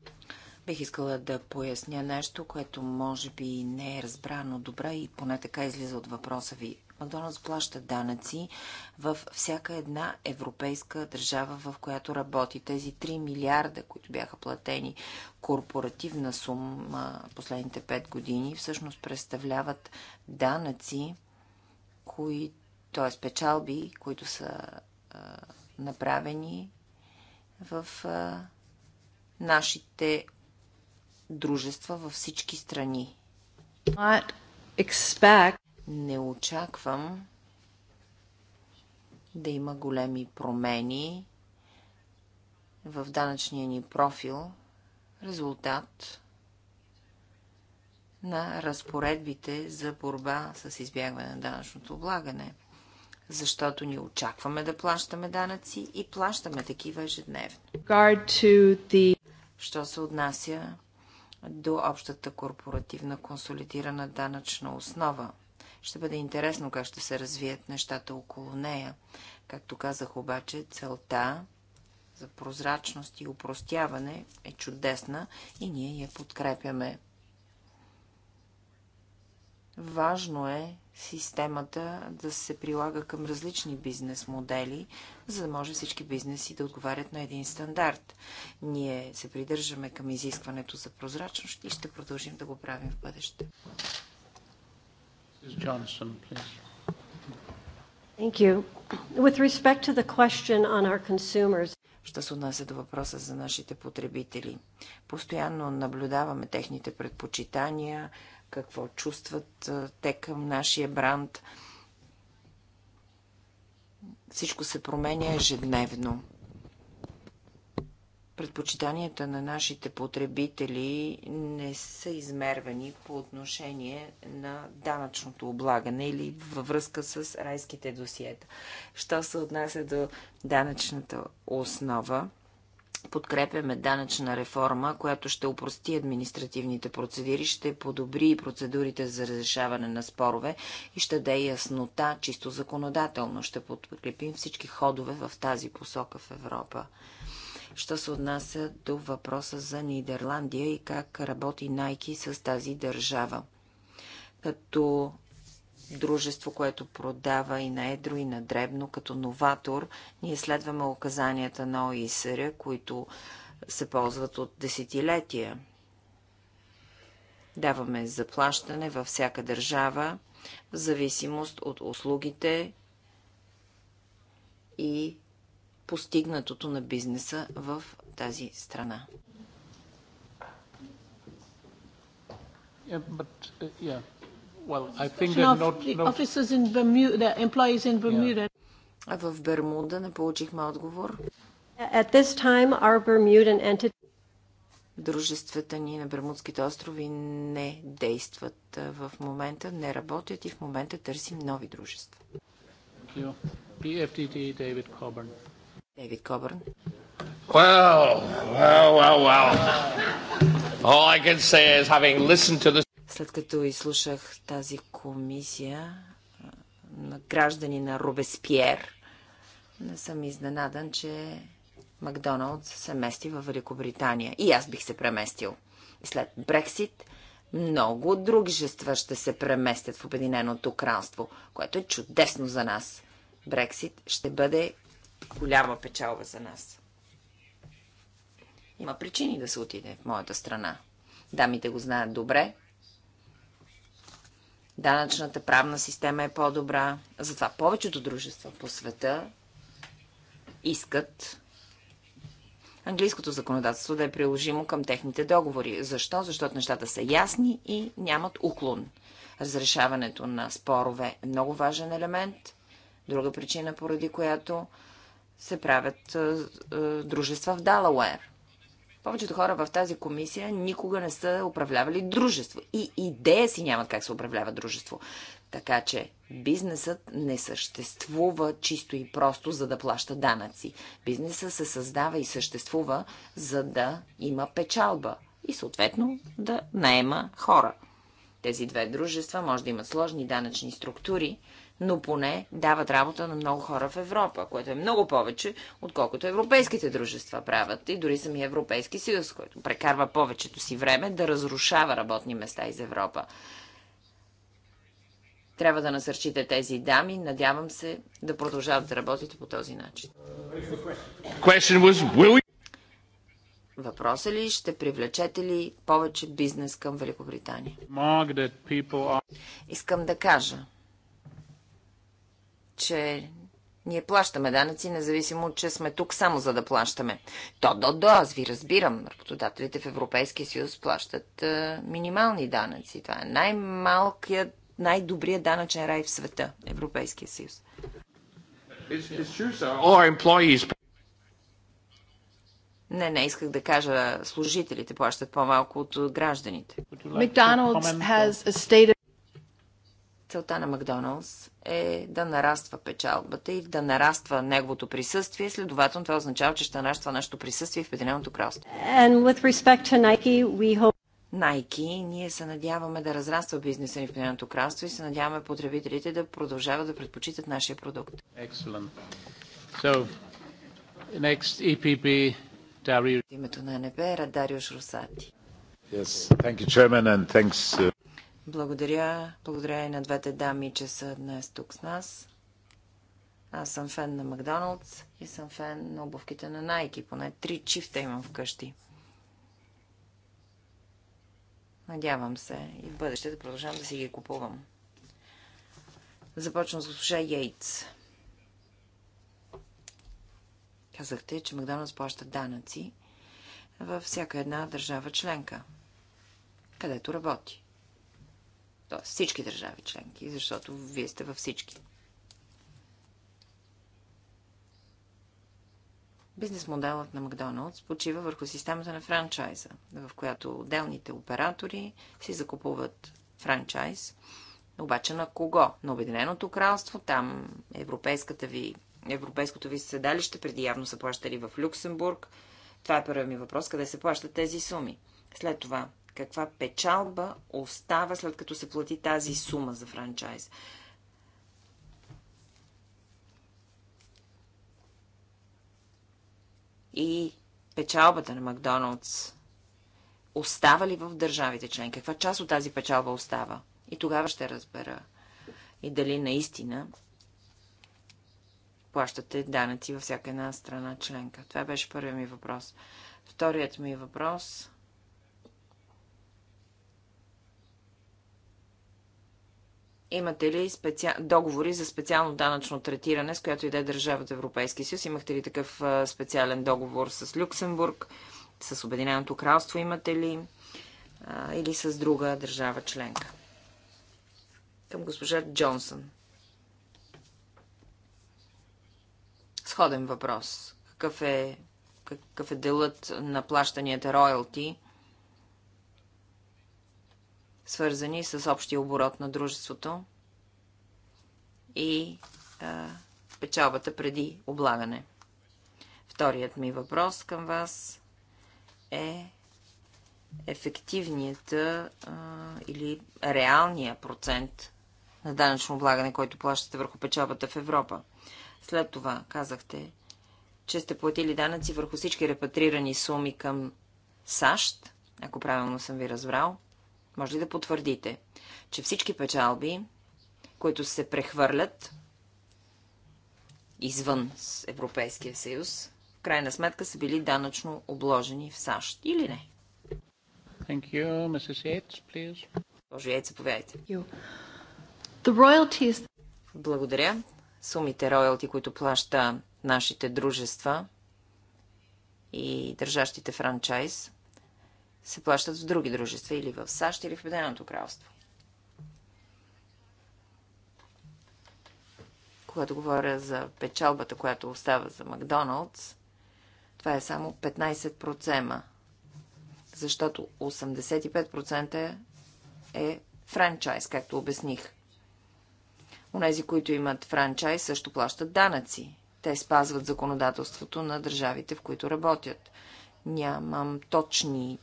Бих искала да поясня нещо, което може би не е разбрано добре и поне така излиза от въпроса ви. Макдоналдс плаща данъци във всяка една европейска държава, в която работи. Тези 3 милиарда, които бяха платени корпоративна сума последните 5 години, всъщност представляват данъци, кои, т.е. печалби, които са а, направени в а, нашите дружества във всички страни. Expect не очаквам да има големи промени в данъчния ни профил, резултат на разпоредбите за борба с избягване на данъчното облагане, защото ни очакваме да плащаме данъци и плащаме такива ежедневно. Що се отнася до общата корпоративна консолидирана данъчна основа – ще бъде интересно как ще се развият нещата около нея. Както казах обаче, целта за прозрачност и упростяване е чудесна и ние я подкрепяме. Важно е системата да се прилага към различни бизнес модели, за да може всички бизнеси да отговарят на един стандарт. Ние се придържаме към изискването за прозрачност и ще продължим да го правим в бъдеще. Ms. Johnson, please. Thank you. With respect to the question on our consumers, Що се отнася до въпроса за нашите потребители. Постоянно наблюдаваме техните предпочитания, какво чувстват те към нашия бранд. Всичко се променя ежедневно предпочитанията на нашите потребители не са измервани по отношение на данъчното облагане или във връзка с райските досиета. Що се отнася до данъчната основа, подкрепяме данъчна реформа, която ще упрости административните процедури, ще подобри и процедурите за разрешаване на спорове и ще даде яснота чисто законодателно. Ще подкрепим всички ходове в тази посока в Европа що се отнася до въпроса за Нидерландия и как работи Найки с тази държава. Като дружество, което продава и на едро, и на дребно, като новатор, ние следваме указанията на ОИСР, които се ползват от десетилетия. Даваме заплащане във всяка държава, в зависимост от услугите и постигнатото на бизнеса в тази страна. Yeah, but, uh, yeah. Well, I think not, not... in Bermuda, in Yeah. А в Бермуда не получихме отговор. At this time, our Bermudan entity... Дружествата ни на Бермудските острови не действат в момента, не работят и в момента търсим нови дружества. Thank you. David Coburn. Дейвид Кобърн. Well, well, well, well. All I can say is having listened to this... След като изслушах тази комисия на граждани на Робеспиер, не съм изненадан, че Макдоналдс се мести в Великобритания. И аз бих се преместил. И след Брексит много други жества ще се преместят в Обединеното кралство, което е чудесно за нас. Брексит ще бъде голяма печалба за нас. Има причини да се отиде в моята страна. Дамите го знаят добре. Данъчната правна система е по-добра. Затова повечето дружества по света искат английското законодателство да е приложимо към техните договори. Защо? Защото нещата са ясни и нямат уклон. Разрешаването на спорове е много важен елемент. Друга причина, поради която се правят дружества в Далауер. Повечето хора в тази комисия никога не са управлявали дружество и идея си нямат как се управлява дружество. Така че бизнесът не съществува чисто и просто за да плаща данъци. Бизнесът се създава и съществува за да има печалба и съответно да наема хора. Тези две дружества може да имат сложни данъчни структури, но поне дават работа на много хора в Европа, което е много повече, отколкото европейските дружества правят и дори самия Европейски съюз, който прекарва повечето си време да разрушава работни места из Европа. Трябва да насърчите тези дами. Надявам се да продължават да работите по този начин. Въпрос е ли ще привлечете ли повече бизнес към Великобритания? Искам да кажа, че ние плащаме данъци, независимо, че сме тук само за да плащаме. То, до, да, аз ви разбирам. Работодателите в Европейския съюз плащат е, минимални данъци. Това е най-малкият, най-добрият данъчен рай в света, Европейския съюз. Не, не, исках да кажа, служителите плащат по-малко от гражданите. McDonald's has a state Целта на Макдоналдс е да нараства печалбата и да нараства неговото присъствие. Следователно това означава, че ще нараства нашето присъствие в Обединеното кралство. Nike, hope... Nike, ние се надяваме да разраства бизнеса ни в Обединеното кралство и се надяваме потребителите да продължават да предпочитат нашия продукт. Excellent. So, next EPP, Dario... Името на НБ е Дариош Русати. Yes, thank you, Chairman, and thanks uh... Благодаря. Благодаря и на двете дами, че са днес тук с нас. Аз съм фен на Макдоналдс и съм фен на обувките на Найки. Поне три чифта имам вкъщи. Надявам се и в бъдеще да продължавам да си ги купувам. Започвам с госпожа Йейтс. Казахте, че Макдоналдс плаща данъци във всяка една държава членка, където работи. Тоест всички държави членки, защото вие сте във всички. Бизнес моделът на Макдоналдс почива върху системата на франчайза, в която отделните оператори си закупуват франчайз. Обаче на кого? На Обединеното кралство, там европейската ви, европейското ви седалище, преди явно са плащали в Люксембург. Това е първият ми въпрос, къде се плащат тези суми. След това, каква печалба остава след като се плати тази сума за франчайз. И печалбата на Макдоналдс остава ли в държавите член? Каква част от тази печалба остава? И тогава ще разбера и дали наистина плащате данъци във всяка една страна членка. Това беше първият ми въпрос. Вторият ми въпрос Имате ли специ... договори за специално данъчно третиране, с която иде е Държавата Европейски съюз? Имахте ли такъв специален договор с Люксембург? С Обединеното кралство имате ли? или с друга държава членка? Към госпожа Джонсън. Сходен въпрос. Какъв е, какъв е делът на плащанията роялти? свързани с общия оборот на дружеството и а, печалбата преди облагане. Вторият ми въпрос към вас е ефективният а, или реалния процент на данъчно облагане, който плащате върху печалбата в Европа. След това казахте, че сте платили данъци върху всички репатрирани суми към САЩ, ако правилно съм ви разбрал. Може ли да потвърдите, че всички печалби, които се прехвърлят извън Европейския съюз, в крайна сметка са били данъчно обложени в САЩ или не? Thank you, Mrs. Yates, please. Боже, Yates, заповядайте. Royalties... Благодаря. Сумите роялти, които плаща нашите дружества и държащите франчайз, се плащат в други дружества или в САЩ или в Обединеното кралство. Когато говоря за печалбата, която остава за Макдоналдс, това е само 15%, защото 85% е франчайз, както обясних. Онези, които имат франчайз, също плащат данъци. Те спазват законодателството на държавите, в които работят. Нямам точни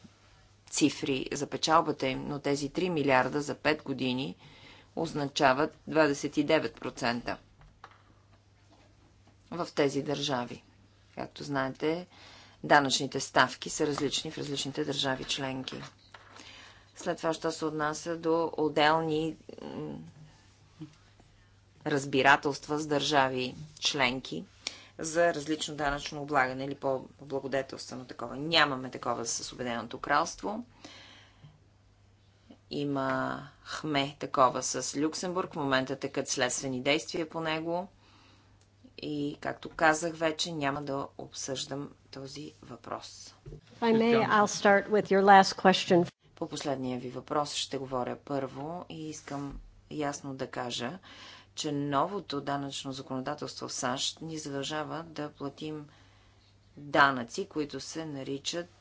цифри за печалбата им, но тези 3 милиарда за 5 години означават 29% в тези държави. Както знаете, данъчните ставки са различни в различните държави членки. След това, що се отнася до отделни разбирателства с държави членки, за различно данъчно облагане или по-благодетелствено такова. Нямаме такова с Обеденото кралство. Имахме такова с Люксембург. В момента текат следствени действия по него. И, както казах вече, няма да обсъждам този въпрос. По последния ви въпрос ще говоря първо и искам ясно да кажа, че новото данъчно законодателство в САЩ ни задължава да платим данъци, които се наричат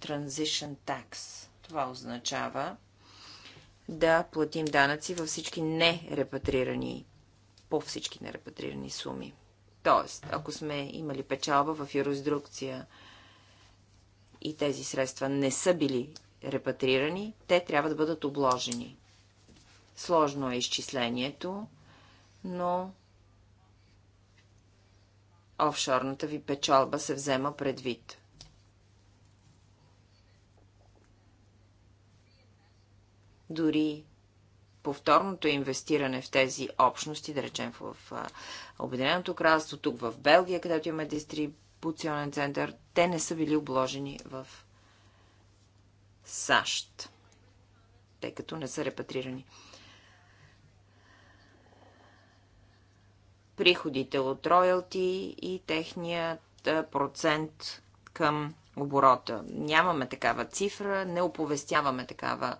Transition Tax. Това означава да платим данъци във всички нерепатрирани, по всички нерепатрирани суми. Тоест, ако сме имали печалба в юрисдукция и тези средства не са били репатрирани, те трябва да бъдат обложени. Сложно е изчислението, но офшорната ви печалба се взема предвид. Дори повторното инвестиране в тези общности, да речем в Обединеното кралство, тук в Белгия, където имаме дистрибуционен център, те не са били обложени в САЩ, тъй като не са репатрирани. приходите от роялти и техният процент към оборота. Нямаме такава цифра, не оповестяваме такава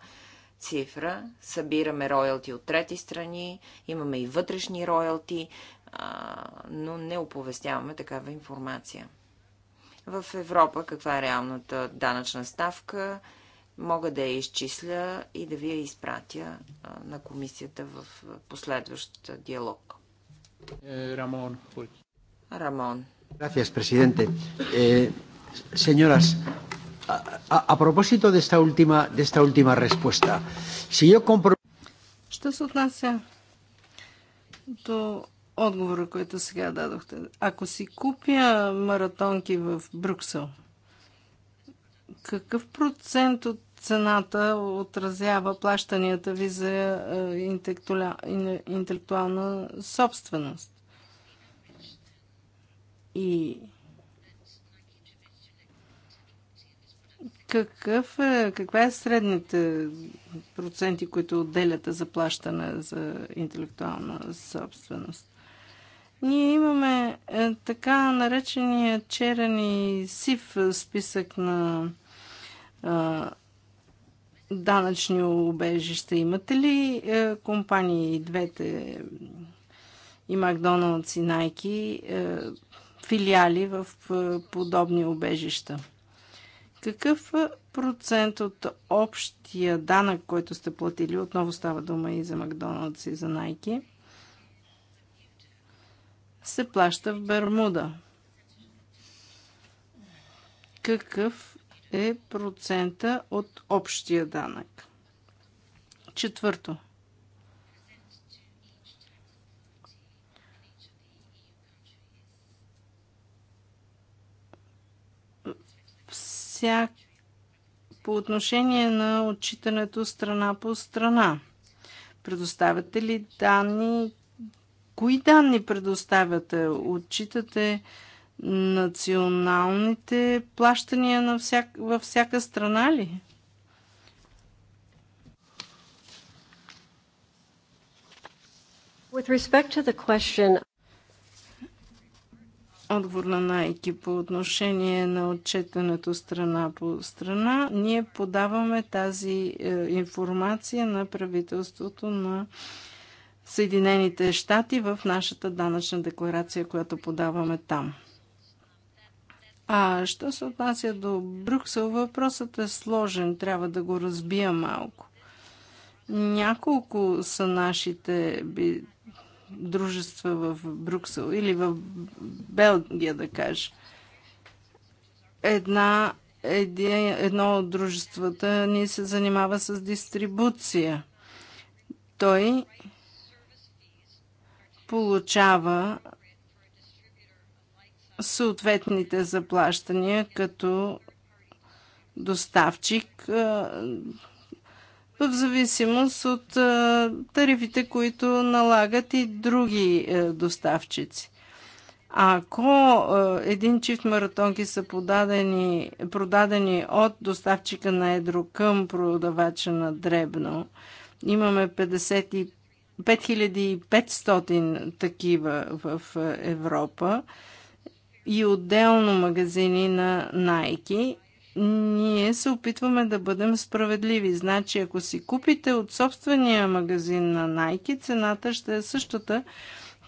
цифра, събираме роялти от трети страни, имаме и вътрешни роялти, но не оповестяваме такава информация. В Европа каква е реалната данъчна ставка? Мога да я изчисля и да ви я изпратя на комисията в последващ диалог. Рамон. Eh, Рамон. Gracias, presidente. Eh, señoras, a, a, a propósito de esta última, de esta última respuesta, si yo compro... Що се отнася до отговора, който сега дадохте. Ако си купя маратонки в Брюксел, какъв процент от цената отразява плащанията ви за е, интелектуална собственост. И какъв е, каква е средните проценти, които отделяте за плащане за интелектуална собственост? Ние имаме е, така наречения черен и сив списък на е, данъчни убежища имате ли? Е, компании двете и Макдоналдс и Найки е, филиали в е, подобни убежища. Какъв процент от общия данък, който сте платили, отново става дума и за Макдоналдс и за Найки, се плаща в Бермуда? Какъв е процента от общия данък. Четвърто. Всяк... По отношение на отчитането страна по страна. Предоставяте ли данни? Кои данни предоставяте? Отчитате националните плащания на всяк, във всяка страна ли? With respect to the question... Отговор на Найки по отношение на отчетането страна по страна, ние подаваме тази е, информация на правителството на Съединените щати в нашата данъчна декларация, която подаваме там. А що се отнася до Брюксел, въпросът е сложен, трябва да го разбия малко. Няколко са нашите би, дружества в Брюксел или в Белгия, да кажа. Една, еди, едно от дружествата ни се занимава с дистрибуция. Той получава съответните заплащания като доставчик в зависимост от тарифите, които налагат и други е, доставчици. Ако един чифт маратонки са подадени, продадени от доставчика на едро към продавача на дребно, имаме 5500 такива в е, Европа, и отделно магазини на Nike, ние се опитваме да бъдем справедливи. Значи, ако си купите от собствения магазин на Nike, цената ще е същата,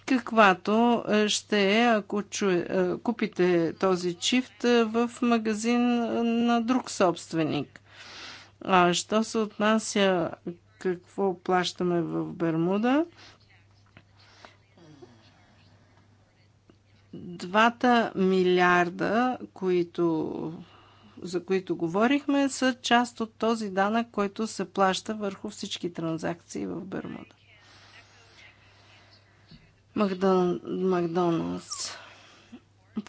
каквато е, ще е, ако чуе, е, купите този чифт е, в магазин на друг собственик. А що се отнася какво плащаме в Бермуда? Двата милиарда, които, за които говорихме, са част от този данък, който се плаща върху всички транзакции в Бермуда. Макдон... Макдоналдс.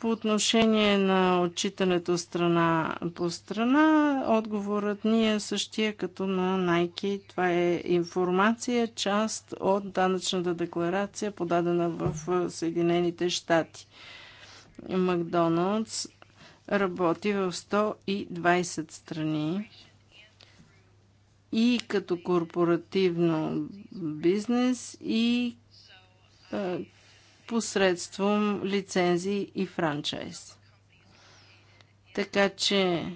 По отношение на отчитането страна по страна, отговорът ни е същия като на Nike. Това е информация, част от данъчната декларация, подадена в Съединените щати. Макдоналдс работи в 120 страни и като корпоративно бизнес, и посредством лицензии и франчайз. Така че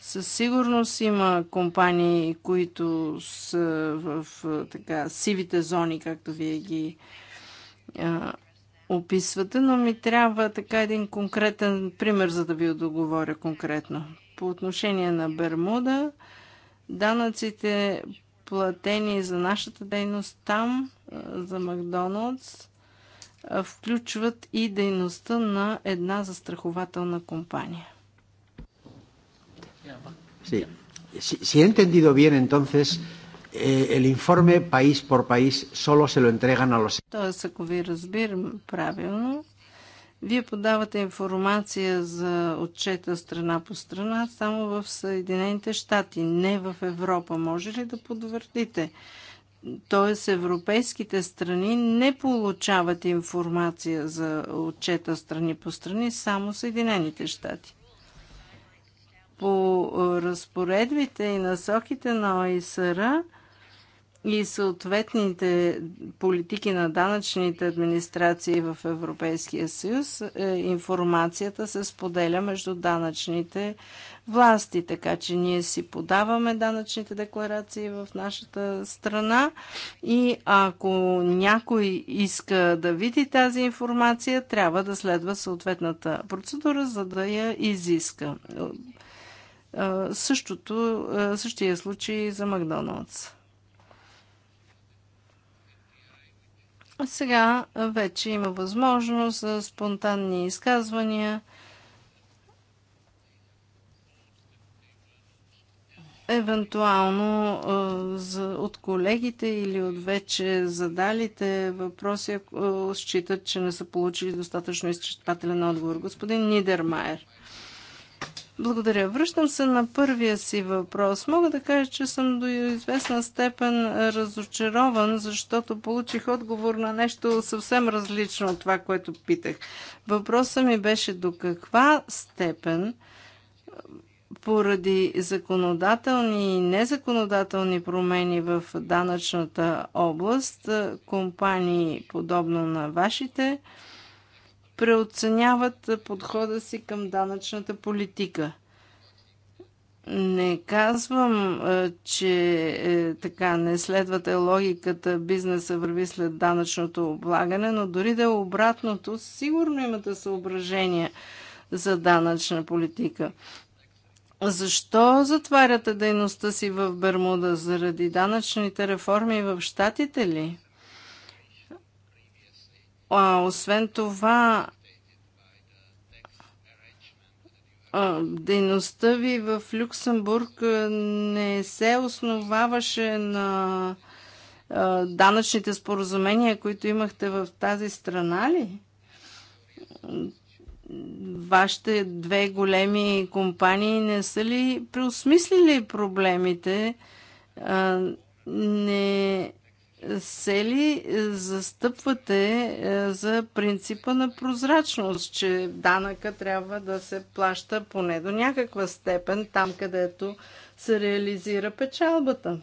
със сигурност има компании, които са в така сивите зони, както вие ги а, описвате, но ми трябва така един конкретен пример, за да ви отговоря конкретно. По отношение на Бермуда, данъците платени за нашата дейност там, за Макдоналдс, включват и дейността на една застрахователна компания. Sí. Si, si he entendido bien, entonces, eh, el informe país por país solo se lo entregan a los... Тоест, ако ви разбирам правилно, вие подавате информация за отчета страна по страна само в Съединените щати, не в Европа. Може ли да подвърдите? т.е. европейските страни не получават информация за отчета страни по страни, само Съединените щати. По разпоредбите и насоките на ОИСР и съответните политики на данъчните администрации в Европейския съюз, е, информацията се споделя между данъчните власти, така че ние си подаваме данъчните декларации в нашата страна и ако някой иска да види тази информация, трябва да следва съответната процедура, за да я изиска. Е, същото, е, същия случай за Макдоналдс. Сега вече има възможност за спонтанни изказвания. евентуално от колегите или от вече задалите въпроси, ако считат, че не са получили достатъчно изчерпателен отговор. Господин Нидермайер. Благодаря. Връщам се на първия си въпрос. Мога да кажа, че съм до известна степен разочарован, защото получих отговор на нещо съвсем различно от това, което питах. Въпросът ми беше до каква степен поради законодателни и незаконодателни промени в данъчната област, компании подобно на вашите, преоценяват подхода си към данъчната политика. Не казвам, е, че е, така не следвате логиката бизнеса върви след данъчното облагане, но дори да е обратното, сигурно имате съображения за данъчна политика. Защо затваряте дейността си в Бермуда? Заради данъчните реформи в Штатите ли? А, освен това, дейността ви в Люксембург не се основаваше на данъчните споразумения, които имахте в тази страна ли? Вашите две големи компании не са ли преосмислили проблемите? Не се ли е, застъпвате е, за принципа на прозрачност, че данъка трябва да се плаща поне до някаква степен там, където се реализира печалбата?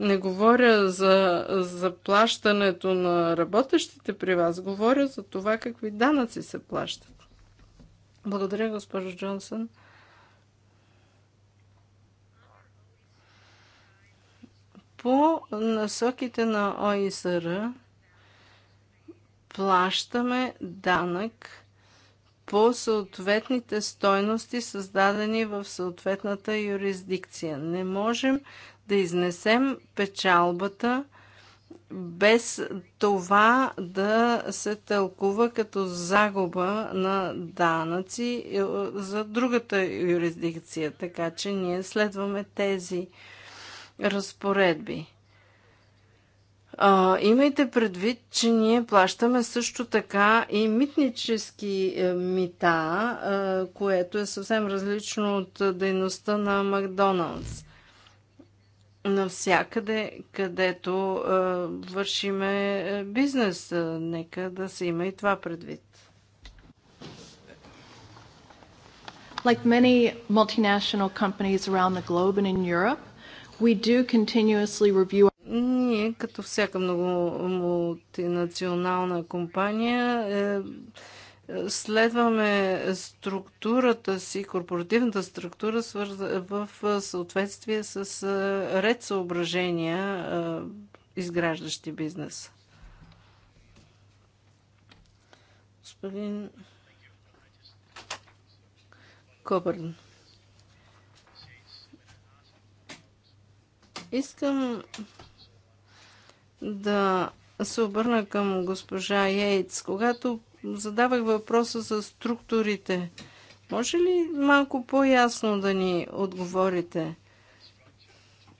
Не говоря за заплащането на работещите при вас, говоря за това какви данъци се плащат. Благодаря, госпожо Джонсън. по насоките на ОИСР плащаме данък по съответните стойности, създадени в съответната юрисдикция. Не можем да изнесем печалбата без това да се тълкува като загуба на данъци е, за другата юрисдикция. Така че ние следваме тези разпоредби. А, имайте предвид, че ние плащаме също така и митнически е, мита, а, е, което е съвсем различно от е, дейността на Макдоналдс. Навсякъде, където а, вършиме бизнес, а, нека да се има и това предвид. Like many multinational companies around the globe and in Europe, We do continuously review ние, като всяка много мултинационална компания, е, е, следваме структурата си, корпоративната структура в съответствие с е, ред съображения, изграждащи бизнес. Господин Кобърн. Искам да се обърна към госпожа Йейтс. Когато задавах въпроса за структурите, може ли малко по-ясно да ни отговорите?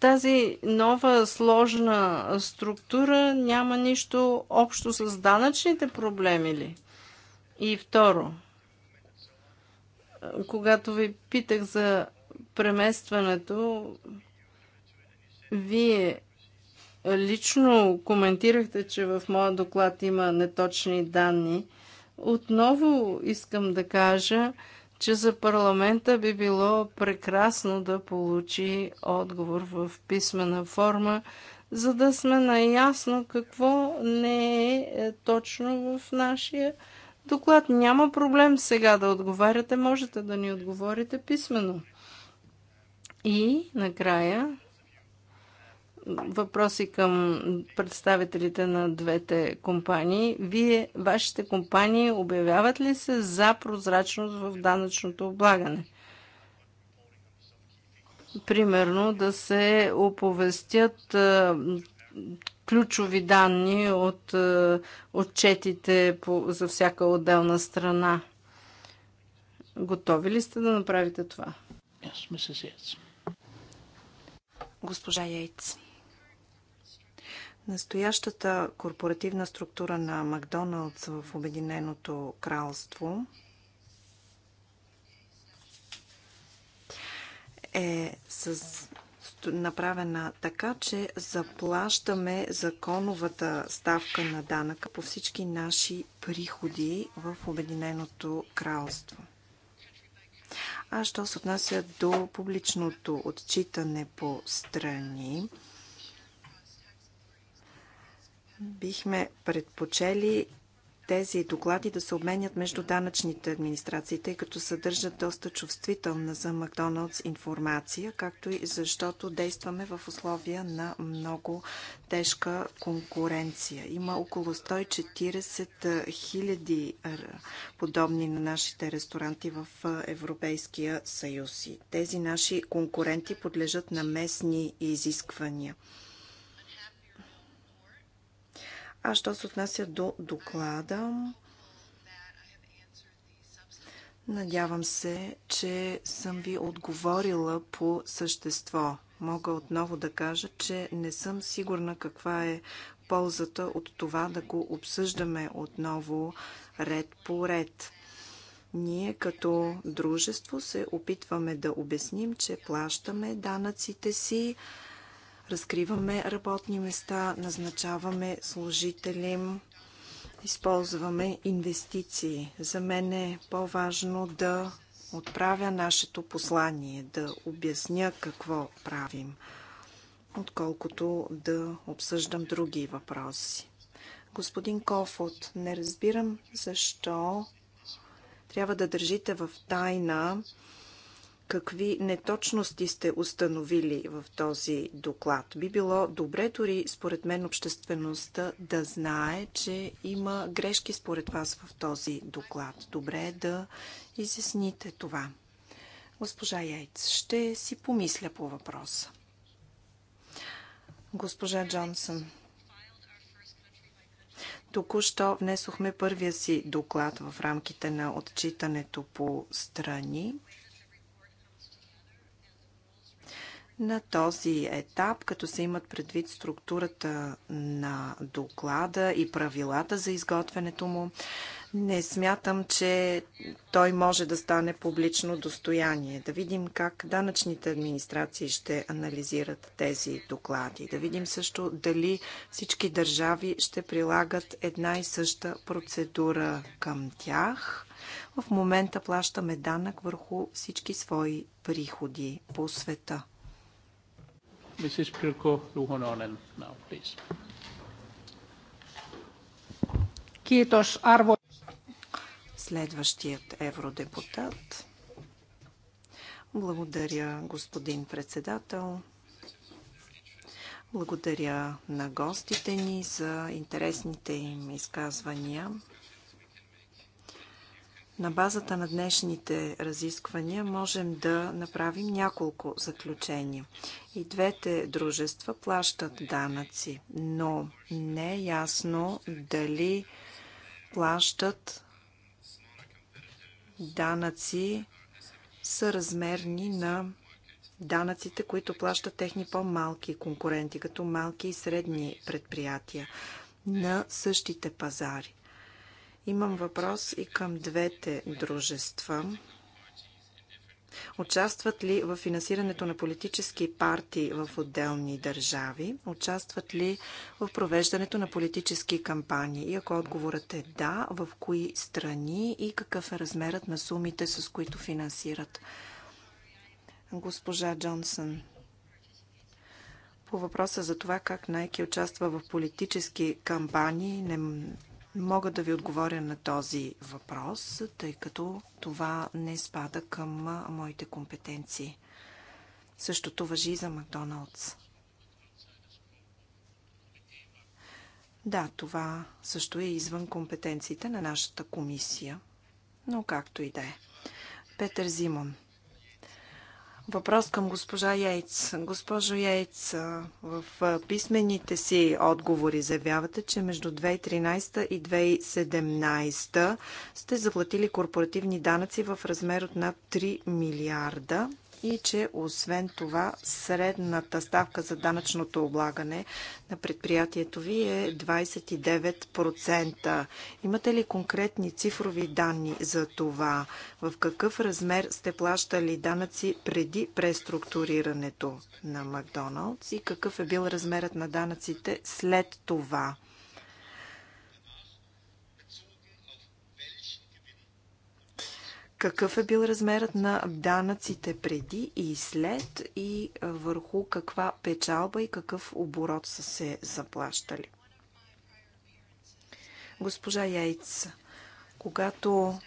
Тази нова сложна структура няма нищо общо с данъчните проблеми ли? И второ, когато ви питах за преместването, вие лично коментирахте, че в моя доклад има неточни данни. Отново искам да кажа, че за парламента би било прекрасно да получи отговор в писмена форма, за да сме наясно какво не е, е точно в нашия доклад. Няма проблем сега да отговаряте, можете да ни отговорите писменно. И накрая въпроси към представителите на двете компании. Вие, вашите компании обявяват ли се за прозрачност в данъчното облагане? Примерно да се оповестят ключови данни от отчетите за всяка отделна страна. Готови ли сте да направите това? Госпожа Яйц. Настоящата корпоративна структура на Макдоналдс в Обединеното кралство е с направена така, че заплащаме законовата ставка на данъка по всички наши приходи в Обединеното кралство. А що се отнася до публичното отчитане по страни, Бихме предпочели тези доклади да се обменят между данъчните администрации, тъй като съдържат доста чувствителна за Макдоналдс информация, както и защото действаме в условия на много тежка конкуренция. Има около 140 хиляди подобни на нашите ресторанти в Европейския съюз. И тези наши конкуренти подлежат на местни изисквания. А що се отнася до доклада, надявам се, че съм ви отговорила по същество. Мога отново да кажа, че не съм сигурна каква е ползата от това да го обсъждаме отново ред по ред. Ние като дружество се опитваме да обясним, че плащаме данъците си, разкриваме работни места, назначаваме служители, използваме инвестиции. За мен е по-важно да отправя нашето послание, да обясня какво правим, отколкото да обсъждам други въпроси. Господин Кофот, не разбирам защо трябва да държите в тайна какви неточности сте установили в този доклад. Би било добре дори според мен обществеността да знае, че има грешки според вас в този доклад. Добре е да изясните това. Госпожа Яйц, ще си помисля по въпроса. Госпожа Джонсън, Току-що внесохме първия си доклад в рамките на отчитането по страни. На този етап, като се имат предвид структурата на доклада и правилата за изготвянето му, не смятам, че той може да стане публично достояние. Да видим как данъчните администрации ще анализират тези доклади. Да видим също дали всички държави ще прилагат една и съща процедура към тях. В момента плащаме данък върху всички свои приходи по света. Mrs. Pirko Luhononen now, please. Kiitos, arvo... Следващият евродепутат. Благодаря, господин председател. Благодаря на гостите ни за интересните им изказвания. На базата на днешните разисквания можем да направим няколко заключения. И двете дружества плащат данъци, но не е ясно дали плащат данъци съразмерни на данъците, които плащат техни по-малки конкуренти, като малки и средни предприятия на същите пазари. Имам въпрос и към двете дружества. Участват ли в финансирането на политически партии в отделни държави? Участват ли в провеждането на политически кампании? И ако отговорът е да, в кои страни и какъв е размерът на сумите, с които финансират? Госпожа Джонсън. По въпроса за това как Найки участва в политически кампании, не не мога да ви отговоря на този въпрос, тъй като това не спада към моите компетенции. Същото въжи и за Макдоналдс. Да, това също е извън компетенциите на нашата комисия, но както и да е. Петър Зимон – Въпрос към госпожа Яйц. Госпожо Яйц, в писмените си отговори заявявате, че между 2013 и 2017 сте заплатили корпоративни данъци в размер от над 3 милиарда и че освен това средната ставка за данъчното облагане на предприятието ви е 29%. Имате ли конкретни цифрови данни за това? В какъв размер сте плащали данъци преди преструктурирането на Макдоналдс и какъв е бил размерът на данъците след това? какъв е бил размерът на данъците преди и след и върху каква печалба и какъв оборот са се заплащали. Госпожа Яйц, когато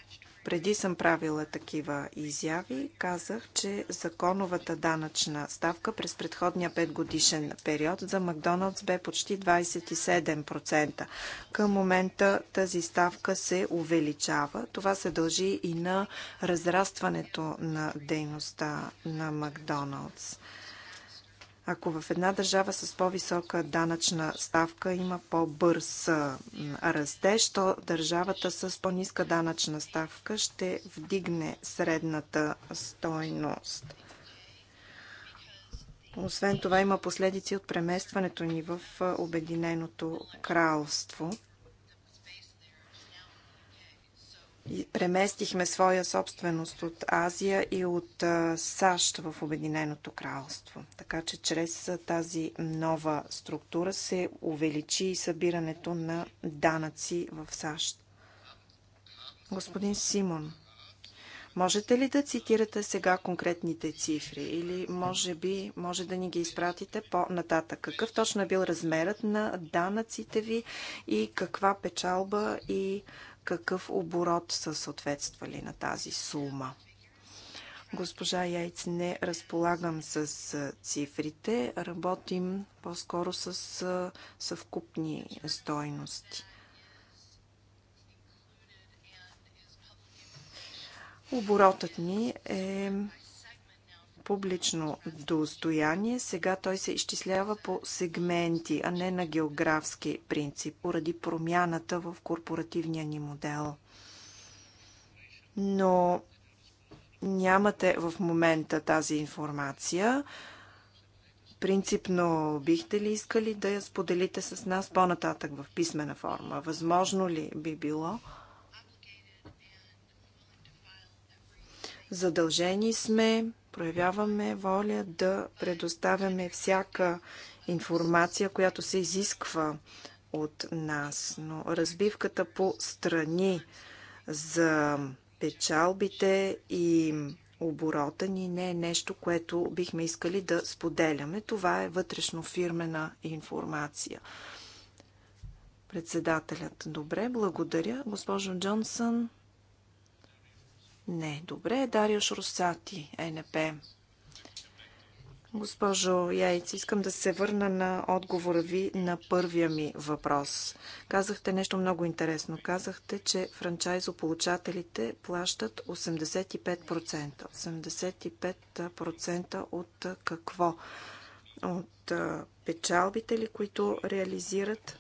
преди съм правила такива изяви, казах, че законовата данъчна ставка през предходния 5 годишен период за Макдоналдс бе почти 27%. Към момента тази ставка се увеличава. Това се дължи и на разрастването на дейността на Макдоналдс. Ако в една държава с по-висока данъчна ставка има по-бърз растеж, то държавата с по-ниска данъчна ставка ще вдигне средната стойност. Освен това има последици от преместването ни в Обединеното кралство – преместихме своя собственост от Азия и от САЩ в Обединеното кралство. Така че чрез тази нова структура се увеличи събирането на данъци в САЩ. Господин Симон, можете ли да цитирате сега конкретните цифри или може би може да ни ги изпратите по-нататък? Какъв точно е бил размерът на данъците ви и каква печалба и какъв оборот са съответствали на тази сума. Госпожа Яйц, не разполагам с цифрите, работим по-скоро с съвкупни стойности. Оборотът ни е публично достояние. Сега той се изчислява по сегменти, а не на географски принцип, поради промяната в корпоративния ни модел. Но нямате в момента тази информация. Принципно бихте ли искали да я споделите с нас по-нататък в писмена форма? Възможно ли би било? Задължени сме проявяваме воля да предоставяме всяка информация, която се изисква от нас. Но разбивката по страни за печалбите и оборота ни не е нещо, което бихме искали да споделяме. Това е вътрешно фирмена информация. Председателят. Добре, благодаря. Госпожо Джонсън, не, добре. Дариош Русати, ЕНП. Госпожо Яйци, искам да се върна на отговора ви на първия ми въпрос. Казахте нещо много интересно. Казахте, че франчайзополучателите плащат 85%. 85% от какво? От печалбите ли, които реализират?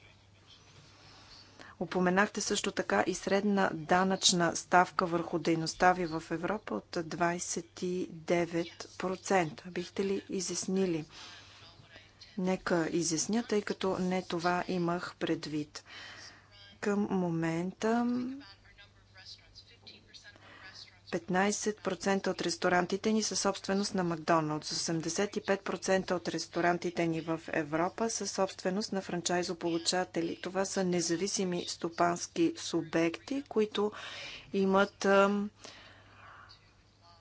Упоменахте също така и средна данъчна ставка върху дейността ви в Европа от 29%. Бихте ли изяснили? Нека изясня, тъй като не това имах предвид. Към момента 15% от ресторантите ни са собственост на Макдоналдс. 85% от ресторантите ни в Европа са собственост на франчайзополучатели. Това са независими стопански субекти, които имат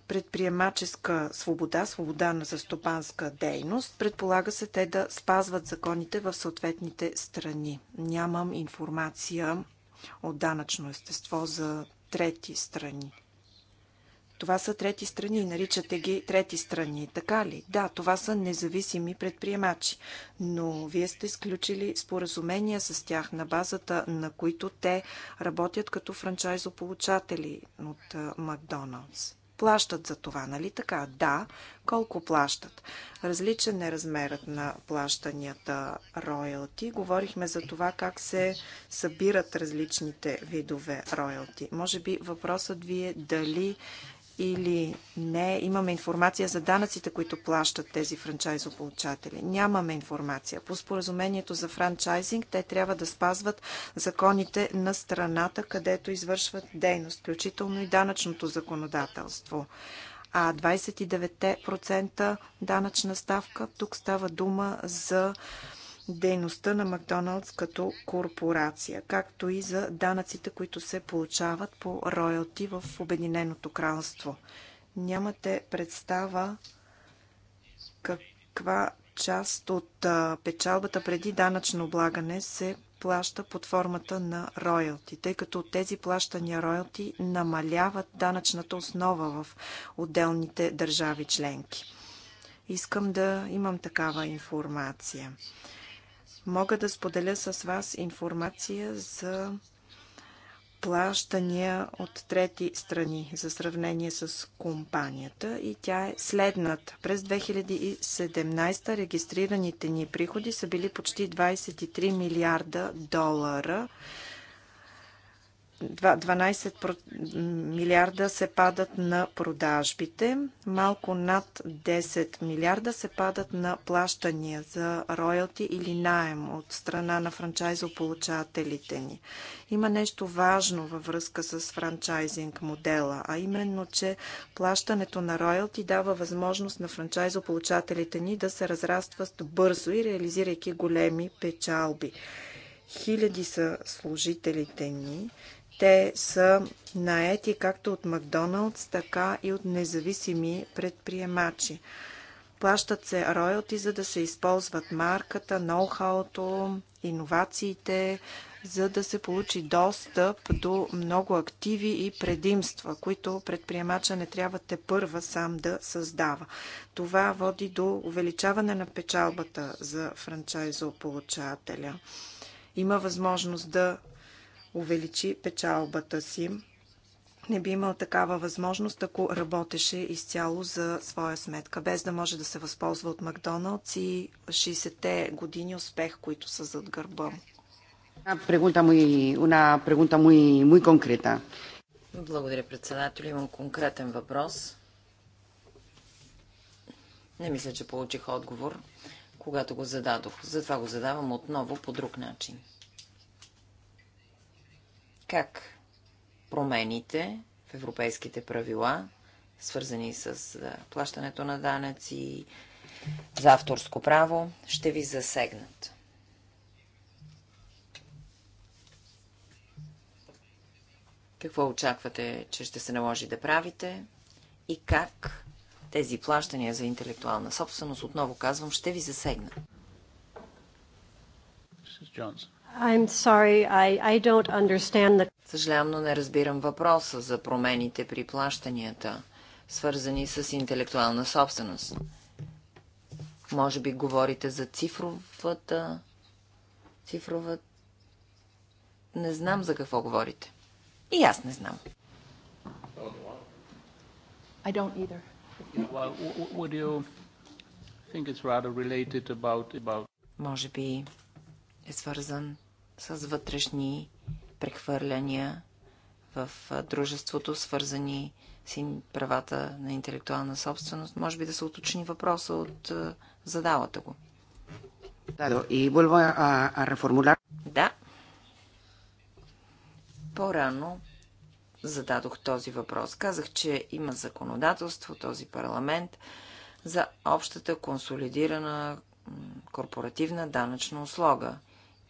предприемаческа свобода, свобода за стопанска дейност. Предполага се те да спазват законите в съответните страни. Нямам информация от данъчно естество за трети страни. Това са трети страни, наричате ги трети страни, така ли? Да, това са независими предприемачи, но вие сте сключили споразумения с тях на базата, на които те работят като франчайзополучатели от Макдоналдс. Плащат за това, нали така? Да. Колко плащат? Различен е размерът на плащанията роялти. Говорихме за това как се събират различните видове роялти. Може би въпросът ви е дали или не имаме информация за данъците, които плащат тези франчайзополучатели. Нямаме информация. По споразумението за франчайзинг те трябва да спазват законите на страната, където извършват дейност, включително и данъчното законодателство. А 29% данъчна ставка, тук става дума за дейността на Макдоналдс като корпорация, както и за данъците, които се получават по роялти в Обединеното кралство. Нямате представа каква част от печалбата преди данъчно облагане се плаща под формата на роялти, тъй като тези плащания роялти намаляват данъчната основа в отделните държави членки. Искам да имам такава информация. Мога да споделя с вас информация за плащания от трети страни за сравнение с компанията и тя е следната. През 2017 регистрираните ни приходи са били почти 23 милиарда долара. 12 милиарда се падат на продажбите, малко над 10 милиарда се падат на плащания за роялти или найем от страна на франчайзополучателите ни. Има нещо важно във връзка с франчайзинг модела, а именно, че плащането на роялти дава възможност на франчайзополучателите ни да се разрастват бързо и реализирайки големи печалби. Хиляди са служителите ни, те са наети както от Макдоналдс, така и от независими предприемачи. Плащат се роялти, за да се използват марката, ноу-хауто, иновациите, за да се получи достъп до много активи и предимства, които предприемача не трябва те първа сам да създава. Това води до увеличаване на печалбата за франчайзополучателя. Има възможност да увеличи печалбата си. Не би имал такава възможност, ако работеше изцяло за своя сметка, без да може да се възползва от Макдоналдс и 60-те години успех, които са зад гърба. Una pregunta muy, muy concreta. Благодаря, председател. Имам конкретен въпрос. Не мисля, че получих отговор, когато го зададох. Затова го задавам отново по друг начин как промените в европейските правила, свързани с плащането на данъци за авторско право, ще ви засегнат. Какво очаквате, че ще се наложи да правите и как тези плащания за интелектуална собственост, отново казвам, ще ви засегнат? Mrs. I'm sorry, I, I don't understand the... Съжалявам, но не разбирам въпроса за промените при плащанията, свързани с интелектуална собственост. Може би говорите за цифровата... Цифрова... Не знам за какво говорите. И аз не знам. I don't either. Well, you think it's rather related about, about... Може би е свързан с вътрешни прехвърляния в дружеството, свързани с правата на интелектуална собственост. Може би да се уточни въпроса от задалата го. И vuelvo a Да. По-рано зададох този въпрос. Казах, че има законодателство, този парламент, за общата консолидирана корпоративна данъчна услуга –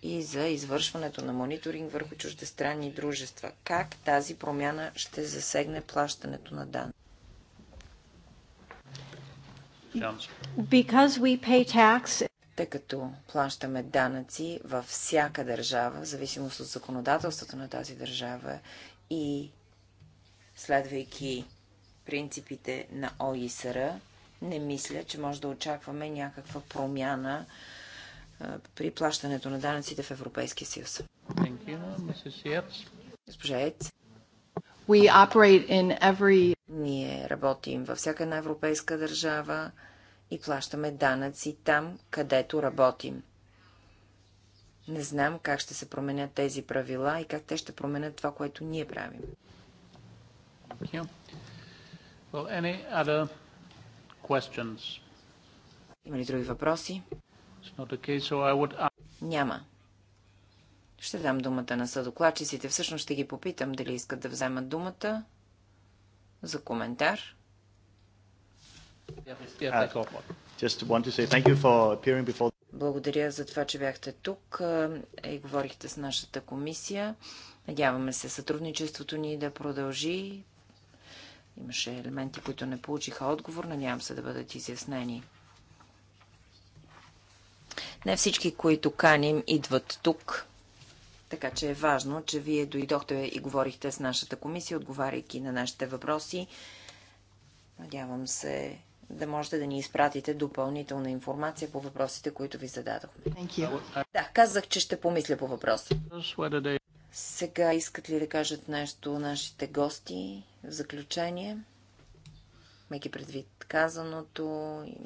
и за извършването на мониторинг върху чуждестранни дружества. Как тази промяна ще засегне плащането на данни? Тъй като плащаме данъци във всяка държава, в зависимост от законодателството на тази държава и следвайки принципите на ОИСР, не мисля, че може да очакваме някаква промяна при плащането на данъците в Европейския съюз. Госпожа Ец. We operate in every... Ние работим във всяка една европейска държава и плащаме данъци там, където работим. Не знам как ще се променят тези правила и как те ще променят това, което ние правим. Well, Има ли други въпроси? Няма. Ще дам думата на съдокладчиците. Всъщност ще ги попитам дали искат да вземат думата за коментар. Uh, Благодаря за това, че бяхте тук и говорихте с нашата комисия. Надяваме се сътрудничеството ни да продължи. Имаше елементи, които не получиха отговор. Надявам се да бъдат изяснени. Не всички, които каним, идват тук. Така че е важно, че вие дойдохте и говорихте с нашата комисия, отговаряйки на нашите въпроси. Надявам се да можете да ни изпратите допълнителна информация по въпросите, които ви зададохме. Да, казах, че ще помисля по въпроса. Сега искат ли да кажат нещо нашите гости в заключение? Меки предвид казаното,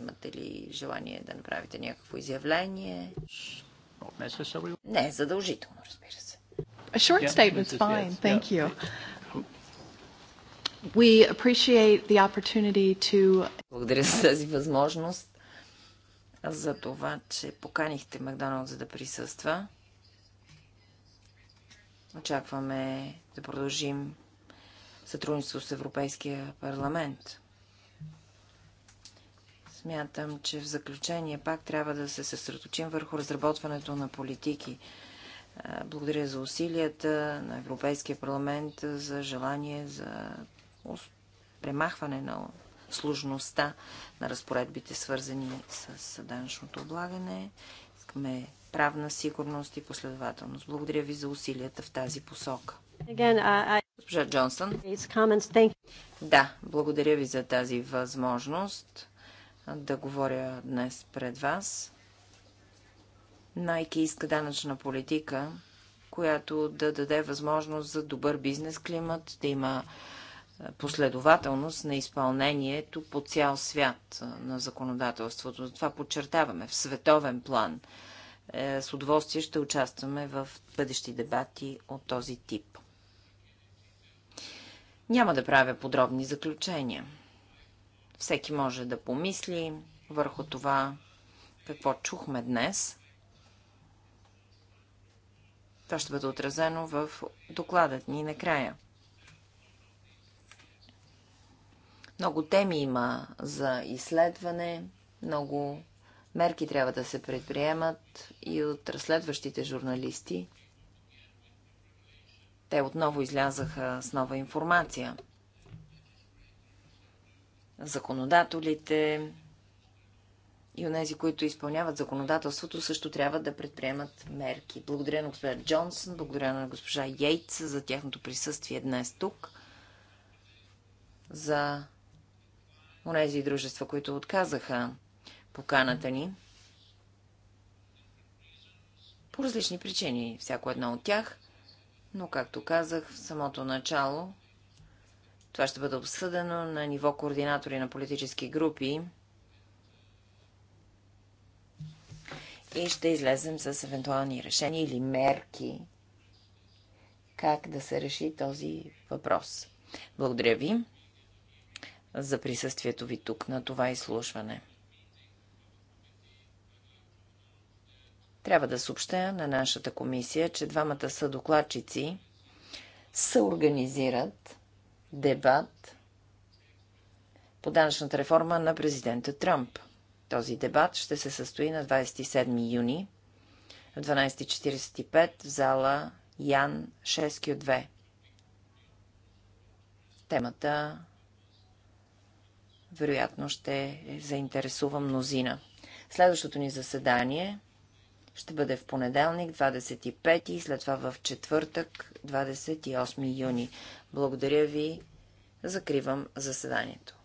имате ли желание да направите някакво изявление? Не, задължително, разбира се. A short statement's fine, thank you. We appreciate the opportunity to... Благодаря за тази възможност за това, че поканихте Макдоналд за да присъства. Очакваме да продължим сътрудничество с Европейския парламент. Смятам, че в заключение пак трябва да се съсредоточим върху разработването на политики. Благодаря за усилията на Европейския парламент, за желание за премахване на сложността на разпоредбите, свързани с данъчното облагане. Искаме правна сигурност и последователност. Благодаря ви за усилията в тази посока. Госпожа Джонсън. Да, благодаря ви за тази възможност да говоря днес пред вас. Найки иска данъчна политика, която да даде възможност за добър бизнес климат, да има е, последователност на изпълнението по цял свят е, на законодателството. Това подчертаваме в световен план. Е, с удоволствие ще участваме в бъдещи дебати от този тип. Няма да правя подробни заключения. Всеки може да помисли върху това, какво чухме днес. Това ще бъде отразено в докладът ни накрая. Много теми има за изследване, много мерки трябва да се предприемат и от разследващите журналисти. Те отново излязаха с нова информация – законодателите и онези, които изпълняват законодателството, също трябва да предприемат мерки. Благодаря на госпожа Джонсън, благодаря на госпожа Йейтс за тяхното присъствие днес тук, за онези дружества, които отказаха поканата ни. По различни причини, всяко едно от тях, но, както казах в самото начало, това ще бъде обсъдено на ниво координатори на политически групи и ще излезем с евентуални решения или мерки как да се реши този въпрос. Благодаря ви за присъствието ви тук на това изслушване. Трябва да съобщя на нашата комисия, че двамата съдокладчици се организират дебат по данъчната реформа на президента Тръмп. Този дебат ще се състои на 27 юни в 12.45 в зала Ян 6Q2. Темата вероятно ще заинтересува мнозина. Следващото ни заседание ще бъде в понеделник 25 и след това в четвъртък 28 юни. Благодаря ви. Закривам заседанието.